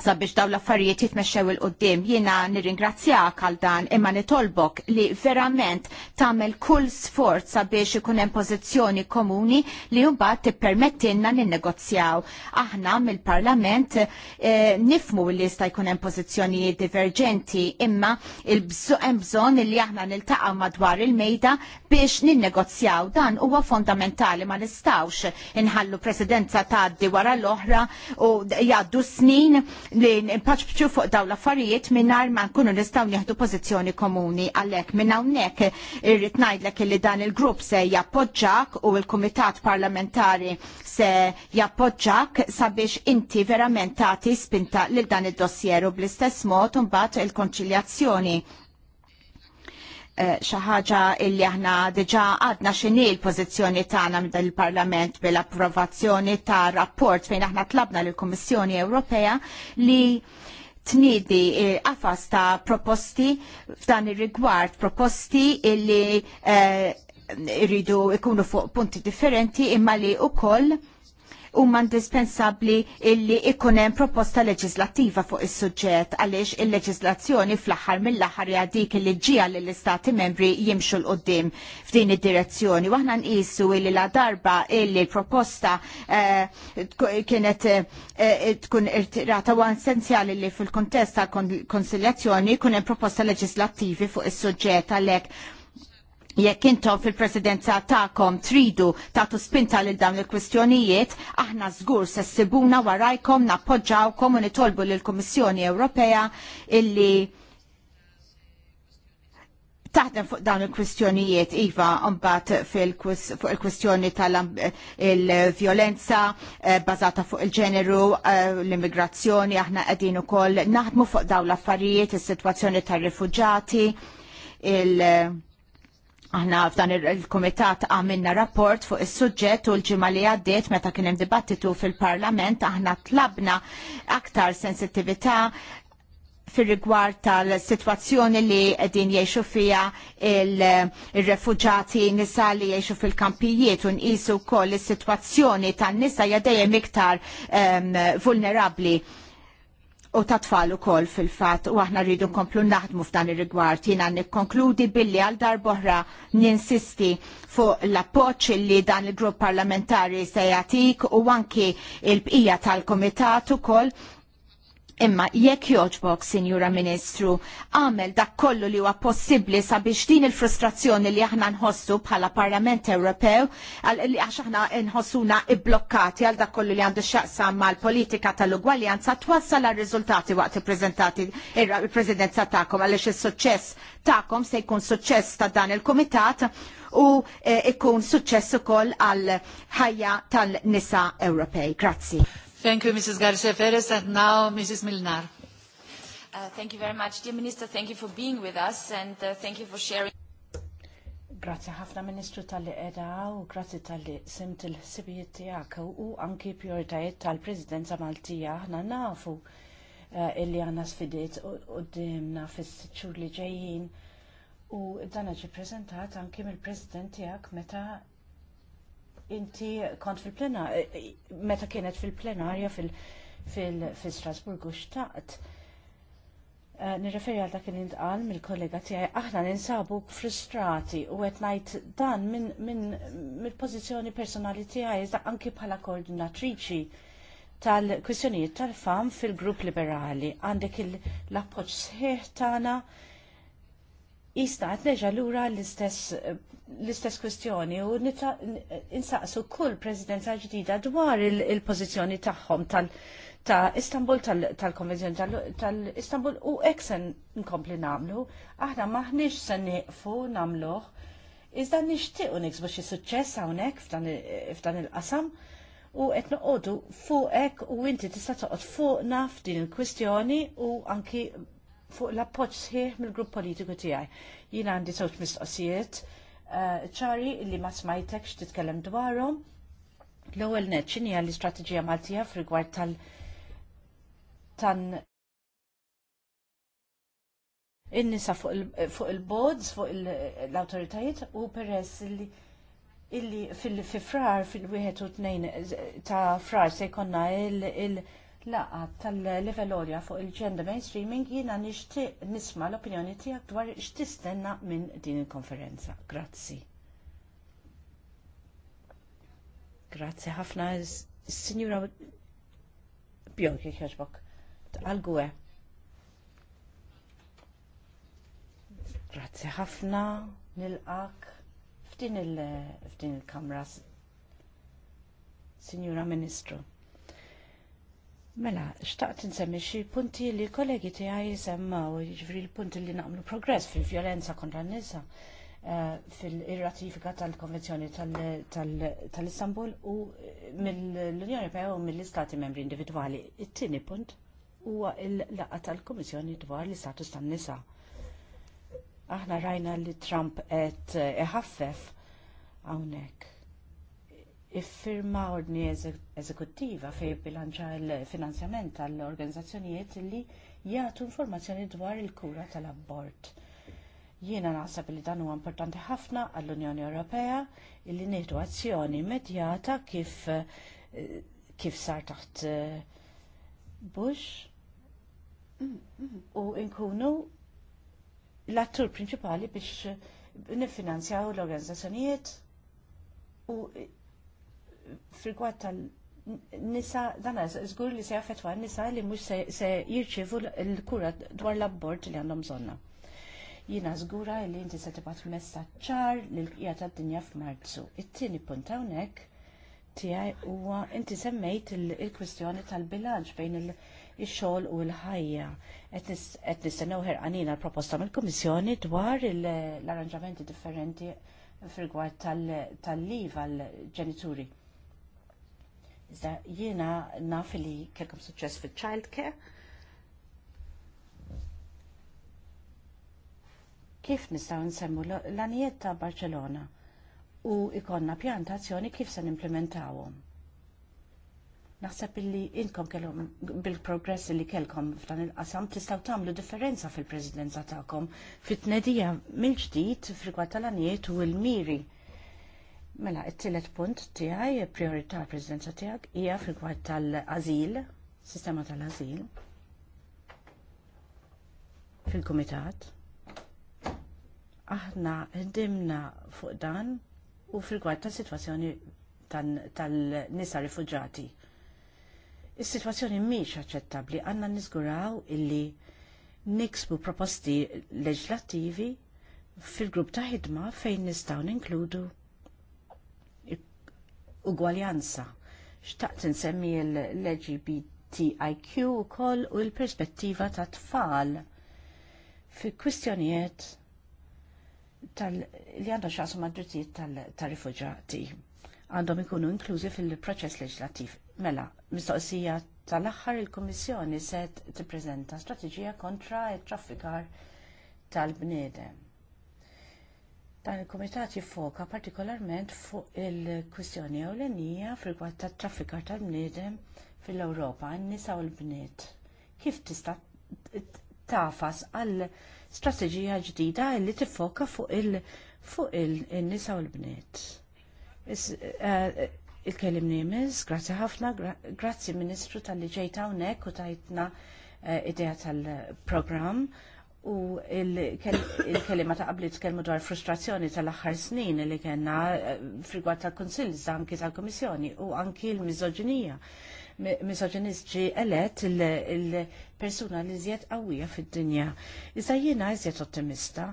sabiex daw l-affarijiet jitmexxew il-qoddim. Jiena nirringrazzjak għal dan imma nitolbok li verament tagħmel kull sforz sabiex ikun hemm pożizzjoni komuni li mbagħad tippermettilna ninnegozjaw. Aħna mill-Parlament eh, nifmu li jista' jkun hemm pożizzjonijiet diverġenti imma hemm bżonn li aħna niltaqgħu madwar il-mejda biex ninnegozjaw. Dan huwa fondamentali ma nistgħux inħallu presidenza tgħaddi wara l-oħra u jgħaddu snin li npaċbċu fuq daw l-affarijiet minnar ma nkunu nistaw nieħdu pożizzjoni komuni għalhekk minn hawnhekk irrid ngħidlek li dan il-grupp se jappoġġak u l-Kumitat Parlamentari se jappoġġak sabiex inti verament tagħti spinta lil dan id-dossieru bl-istess mod mbagħad il-konċiljazzjoni Eh, xaħġa ħaġa illi aħna diġa' għadna x'inhi l-pożizzjoni tagħna minn parlament bil-approvazzjoni ta' rapport fejn aħna tlabna lill-Kummissjoni Ewropea li tnidi għafas eh, ta' proposti f'dan ir-rigward proposti illi rridu eh, ikunu fuq punti differenti imma li wkoll huma indispensabbli illi ikun hemm proposta leġislattiva fuq is-suġġett għaliex il-leġislazzjoni fl-aħħar mill-aħħar hija dik li ġija lill istati membri jimxu l qoddim f'din id-direzzjoni. Waħna nqisu illi la darba illi proposta eh, kienet eh, tkun irtirata wa essenzjali li fil kontesta tal-konsiljazzjoni kunem hemm proposta leġislattivi fuq is-suġġett għalhekk jekk intom fil-presidenza ta'kom tridu tagħtu spinta lil dawn il-kwistjonijiet, aħna żgur se ssibuna warajkom nappoġġawkom u nitolbu lill kummissjoni Ewropea illi taħdem fuq dawn il-kwistjonijiet iva mbagħad fuq il-kwistjoni tal-vjolenza eh, bażata fuq il-ġeneru, eh, l-immigrazzjoni, aħna qegħdin ukoll naħdmu fuq dawn l-affarijiet, is-sitwazzjoni tar-rifuġati, il-, -il Aħna f'dan il-komitat għamilna rapport fuq is-suġġett u l-ġimgħa li għaddiet meta kien hemm dibattitu fil-Parlament aħna tlabna aktar sensittività fir-rigward tal-sitwazzjoni li qegħdin jgħixu fiha il-refuġati nisa li jgħixu fil-kampijiet u nqisu wkoll is-sitwazzjoni tan-nisa hija dejjem iktar um, vulnerabbli u ta' tfal ukoll fil-fatt u aħna rridu nkomplu naħdmu f'dan ir-rigward jiena nikkonkludi billi għal darboħra ninsisti fuq l-appoġġ li dan il-grupp parlamentari se jagħtik u anki il-bqija tal-kumitat ukoll Imma jekk joġbok, Sinjura Ministru, għamel dak kollu li huwa possibbli sabiex din il-frustrazzjoni li aħna nħossu bħala Parlament Ewropew, li għax aħna nħossuna iblokkati għal dak kollu li għandu xaqsa mal-politika tal-ugwaljanza twassal għal riżultati waqt ippreżentati il-Presidenza tagħkom għaliex is-suċċess tagħkom se jkun suċċess ta' dan il-Kumitat u eh, ikun suċċess ukoll għal ħajja tal-nisa Ewropej. Grazzi. Thank you, Mrs. Garcia Perez. And now, Mrs. Milnar. Uh, thank you very much. Dear Minister, thank you for being with us and uh, thank you for sharing. Grazie ħafna Ministru tal-li edha u grazie tal-li simt il sibijiet tijak u anki prioritajiet tal-Presidenza Maltija ħna nafu uh, illi għanna sfidiet u d-dimna fissiċur li ġejjin u dana ġi prezentat anki mill-President tijak meta inti kont fil-plenar, eh, eh, meta kienet fil-plenarja fil-Strasburgu xtaqt. Eh, nirreferi għal dak li intqal mill-kollega tiegħi aħna ninsabu frustrati u qed ngħid dan minn mill-pożizzjoni personali tiegħi iżda anki bħala koordinatriċi tal-kwistjonijiet tal-fam fil-grupp liberali. Għandek l-appoġġ sħiħ tagħna jista għatneġa l-ura l-istess kwestjoni u insaqsu kull prezidenza ġdida dwar il-pozizjoni tagħhom ta' Istanbul tal-konvenzjoni tal-Istanbul u eksen nkompli namlu, aħna maħniex se nieqfu namluħ, iżda nixtiequ nixbu xi suċċess hawnhekk f'dan il-qasam u qed noqogħdu fuqek u inti tista' toqgħod fuqna f'din il-kwistjoni u anki fuq l-appoġġ sħiħ mill-grupp politiku tiegħi. Jien għandi żewġ mistoqsijiet eh, ċari li ma smajtek titkellem dwarhom. L-ewwel net x'inhi l-istrateġija Maltija f'rigward tal tan in-nisa fuq il il-bods eh, fuq l-awtoritajiet u peress li illi fil-frar fil wihet u t-nejn eh, ta' frar se jkonna il-, il, il laqa tal-level orja fuq il-gender mainstreaming jiena nixtieq nisma l-opinjoni tiegħek dwar x'tistenna minn din il-konferenza. Grazzi. Grazzi ħafna Signora Bjorki Kħeġbok. Għal-gwe. Grazzi ħafna nil-ak f'din il-kamra, Signora Ministru. Mela, xtaqt nsemmi xi punti li kollegi tiegħi semmaw, jiġri l-punti li naqmlu progress fil-vjolenza kontra n-nisa eh, fil-ratifika tal-Konvenzjoni tal-Istanbul u mill-Unjoni Europea u mill-Istati membri individwali. It-tieni punt huwa l-laqgħa tal-Kummissjoni dwar l-istatus tan-nisa. Aħna rajna li Trump qed iħaffef hawnhekk iffirma ordni eżekuttiva fej bilanċa l-finanzjament tal-organizzazzjonijiet li jagħtu informazzjoni dwar il-kura tal-abbort. Jiena naħseb li dan huwa importanti ħafna għall-Unjoni Ewropea illi nieħdu azzjoni immedjata kif eh, kif sar taħt eh, Bush u nkunu l-attur prinċipali biex nifinanzjaw l-organizzazzjonijiet u frigwat tal-nisa, dan żgur li se jaffetwa nisa li mhux se, jirċivu jirċievu l-kura dwar l-abbord li għandhom bżonna. Jiena żgura li inti se tibat messaġġ ċar li l-qija tad-dinja f'Marzu. It-tieni punta hawnhekk tiegħi huwa inti semmejt il-kwistjoni tal-bilanċ bejn il-xogħol u l-ħajja. Qed nistennew ħerqanina l-proposta mill-Kummissjoni dwar l-arranġamenti differenti fil tal liva l ġenituri Iżda jiena naf li kellkom suċċess fil-child care. Kif nistgħu nsemmu l-anijiet ta' Barcellona u ikonna pjantazzjoni kif se nimplementawhom? Naħseb illi inkom kellhom bil-progress li kellkom f'dan il-qasam tistgħu tagħmlu differenza fil-presidenza tagħkom fit-tnedija mill-ġdid frigwa tal-anijiet u l-miri. Mela, it-tielet punt tiegħi, priorità l-Presidenza tiegħek hija fil-gwad tal-ażil, sistema tal-ażil fil-Kumitat. Aħna ħdimna fuq dan u fil-gwad tas-sitwazzjoni tal nisa rifuġati. Is-sitwazzjoni mhix aċċettabbli għandna niżguraw illi niksbu proposti leġislattivi fil-grupp ta' ħidma fejn nistgħu ninkludu ugwaljanza. Xtaqt insemmi l-LGBTIQ u koll u l-perspettiva ta' tfal fi kwistjonijiet li għandhom x'asu mad-drittijiet tal-rifugġati għandhom ikunu inklużi fil-proċess leġislattiv. Mela, mistoqsija tal-aħħar il-Kummissjoni se tippreżenta strateġija kontra t traffikar tal-bniedem Dan il-Komitat jiffoka partikolarment fuq il-kwistjoni ewlenija fil tat ta' traffikar tal-bniedem fil-Ewropa, n-nisa u l-bniet. Kif tista' tafas għal strateġija ġdida li tiffoka fuq il-nisa u l-bniet? Eh, Il-kelim nimis, grazzi ħafna, grazzi Ministru tal-li ġejta u tajtna eh, idea tal-program U il-kelima ta' qabli tkellmu dwar frustrazzjoni tal-aħħar snin li kellna eh, frigwat tal konsil anki tal-Kummissjoni u anki l mizoġinija Miżoġinist ġi il-persuna li żjed qawwija fid-dinja. Iza jiena iżjed ottimista.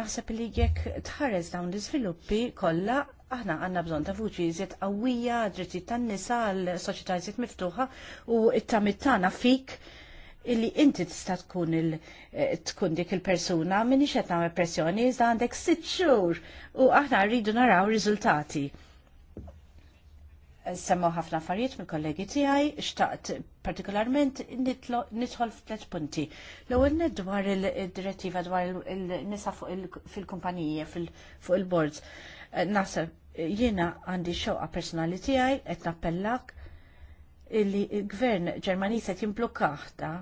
Naħseb li jekk tħares dawn l-iżviluppi kollha aħna għandna bżonn ta' vuċi iżjed qawwija, drittijiet tan-nisa, l-soċjetà iżjed miftuħa u it tamittana tagħna fik illi inti tista' tkun il eh, tkun dik il-persuna minni qed nagħmel pressjoni iżda għandek sitt xhur u aħna rridu naraw riżultati. Semmu ħafna affarijiet mill-kollegi tiegħi xtaqt partikolarment nidħol f'tliet punti. L-ewwel dwar il-direttiva dwar il-nisa fil-kumpaniji fuq il-boards. Eh, Naseb jiena għandi xewqa personali tiegħi qed nappellak il-gvern Ġermaniż qed jimblukkaħ ta'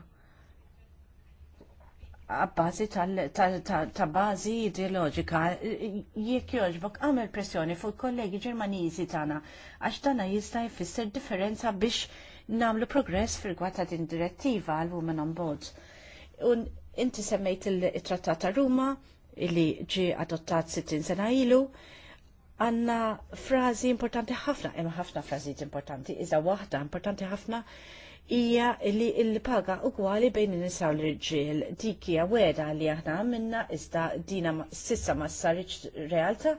għabbazi ta' bażi ideoloġika, jekk jogħġbok għamel pressjoni fuq kollegi ġermaniżi tagħna għax tagħna jista' jfisser differenza biex nagħmlu progress fil ta' din direttiva għal Women on Boards. Un inti semmejt il-Trattat ta' Ruma li ġi adottat 60 sena ilu, għanna frażi importanti ħafna, imma ħafna frażijiet importanti, iżda waħda importanti ħafna hija li l-paga ugwali bejn in-nisa u l-irġiel. Dik hija wera li aħna minna iżda dina sissa ma saritx realtà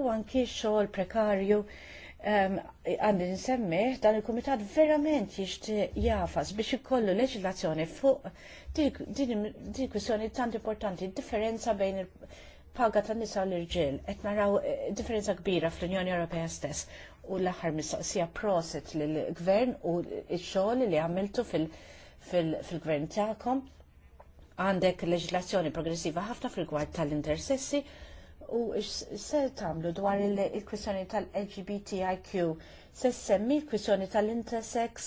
u anki xogħol prekarju ehm, għandi um, nsemmiħ dan il-Kumitat verament jixtieq jafas biex ikollu leġilazzjoni fuq din kwistjoni tant importanti, differenza bejn il- paga tan nisa l-irġiel, qed naraw eh, differenza kbira fl-Unjoni Ewropea stess. U l-aħħar mistoqsija proset lill-gvern u x xol li għamiltu fil-gvern tagħkom. Għandek leġislazzjoni progressiva ħafna fil-gwad tal-intersessi u se tagħmlu dwar il kwissjoni tal-LGBTIQ, se semmi il-kwissjoni tal-intersex,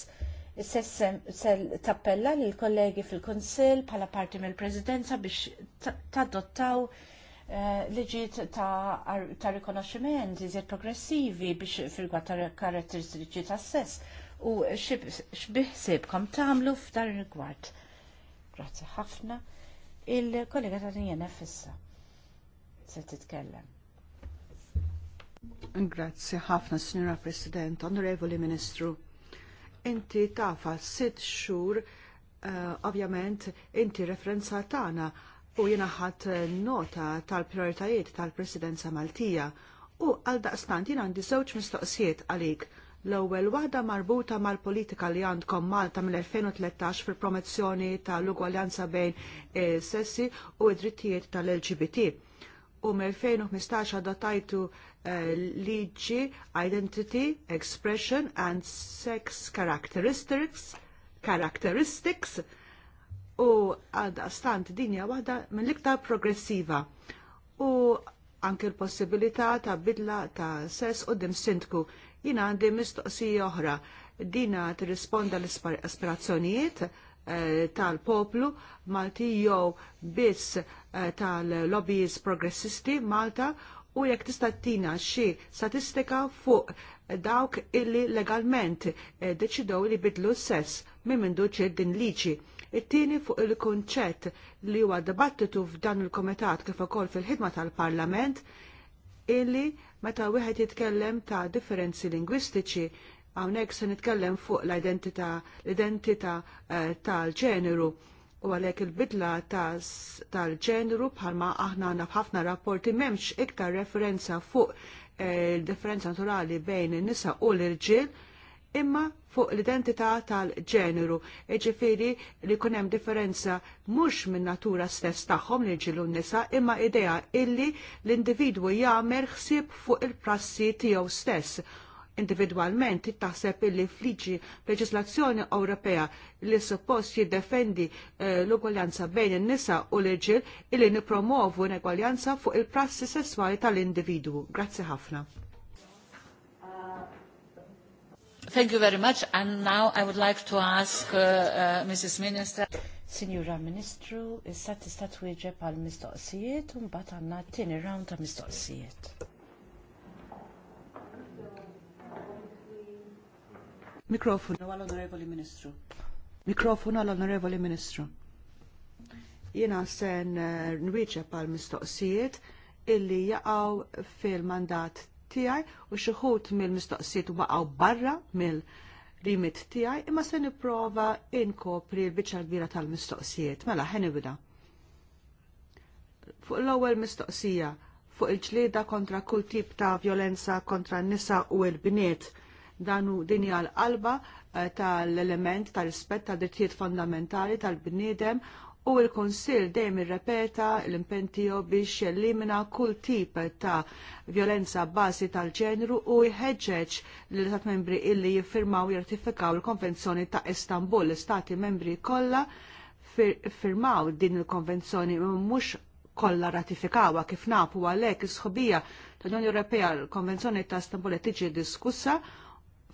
se tappella lill kollegi fil-Konsil bħala parti mill-Presidenza biex tadottaw ta Eh, liġiet ta' rikonoxximenti iżjed progressivi biex firgwa ta' karatteristiċi ta' sess u xbiħsibkom tagħmlu fdar rigward. Grazzi ħafna. Il-kollega ta' njena fissa se titkellem. Grazzi ħafna, Signora President, Onorevoli Ministru. Inti tafa sitt xhur, eh, ovvjament, inti referenza tagħna u jena nota tal-prioritajiet tal-Presidenza Maltija u għal daqstant jien għandi żewġ mistoqsijiet għalik. L-ewwel waħda marbuta mal-politika li għandkom Malta mill-2013 fil-promozzjoni tal-ugwaljanza bejn sessi u id-drittijiet tal-LGBT. U mill-2015 adottajtu eh, liġi Identity, Expression and Sex Characteristics, characteristics u għadda stant dinja waħda mill-iktar progressiva u anke l-possibilità ta' bidla ta' sess u sindku. Jina għandi mistoqsija oħra. Dina tirrisponda l-aspirazzjonijiet eh, tal-poplu Malti jew biss eh, tal-lobbies progressisti Malta u jekk tista' tina xi statistika fuq dawk illi legalment eh, deċidew li bidlu s-sess minn mindu din liċi it-tieni fuq il-kunċett li huwa dibattitu f'dan il-komitat kif ukoll fil-ħidma tal-Parlament illi meta wieħed jitkellem ta' differenzi lingwistiċi hawnhekk se nitkellem fuq l-identità l-identità eh, tal-ġeneru u għalhekk il-bidla tal-ġeneru bħalma aħna għandna f'ħafna rapporti m'hemmx iktar referenza fuq eh, il-differenza naturali bejn in-nisa u l-irġiel imma fuq l-identità tal-ġeneru, ġifiri li kunem differenza mux minn natura stess tagħhom li ġilu nisa imma idea illi l-individwu jagħmel ħsieb fuq il-prassi tiegħu stess individualment taħseb illi fliġi leġislazzjoni Ewropea li suppost jiddefendi eh, l-ugwaljanza bejn in-nisa u l-irġiel illi nipromovu l-ugwaljanza fuq il-prassi sesswali tal-individwu. Grazzi ħafna. Thank you very much. And now I would like to ask uh, uh, Mrs. Minister. Signora Ministru, is that issa tista' twieġeb għal mistoqsijiet u mbagħad għandna t-tieni round Mr. mistoqsijiet. Mikrofonu għall-Onorevoli Ministru. Mikrofonu għall-Onorevoli Ministru. Jiena sen nwieġeb għal mistoqsijiet illi jaqgħu fil-mandat tijaj u xi ħut mill-mistoqsijiet waqgħu barra mill rimit tiegħi imma se nipprova inkopri l-biċċa kbira tal-mistoqsijiet. Mela ħen nibda. Fuq l-ewwel mistoqsija fuq il-ġlieda kontra kull tip ta' violenza kontra n-nisa u l-bniet danu dinja għal qalba eh, tal-element tal-rispett tal drittijiet fondamentali tal-bniedem u l-Konsil dejjem irrepeta l-impentiju biex jellimina kull tip ta' violenza bażi tal-ġenru u jħeġġeġ l istat membri illi jiffirmaw jirratifikaw il-Konvenzjoni ta' Istanbul. l istati membri kollha firmaw din il-Konvenzjoni mhux kollha ratifikawha kif nafu għalhekk is-sħobija tal-Unjoni Ewropea l-Konvenzjoni ta' Istanbul qed tiġi diskussa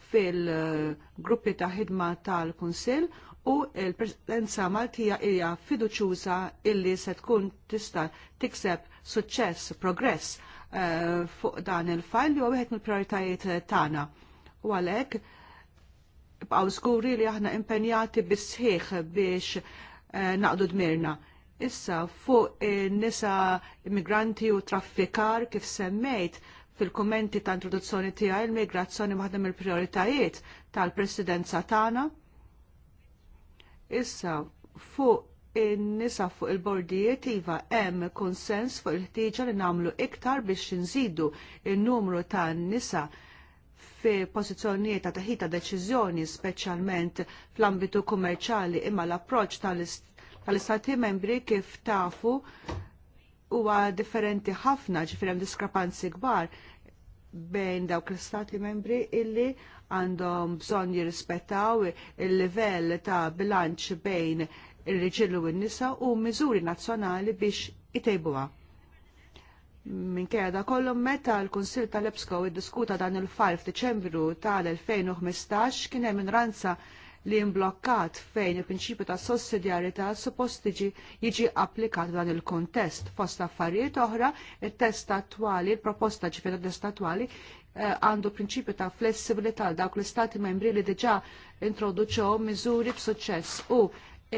fil-gruppi eh, ta' ħidma tal-Kunsill u l-Presidenza Maltija hija fiduċjuża illi se tkun tista' tikseb suċċess, progress uh, fuq dan il-fajl li huwa wieħed mill prioritajiet tagħna. U għalhekk bqgħu skuri li aħna impenjati bis-sħiħ biex uh, naqdu dmirna. Issa fuq eh, nisa immigranti u traffikar kif semmejt, fil-kommenti ta' introduzzjoni tiegħi l migrazzjoni waħda mill-prioritajiet tal-presidenza tagħna Issa fuq in-nisa fuq il-bordijiet iva hemm konsens fuq il-ħtieġa li nagħmlu iktar biex inżidu in-numru ta' nisa fi pożizzjonijiet ta' ħita' deċiżjoni speċjalment fl-ambitu kummerċjali imma l-approċċ tal-istati membri kif tafu huwa differenti ħafna ġifier hemm diskrepanzi kbar bejn dawk l-istati membri illi għandhom bżonn jirrispettaw il-livell ta' bilanċ bejn ir riġillu u n-nisa u miżuri nazzjonali biex itejbuha. Minkejja da kollu meta l konsil tal id iddiskuta dan il-fajl f'Diċembru tal-2015 kien hemm ranza li imblokkat fejn il-prinċipju ta' sussidjarjetà suppost jiġi applikat dan il-kontest. Fost affarijiet oħra, it-test attwali, il-proposta ġifier test attwali Eh, għandu prinċipju ta' flessibilità dawk l-istati membri li diġà introduċew miżuri b'suċċess u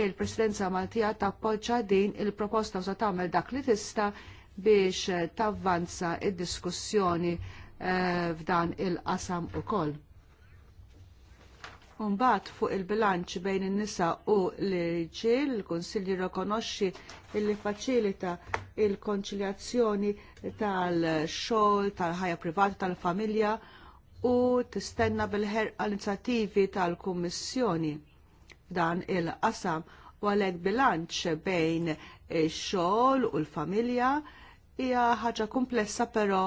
il-Presidenza Maltija tappoġġa din il-proposta u tagħmel dak li tista' biex tavvanza id-diskussjoni eh, f'dan il-qasam ukoll. Mbagħad fuq il-bilanċ bejn in-nisa u l-irġiel, il-Kunsill jirrikonoxxi li faċilita l konċiljazzjoni tal-xogħol, tal-ħajja privata, tal-familja u tistenna bil-ħerqa l-inizjattivi tal-Kummissjoni dan il-qasam u għalhekk bilanċ bejn ix-xogħol u l-familja hija ħaġa komplessa però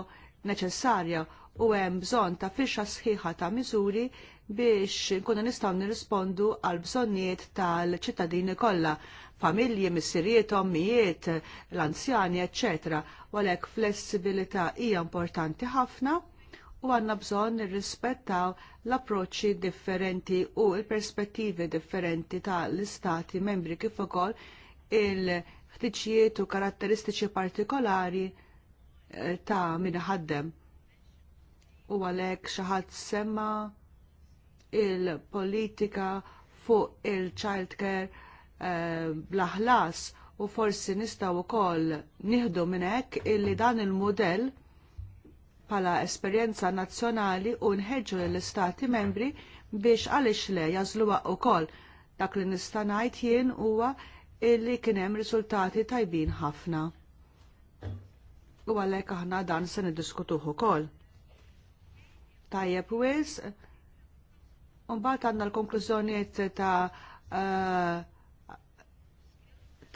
neċessarja u hemm bżonn ta' fixa sħiħa ta' miżuri biex nkunu nistgħu nirrispondu għal bżonnijiet tal-ċittadini kollha, familji, missiriet, ommijiet, l-anzjani, U Għalhekk flessibilità hija importanti ħafna u għandna bżonn nirrispettaw l-approċċi differenti u l-perspettivi differenti tal-istati membri kif ukoll il-ħtiġijiet u karatteristiċi partikolari eh, ta' min ħaddem. U għalhekk xi ħadd semma' il-politika fuq il-child care eh, blaħlas u forsi nistaw ukoll nieħdu minn hekk illi dan il-modell bħala esperjenza nazzjonali u nħeġġu lill-istati membri biex għaliex le jażluha wkoll dak li nista' ngħid jien huwa illi kien hemm riżultati tajbin ħafna. U għalhekk aħna dan se niddiskutuh ukoll. Tajjeb wis, Umbat għandna l-konklużjoniet ta' eh,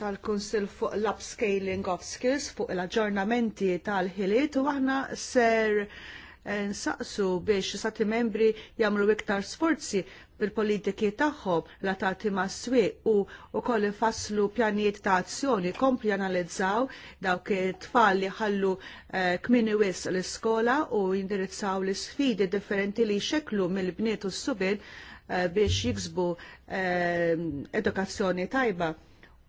tal-Kunsil fuq l-upscaling of skills fuq l-aġġornamenti tal-ħiliet u aħna ser eh, nsaqsu biex sati membri jagħmlu iktar sforzi bil-politiki tagħhom la tagħti maswi u wkoll ifasslu pjanijiet ta' azzjoni kompli analizzaw dawk it-tfal li ħallu eh, kmini wis l-iskola u jindirizzaw l-sfidi differenti li xeklu mill-bniet u s-subin eh, biex jiksbu eh, edukazzjoni tajba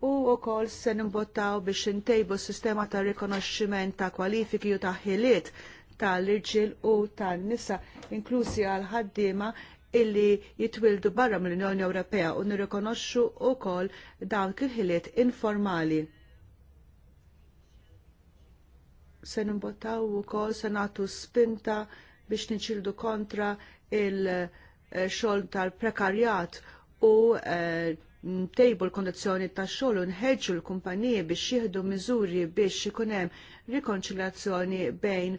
u wkoll se nimbottaw biex intejbu s-sistema ta' rikonoxximent ta' kwalifiki u ta' ħiliet tal-irġil u tan-nisa, inklużi għal ħaddiema illi jitwildu barra mill-Unjoni Ewropea u nirrikonoxxu wkoll dawn il-ħiliet informali. Se nimbottaw ukoll se nagħtu spinta biex niċildu kontra il-xogħol tal-prekarjat u eh, ntejbu l-kondizzjoni ta' xogħol u nħeġġu l-kumpaniji biex jieħdu miżuri biex ikun hemm rikonċiljazzjoni bejn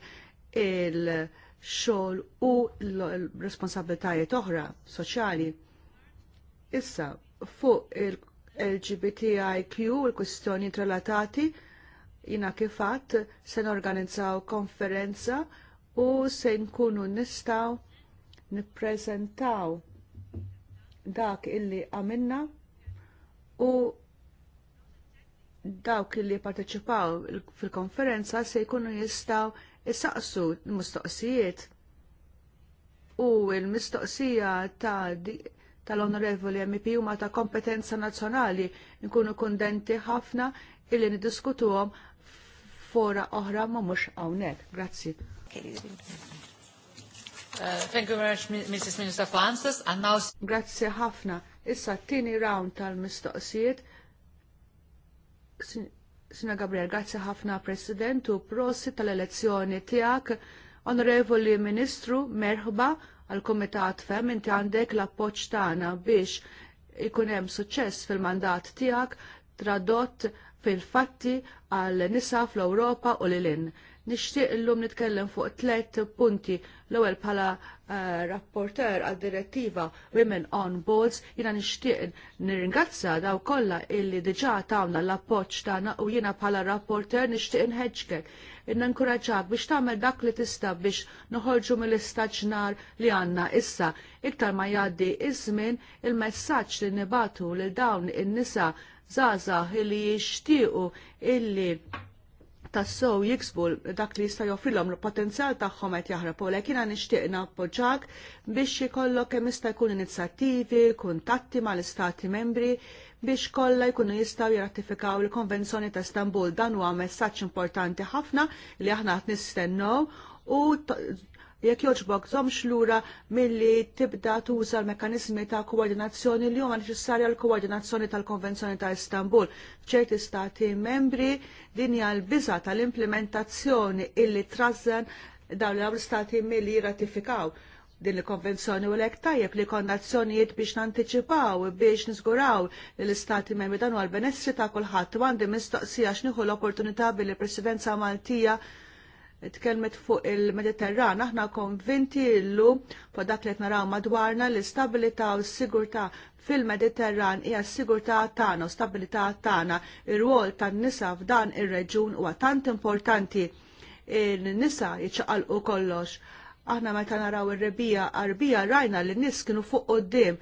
il- xogħol u l-responsabiltajiet oħra soċjali. Issa, fuq il-LGBTIQ, il-kwistjoni relatati, jina kifat se organizzaw konferenza u se nkunu nistaw niprezentaw dak illi għamilna u dawk illi parteċipaw fil-konferenza se jkunu jistaw isaqsu l-mistoqsijiet u l-mistoqsija tal-onorevoli MP huma ta' kompetenza nazzjonali nkunu kundenti ħafna illi niddiskutuhom fora oħra ma mhux hawnhekk. Grazzi. Uh, thank you very much, Mrs. Minister, for answers. And now... Grazie ħafna. Issa t-tini round tal-mistoqsijiet. Sina Gabriel, grazzi ħafna President u prosi tal-elezzjoni tiegħek. Onorevoli Ministru, merħba għal Komitat Fem, inti għandek l-appoċ tagħna biex ikun hemm suċċess fil-mandat tiegħek tradott fil-fatti għal nisa fl-Ewropa u lilin. Nixtieq illum nitkellem fuq tliet punti l-ewwel bħala eh, rapporter għad direttiva Women on Boards jiena nixtieq nirringazza daw kollha illi diġà tagħna l-appoġġ tana u jiena bħala rapporter nixtieq nħedġkek jina nkuraġak biex tagħmel dak li tista' biex noħorġu mill-istaġnar li għandna issa. Iktar ma jgħaddi iż-żmien il-messaġġ li nibatu lil dawn in-nisa zaza illi jixtiequ illi tassow jiksbu dak li jista' joffrilhom l-potenzjal tagħhom qed jaħrab u lekin nixtieq nappoġġak biex ikollok kemm jista' jkun inizjattivi, kuntatti mal-istati membri biex kollha jkunu jistgħu jirratifikaw il-Konvenzjoni ta' Istanbul. Dan huwa messaġġ importanti ħafna li aħna qed nistennew u jekk joġbok żomx lura milli tibda tuża l-mekkaniżmi ta' koordinazzjoni li huma neċessarja l-koordinazzjoni tal-Konvenzjoni ta' Istanbul. Ċerti stati membri din hija l-biża tal-implementazzjoni illi trażen dawn l-stati milli jirratifikaw din il-konvenzjoni u l-ek tajjeb li kondazzjonijiet biex nanticipaw, biex nizguraw li l-istati membri dan għal benessi ta' kullħat. Għandi mistoqsija xniħu l-opportunità billi presidenza Maltija tkellmet fuq il-Mediterran, aħna konvinti llum fuq dak li naraw madwarna li stabilita u s-sigurtà fil-Mediterran hija s-sigurtà tagħna u stabilità tagħna. Ir-rwol tan-nisa f'dan ir-reġun huwa tant importanti. In-nisa jiċċaqalqu kollox. Aħna meta naraw ir-rebija qarbija rajna li n-nies kienu fuq quddiem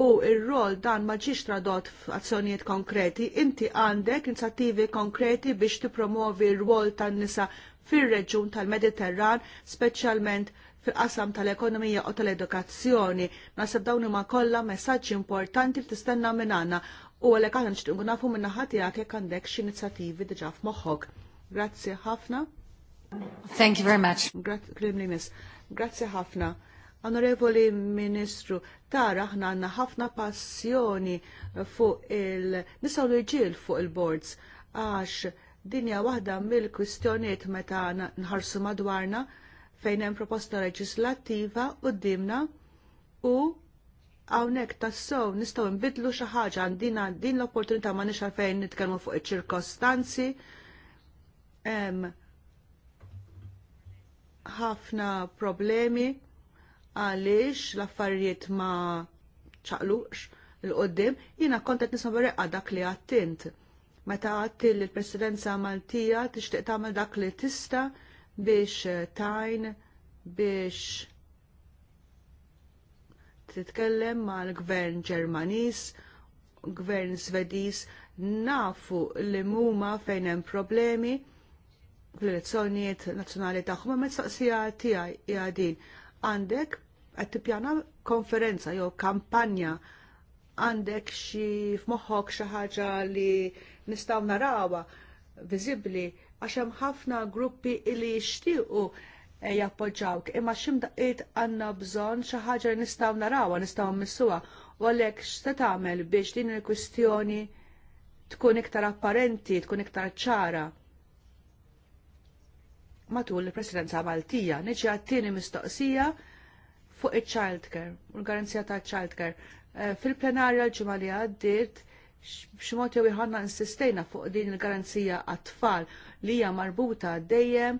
u ir-rol dan ma ġiex tradot f'azzjonijiet konkreti, inti għandek inizjattivi konkreti biex tippromovi r-rol tan-nisa fir-reġjun tal-Mediterran, speċjalment fil-qasam tal-ekonomija u tal-edukazzjoni. Nasib dawn huma kollha messaġġi importanti li tistenna minn għandna u għalhekk aħna nixtieq nafu minn naħa tiegħek jekk għandek xi inizjattivi diġà f'moħħok. Grazzi ħafna. Thank you very much. Grazzi ħafna. Onorevoli Ministru, tara aħna għandna ħafna passjoni fuq il-nisaw l-ġil fuq il-boards għax Dinja waħda mill-kwistjoniet meta nħarsu madwarna fejn hemm proposta leġislattiva qudiemna u hawnhekk tassew nistgħu nbidlu xi ħaġa għandina din l-opportunità ma nix fejn nitkellmu fuq iċ-ċirkostanzi hemm ħafna problemi għaliex l-affarijiet ma ċaqlux il qoddim jina kontet nisma dak li għattint meta għatti li l-presidenza Maltija tixtieq tagħmel dak li tista biex eh, tajn biex titkellem mal-gvern Ġermaniż, gvern Svediż, nafu li huma fejn hemm problemi fl-elezzjonijiet nazzjonali tagħhom ma mistaqsija tiegħi din. Għandek qed tippjana konferenza jew kampanja għandek xi f'moħħok xi ħaġa li nistgħu narawha viżibbli għax hemm ħafna gruppi li jixtiequ eh, jappoġġawk imma x'imdaqqiet għandna bżonn xi ħaġa li nistgħu narawha, nistgħu missuha u għalhekk x'se tagħmel biex din il-kwistjoni tkun iktar apparenti, tkun iktar ċara. Matul il-Presidenza Maltija, niġi għattini mistoqsija fuq il-childcare, u l-garanzija ta' childcare. Eh, fil-plenarja l-ġimgħa li għaddiet jew iħanna insistejna fuq din il-garanzija għat-tfal li hija marbuta dejjem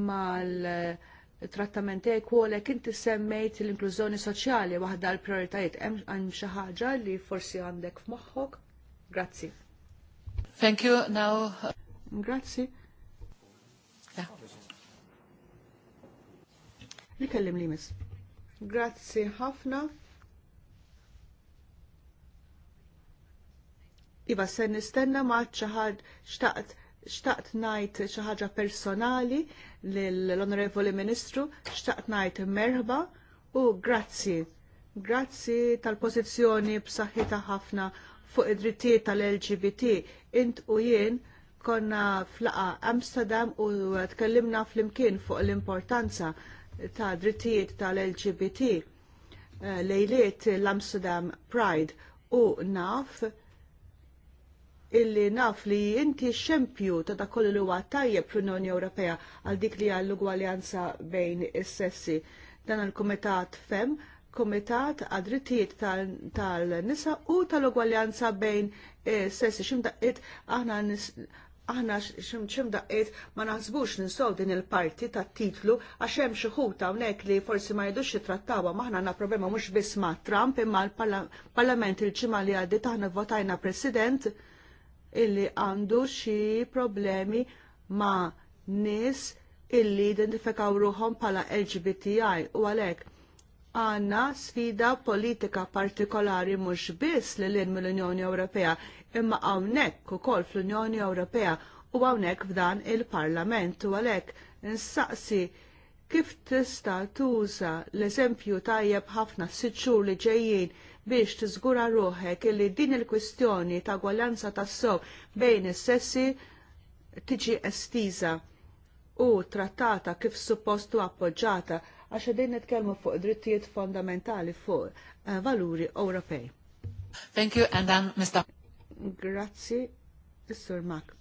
mal-trattament ekwo l inti semmejt l-inklużjoni soċjali waħda l-prioritajiet hemm xi ħaġa li forsi għandek f'moħħok. Grazzi. Thank you. Now Grazzi. Li kellim li mis. Grazzi ħafna. Iva se nistenna ma ċaħad xtaqt xtaqt najt ħaġa personali l-Onorevoli Ministru, xtaqt ngħid merħba u grazzi. Grazzi tal pożizzjoni b'saħħita ħafna fuq id-drittijiet tal-LGBT. Int u jien konna flaqa Amsterdam u tkellimna flimkien fuq l-importanza ta' drittijiet tal-LGBT eh, lejliet l-Amsterdam Pride u naf illi naf li inti xempju ta' da kollu li huwa tajjeb fl-Unjoni Ewropea għal dik li għall ugwaljanza bejn is-sessi. Dan il-Kumitat FEM, Kumitat għad-drittijiet tal-nisa u tal-ugwaljanza bejn is-sessi ximdaqqiet aħna aħna ximdaqqiet ma naħsbux ninsow din il-parti ta' titlu għax hemm xi ħuta hawnhekk li forsi ma jidux jitrattawa, maħna għandna problema mhux biss ma' Trump imma l-Parlament il-ġimgħa li għaddiet aħna votajna President illi għandu xi problemi ma' nis illi identifikaw ruħom bħala LGBTI u għalhekk għanna sfida politika partikolari mhux biss li lin mill-Unjoni Ewropea imma hawnhekk ukoll fl-Unjoni Ewropea u hawnhekk f'dan il-Parlament u għalhekk insaqsi kif tista' tuża l-eżempju tajjeb ħafna s-sitxur li ġejjin biex tiżgura ruħek li din il-kwistjoni ta' gwaljanza tas sew bejn is-sessi tiġi estiża u trattata kif suppostu appoġġata għax din nitkellmu fuq drittijiet fondamentali fuq eh, valuri Ewropej. Thank you and then Mr. Grazzi, Mr. Mac.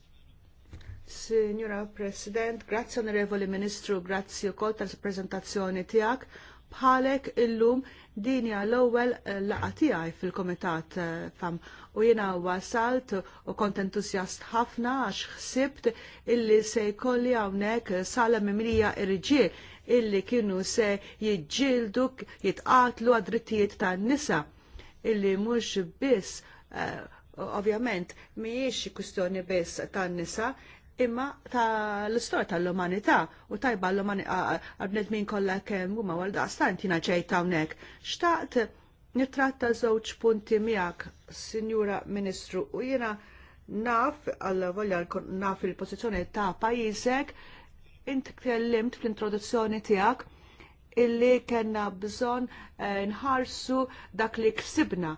Signora President, grazzi onorevoli Ministru, grazzi u kol tal-prezentazzjoni tijak. Bħalek illum Din hija l-ewwel eh, laqgħa tiegħi fil-Kumitat eh, FAM u jiena wasalt u kont entusjast ħafna għax ħsibt illi se jkolli hawnhekk sala mimlija irġiel illi kienu se jiġġieldu jitqatlu għad-drittijiet tan-nisa illi mhux biss eh, ovvjament mhijiex kwistjoni biss tan-nisa imma tal-istorja tal-umanità u tajba għal għabnet min kollha kemm huma għal daqstant jiena ġejta hawnhekk. Xtaqt nittratta żewġ punti miegħek, Sinjura Ministru, u jiena naf għalla volja naf il-pożizzjoni ta' pajjiżek, int tkellimt fl-introduzzjoni tiegħek illi kellna bżonn eh, nħarsu dak li ksibna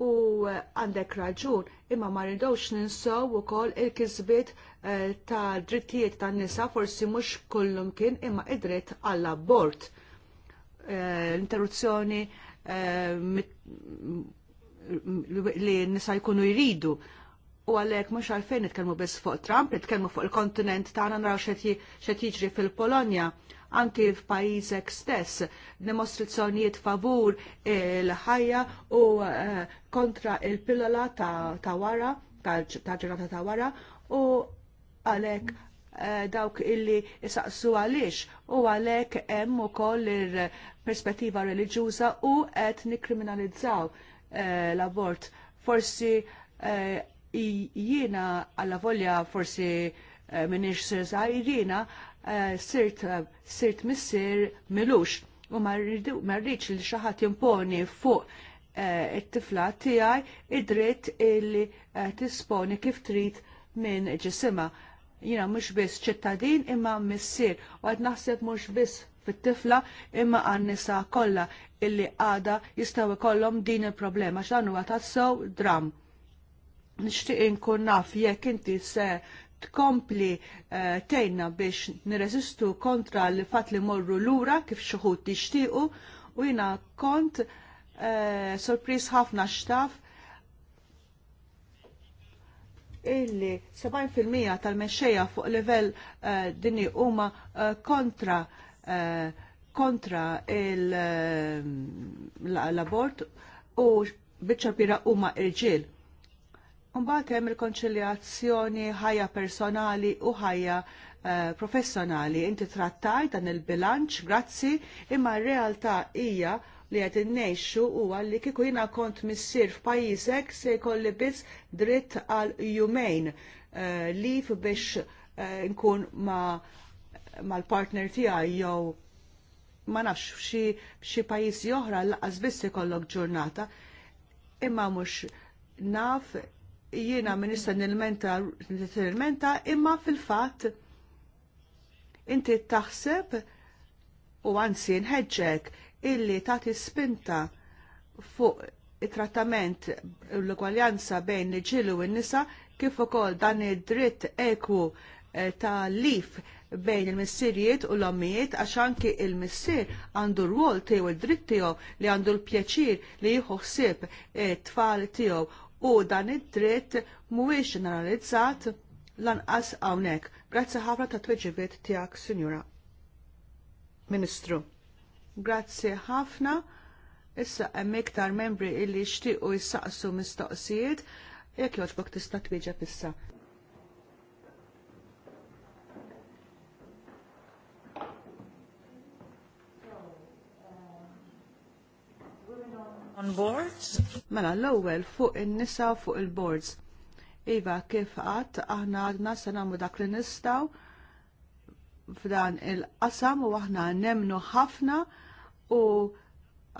u għandek raġun, imma ma rridux ninsow ukoll il-kisbiet eh, ta' drittijiet tan nisa forsi mhux kullum kien imma id-dritt għall-abort. Eh, l-interruzzjoni eh, li nisa jkunu jridu u għalek mux għalfejn nitkellmu biss fuq Trump, nitkellmu fuq il-kontinent tagħna naraw xed jiġri fil-Polonja anki f'pajjiżek stess, demostrizzjonijiet favur il-ħajja u eh, kontra il-pillola ta' wara, ta' ġurnata ta' wara, u għalek eh, dawk illi jisaqsu għaliex u għalek hemm ukoll il-perspettiva reliġjuża u qed nikkriminalizzaw eh, l-abort. Forsi jiena għalla volja forsi minix sajrina Eh, sirt, eh, sirt missir milux u ma rridx li xi ħadd jimponi fuq eh, it-tifla tiegħi id-dritt illi tisponi kif trid minn ġisima. Jina mhux biss ċittadin imma missier u qed naħseb mhux biss fit-tifla imma għan-nisa kollha illi għada jistgħu ikollhom din il-problema x'dan huwa tassew dram. Nixtieq inkun naf jekk inti se tkompli eh, tejna biex nirezistu kontra l-fat li morru lura kif xuħut tixtiequ u jina kont eh, sorpris ħafna xtaf illi 70% tal-mexxejja fuq livell uh, eh, dini huma uh, kontra uh, kontra l abort u biċċa pira huma irġiel. Mbagħad hemm il-konċiljazzjoni ħajja personali u ħajja eh, professjonali. Inti trattaj dan il-bilanċ, grazzi, imma r-realtà hija li qed innejxu huwa li kieku jiena kont missier f'pajjiżek se jkolli biss dritt għal jumejn eh, li biex eh, nkun ma mal-partner tiegħi jew ma nafx xi xi pajjiżi oħra laqas biss ikollok ġurnata imma mhux naf jiena minista nil-menta, nil-menta, imma fil-fat inti taħseb u għansi nħedġek illi taħti spinta fuq it-trattament u l gwaljanza bejn l-ġil u n-nisa kif ukoll dan id-dritt eku eh, ta' lif bejn il-missirijiet u l-ommijiet għax anki il-missier għandu r-rwol tiegħu id-dritt tiegħu li għandu l-pjaċir li jieħu ħsieb t-tfal eh, tiegħu u dan id-dritt mhuwiex generalizzat lanqas hawnhekk. Grazzi ħafna ta' tweġibiet tiegħek, Sinjura Ministru. Grazzi ħafna. Issa hemm iktar membri illi jixtiequ jissaqsu mistoqsijiet, jekk jogħġbok tista' twieġeb issa. On boards? Mela, l-ewwel fuq in-nisa fuq il-boards. Iva, kif qatt aħna għadna se nagħmlu dak li nistgħu f'dan il-qasam u aħna nemnu ħafna u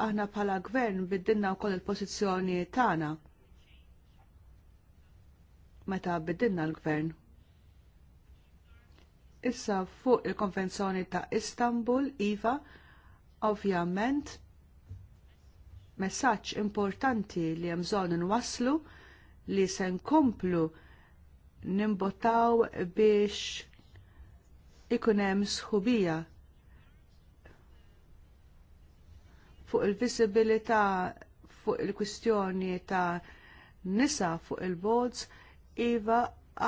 aħna bħala gvern biddinna wkoll il-pożizzjoni tagħna. Meta biddinna l-gvern. Issa fuq il-Konvenzjoni ta' Istanbul, Iva, ovvjament messaċ importanti li hemm bżonn inwasslu li se nkomplu nimbotaw biex ikun hemm sħubija fuq il visibilita fuq il-kwistjoni ta' nisa fuq il bods iva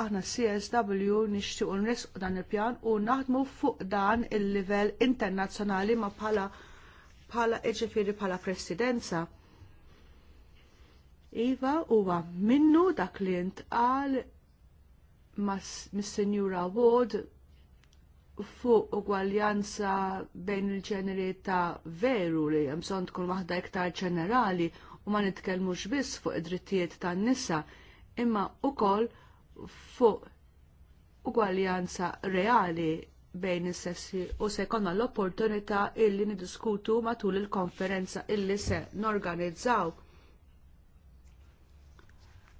aħna CSW nixtiequ nresqu dan il-pjan u naħdmu fuq dan il-livell internazzjonali ma bħala bħala iġifieri bħala presidenza. Iva huwa minnu dak li ntqal mis-Sinjura Ward fuq ugwaljanza bejn il-ġeneri ta' veru li jemson tkun waħda iktar ġenerali u ma nitkellmux biss fuq id-drittijiet tan nisa imma ukoll fuq ugwaljanza reali bejn is-sessi u se jkollna l-opportunità illi niddiskutu matul il-konferenza illi se norganizzaw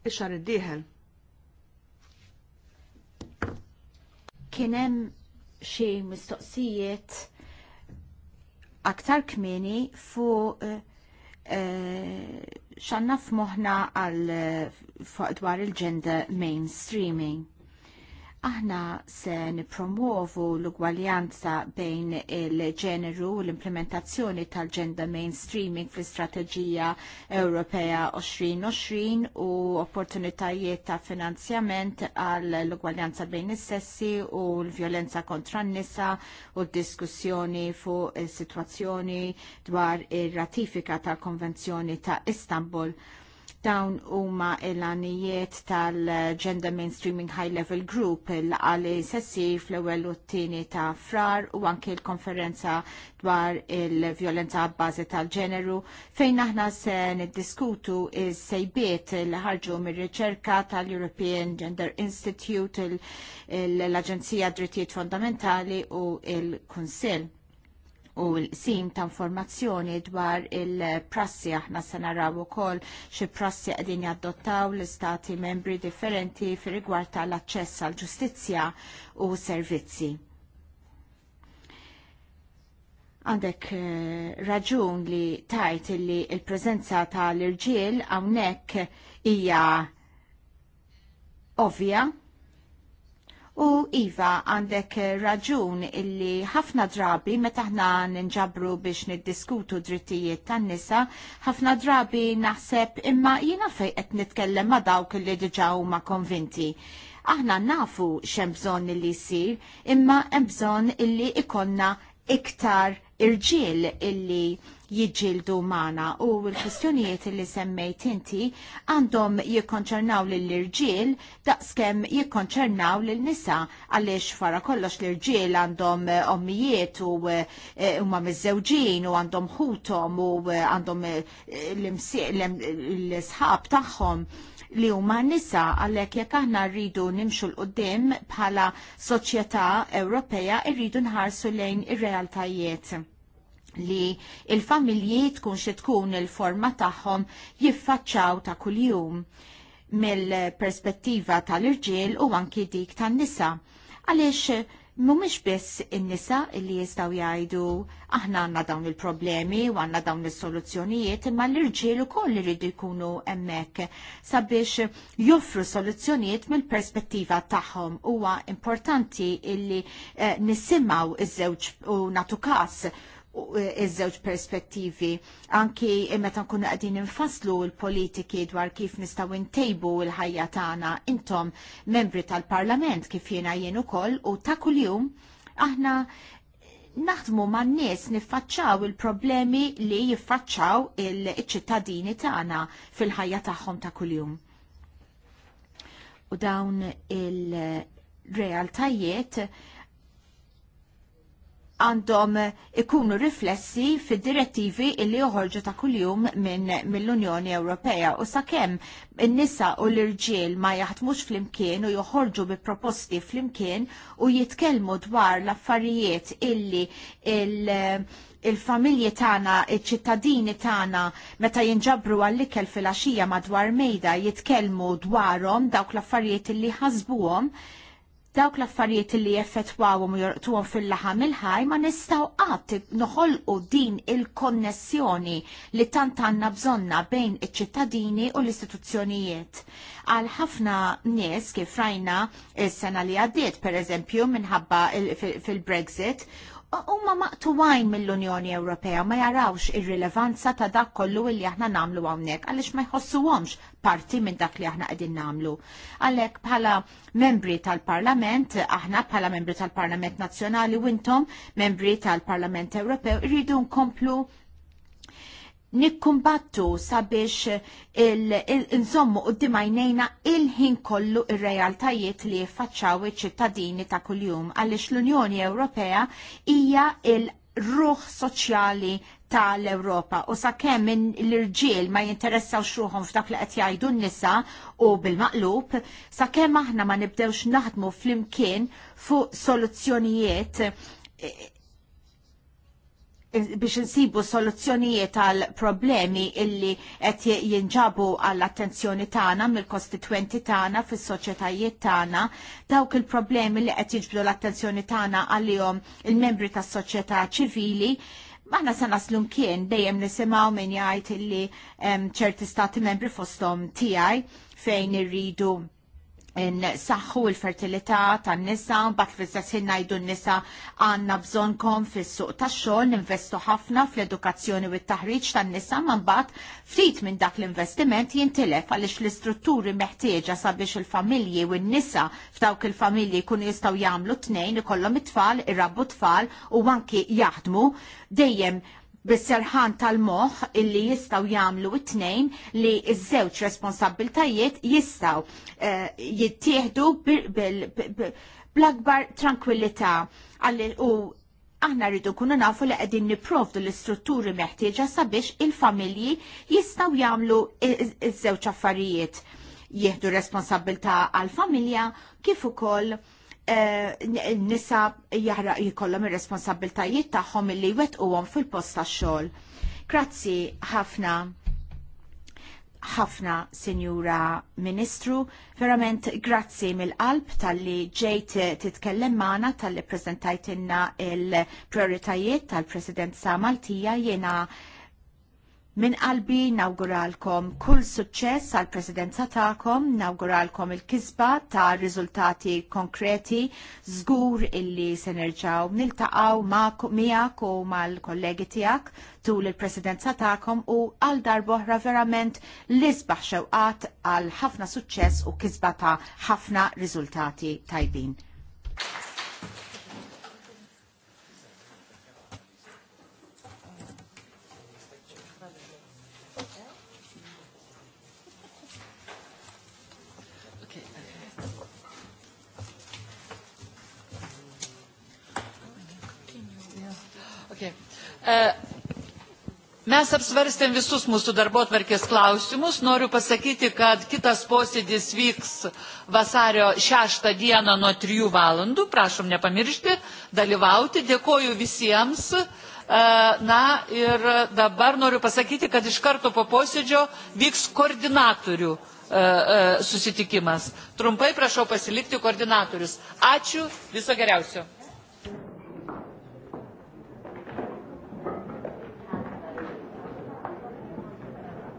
ix-xahar id-dieħel. Kien hemm xi mistoqsijiet aktar kmieni fuq eh, eh, xanna f'moħna għal eh, dwar il-gender mainstreaming Aħna se nipromuovu l-ugwaljanza bejn il-ġeneru u l-implementazzjoni tal-ġenda mainstreaming fl-Istrateġija Ewropea 2020 u opportunitajiet ta' finanzjament għal l-ugwaljanza bejn is-sessi u l-vjolenza kontra n-nisa u d-diskussjoni fuq situazzjoni sitwazzjoni dwar ir-ratifika tal-Konvenzjoni ta' Istanbul Dawn huma l-għanijiet tal-Gender Mainstreaming High Level Group l-għali sessi fl-ewwel u t tini ta' frar u anke l-konferenza dwar il-vjolenza bbażi tal-ġeneru fejn aħna se niddiskutu is-sejbiet li ħarġu mir-riċerka tal-European Gender Institute, l-Aġenzija Drittijiet Fondamentali u l-Kunsill u l-sim ta' informazzjoni dwar il-prassi aħna se naraw ukoll xi prassi qegħdin jaddottaw l-istati membri differenti fir rigward tal-aċċess għall ġustizzja u servizzi. Għandek eh, raġun li tajt li il-prezenza tal-irġiel hawnhekk hija ovvja U Iva, għandek raġun illi ħafna drabi meta ħna ninġabru biex niddiskutu drittijiet tan-nisa, ħafna drabi naħseb imma jiena fej qed nitkellem ma' dawk li diġà huma konvinti. Aħna nafu x'hemm bżonn illi jsir, imma hemm bżonn illi ikonna iktar irġiel illi jiġildu mana u l-kwistjonijiet li semmejt inti għandhom jikkonċernaw lill-irġiel daqskemm jikkonċernaw lil-nisa għaliex fara kollox l-irġiel għandhom ommijiet u eh, huma mizzewġin u għandhom ħutom u eh, għandhom eh, l-sħab tagħhom li huma nisa għalhekk jekk aħna rridu nimxu l-qudiem bħala soċjetà Ewropea rridu nħarsu lejn ir-realtajiet li il-familji tkun xi tkun il-forma tagħhom jiffaċċaw ta' kuljum mill-perspettiva tal-irġiel u anki dik tan-nisa. Għaliex mhumiex biss in-nisa li jistgħu jgħidu aħna għandna dawn il-problemi u għandna dawn is-soluzzjonijiet imma l-irġiel ukoll iridu jkunu hemmhekk sabiex joffru soluzzjonijiet mill-perspettiva tagħhom. Huwa importanti illi eh, nisimaw iż-żewġ u natu każ E, iż-żewġ perspettivi. Anki meta nkunu qegħdin infaslu l-politiki dwar kif nistgħu ntejbu l-ħajja tagħna intom membri tal-Parlament kif jiena jien ukoll u ta' kuljum aħna naħdmu man nies niffaċċaw il-problemi li jiffaċċaw il-ċittadini tagħna fil-ħajja tagħhom ta' kuljum. U dawn il-realtajiet għandhom ikunu riflessi fid-direttivi illi joħorġu ta' kuljum minn mill-Unjoni Ewropea u sakemm in-nisa u l-irġiel ma jaħdmux flimkien u joħorġu bi proposti flimkien u jitkellmu dwar l-affarijiet illi il- il-familji tagħna, iċ-ċittadini tagħna meta jinġabru għall-ikel fil axija madwar mejda jitkellmu dwarhom dawk l-affarijiet illi ħazbuhom dawk l-affarijiet li jeffettwawhom u jortuhom fil-laħam il-ħaj ma nistgħu qatt noħolqu din il-konnessjoni li tant għandna bżonna bejn iċ-ċittadini u l-istituzzjonijiet. Għal ħafna nies kif rajna s-sena li għaddiet pereżempju minħabba fil-Brexit huma maqtuwajn mill-Unjoni Ewropea ma jarawx ir-rilevanza ta' dak kollu li aħna namlu hawnhekk għaliex ma jħossuhomx parti minn dak li aħna qegħdin namlu. Għalhekk bħala membri tal-Parlament, aħna bħala membri tal-Parlament Nazzjonali u intom membri tal-Parlament Ewropew irridu nkomplu nikkumbattu sabiex nżommu u dimajnejna il-ħin kollu il-realtajiet li jiffaċċaw iċ-ċittadini ta' kuljum għaliex l-Unjoni Ewropea hija il-ruħ soċjali tal-Europa u sakemm l-irġiel ma jinteressaw xruħom f'dak li qed jgħidu n-nisa u bil-maqlub, sakemm aħna ma nibdewx naħdmu flimkien fuq soluzzjonijiet biex insibu soluzzjonijiet għal problemi illi qed jinġabu għall attenzjoni tagħna mill-kostitwenti tagħna fis-soċjetajiet tagħna, dawk il-problemi li qed jiġbdu l-attenzjoni tagħna għalihom il-membri tas-soċjetà ċivili, Maħna se naslu mkien dejjem nisimgħu min jgħid illi ċerti stati membri fosthom tiegħi fejn irridu saħħu l-fertilità tan nisa bat fil-sess najdu n-nisa għanna bżonkom fil-suq ta' xogħol ninvestu ħafna fl-edukazzjoni u t-taħriġ tan nisa man bat ftit minn dak l-investiment jintilef għaliex l-istrutturi meħtieġa sabiex il-familji u n-nisa f'dawk il-familji jkunu jistgħu jagħmlu tnejn ikollhom it-tfal, irrabbu tfal u anki jaħdmu dejjem bis-serħan tal-moħ illi jistaw jagħmlu it-tnejn li ż-żewġ responsabiltajiet jistaw eh, jittieħdu bl-akbar tranquillità u aħna rridu kunu nafu li qegħdin nipprovdu l-istrutturi meħtieġa sabiex il-familji jistgħu jagħmlu iż-żewġ affarijiet jieħdu responsabilità għall familja kif ukoll Eh, n-nisa jahraq jikollhom ir-responsabiltajiet tagħhom illi wetquhom fil-post tax-xogħol. Grazzi ħafna ħafna Sinjura Ministru, verament grazzi mill-qalb tal-li ġejt titkellem mana tal-li prezentajtinna il-prioritajiet tal-Presidenza Maltija jiena Min qalbi nawguralkom kull suċċess għal presidenza ta'kom, nawguralkom il-kisba ta' riżultati konkreti, żgur illi se nerġgħu niltaqgħu miegħek u mal-kollegi tiegħek tul il-presidenza ta'kom u għal darboħra verament l-isbaħ xewqat għal ħafna suċċess u kisba ta' ħafna riżultati tajbin. E, mes apsvarstėm visus mūsų darbotvarkės klausimus. Noriu pasakyti, kad kitas posėdis vyks vasario 6 dieną nuo 3 valandų. Prašom nepamiršti dalyvauti. Dėkoju visiems. E, na ir dabar noriu pasakyti, kad iš karto po posėdžio vyks koordinatorių e, susitikimas. Trumpai prašau pasilikti koordinatorius. Ačiū, viso geriausio.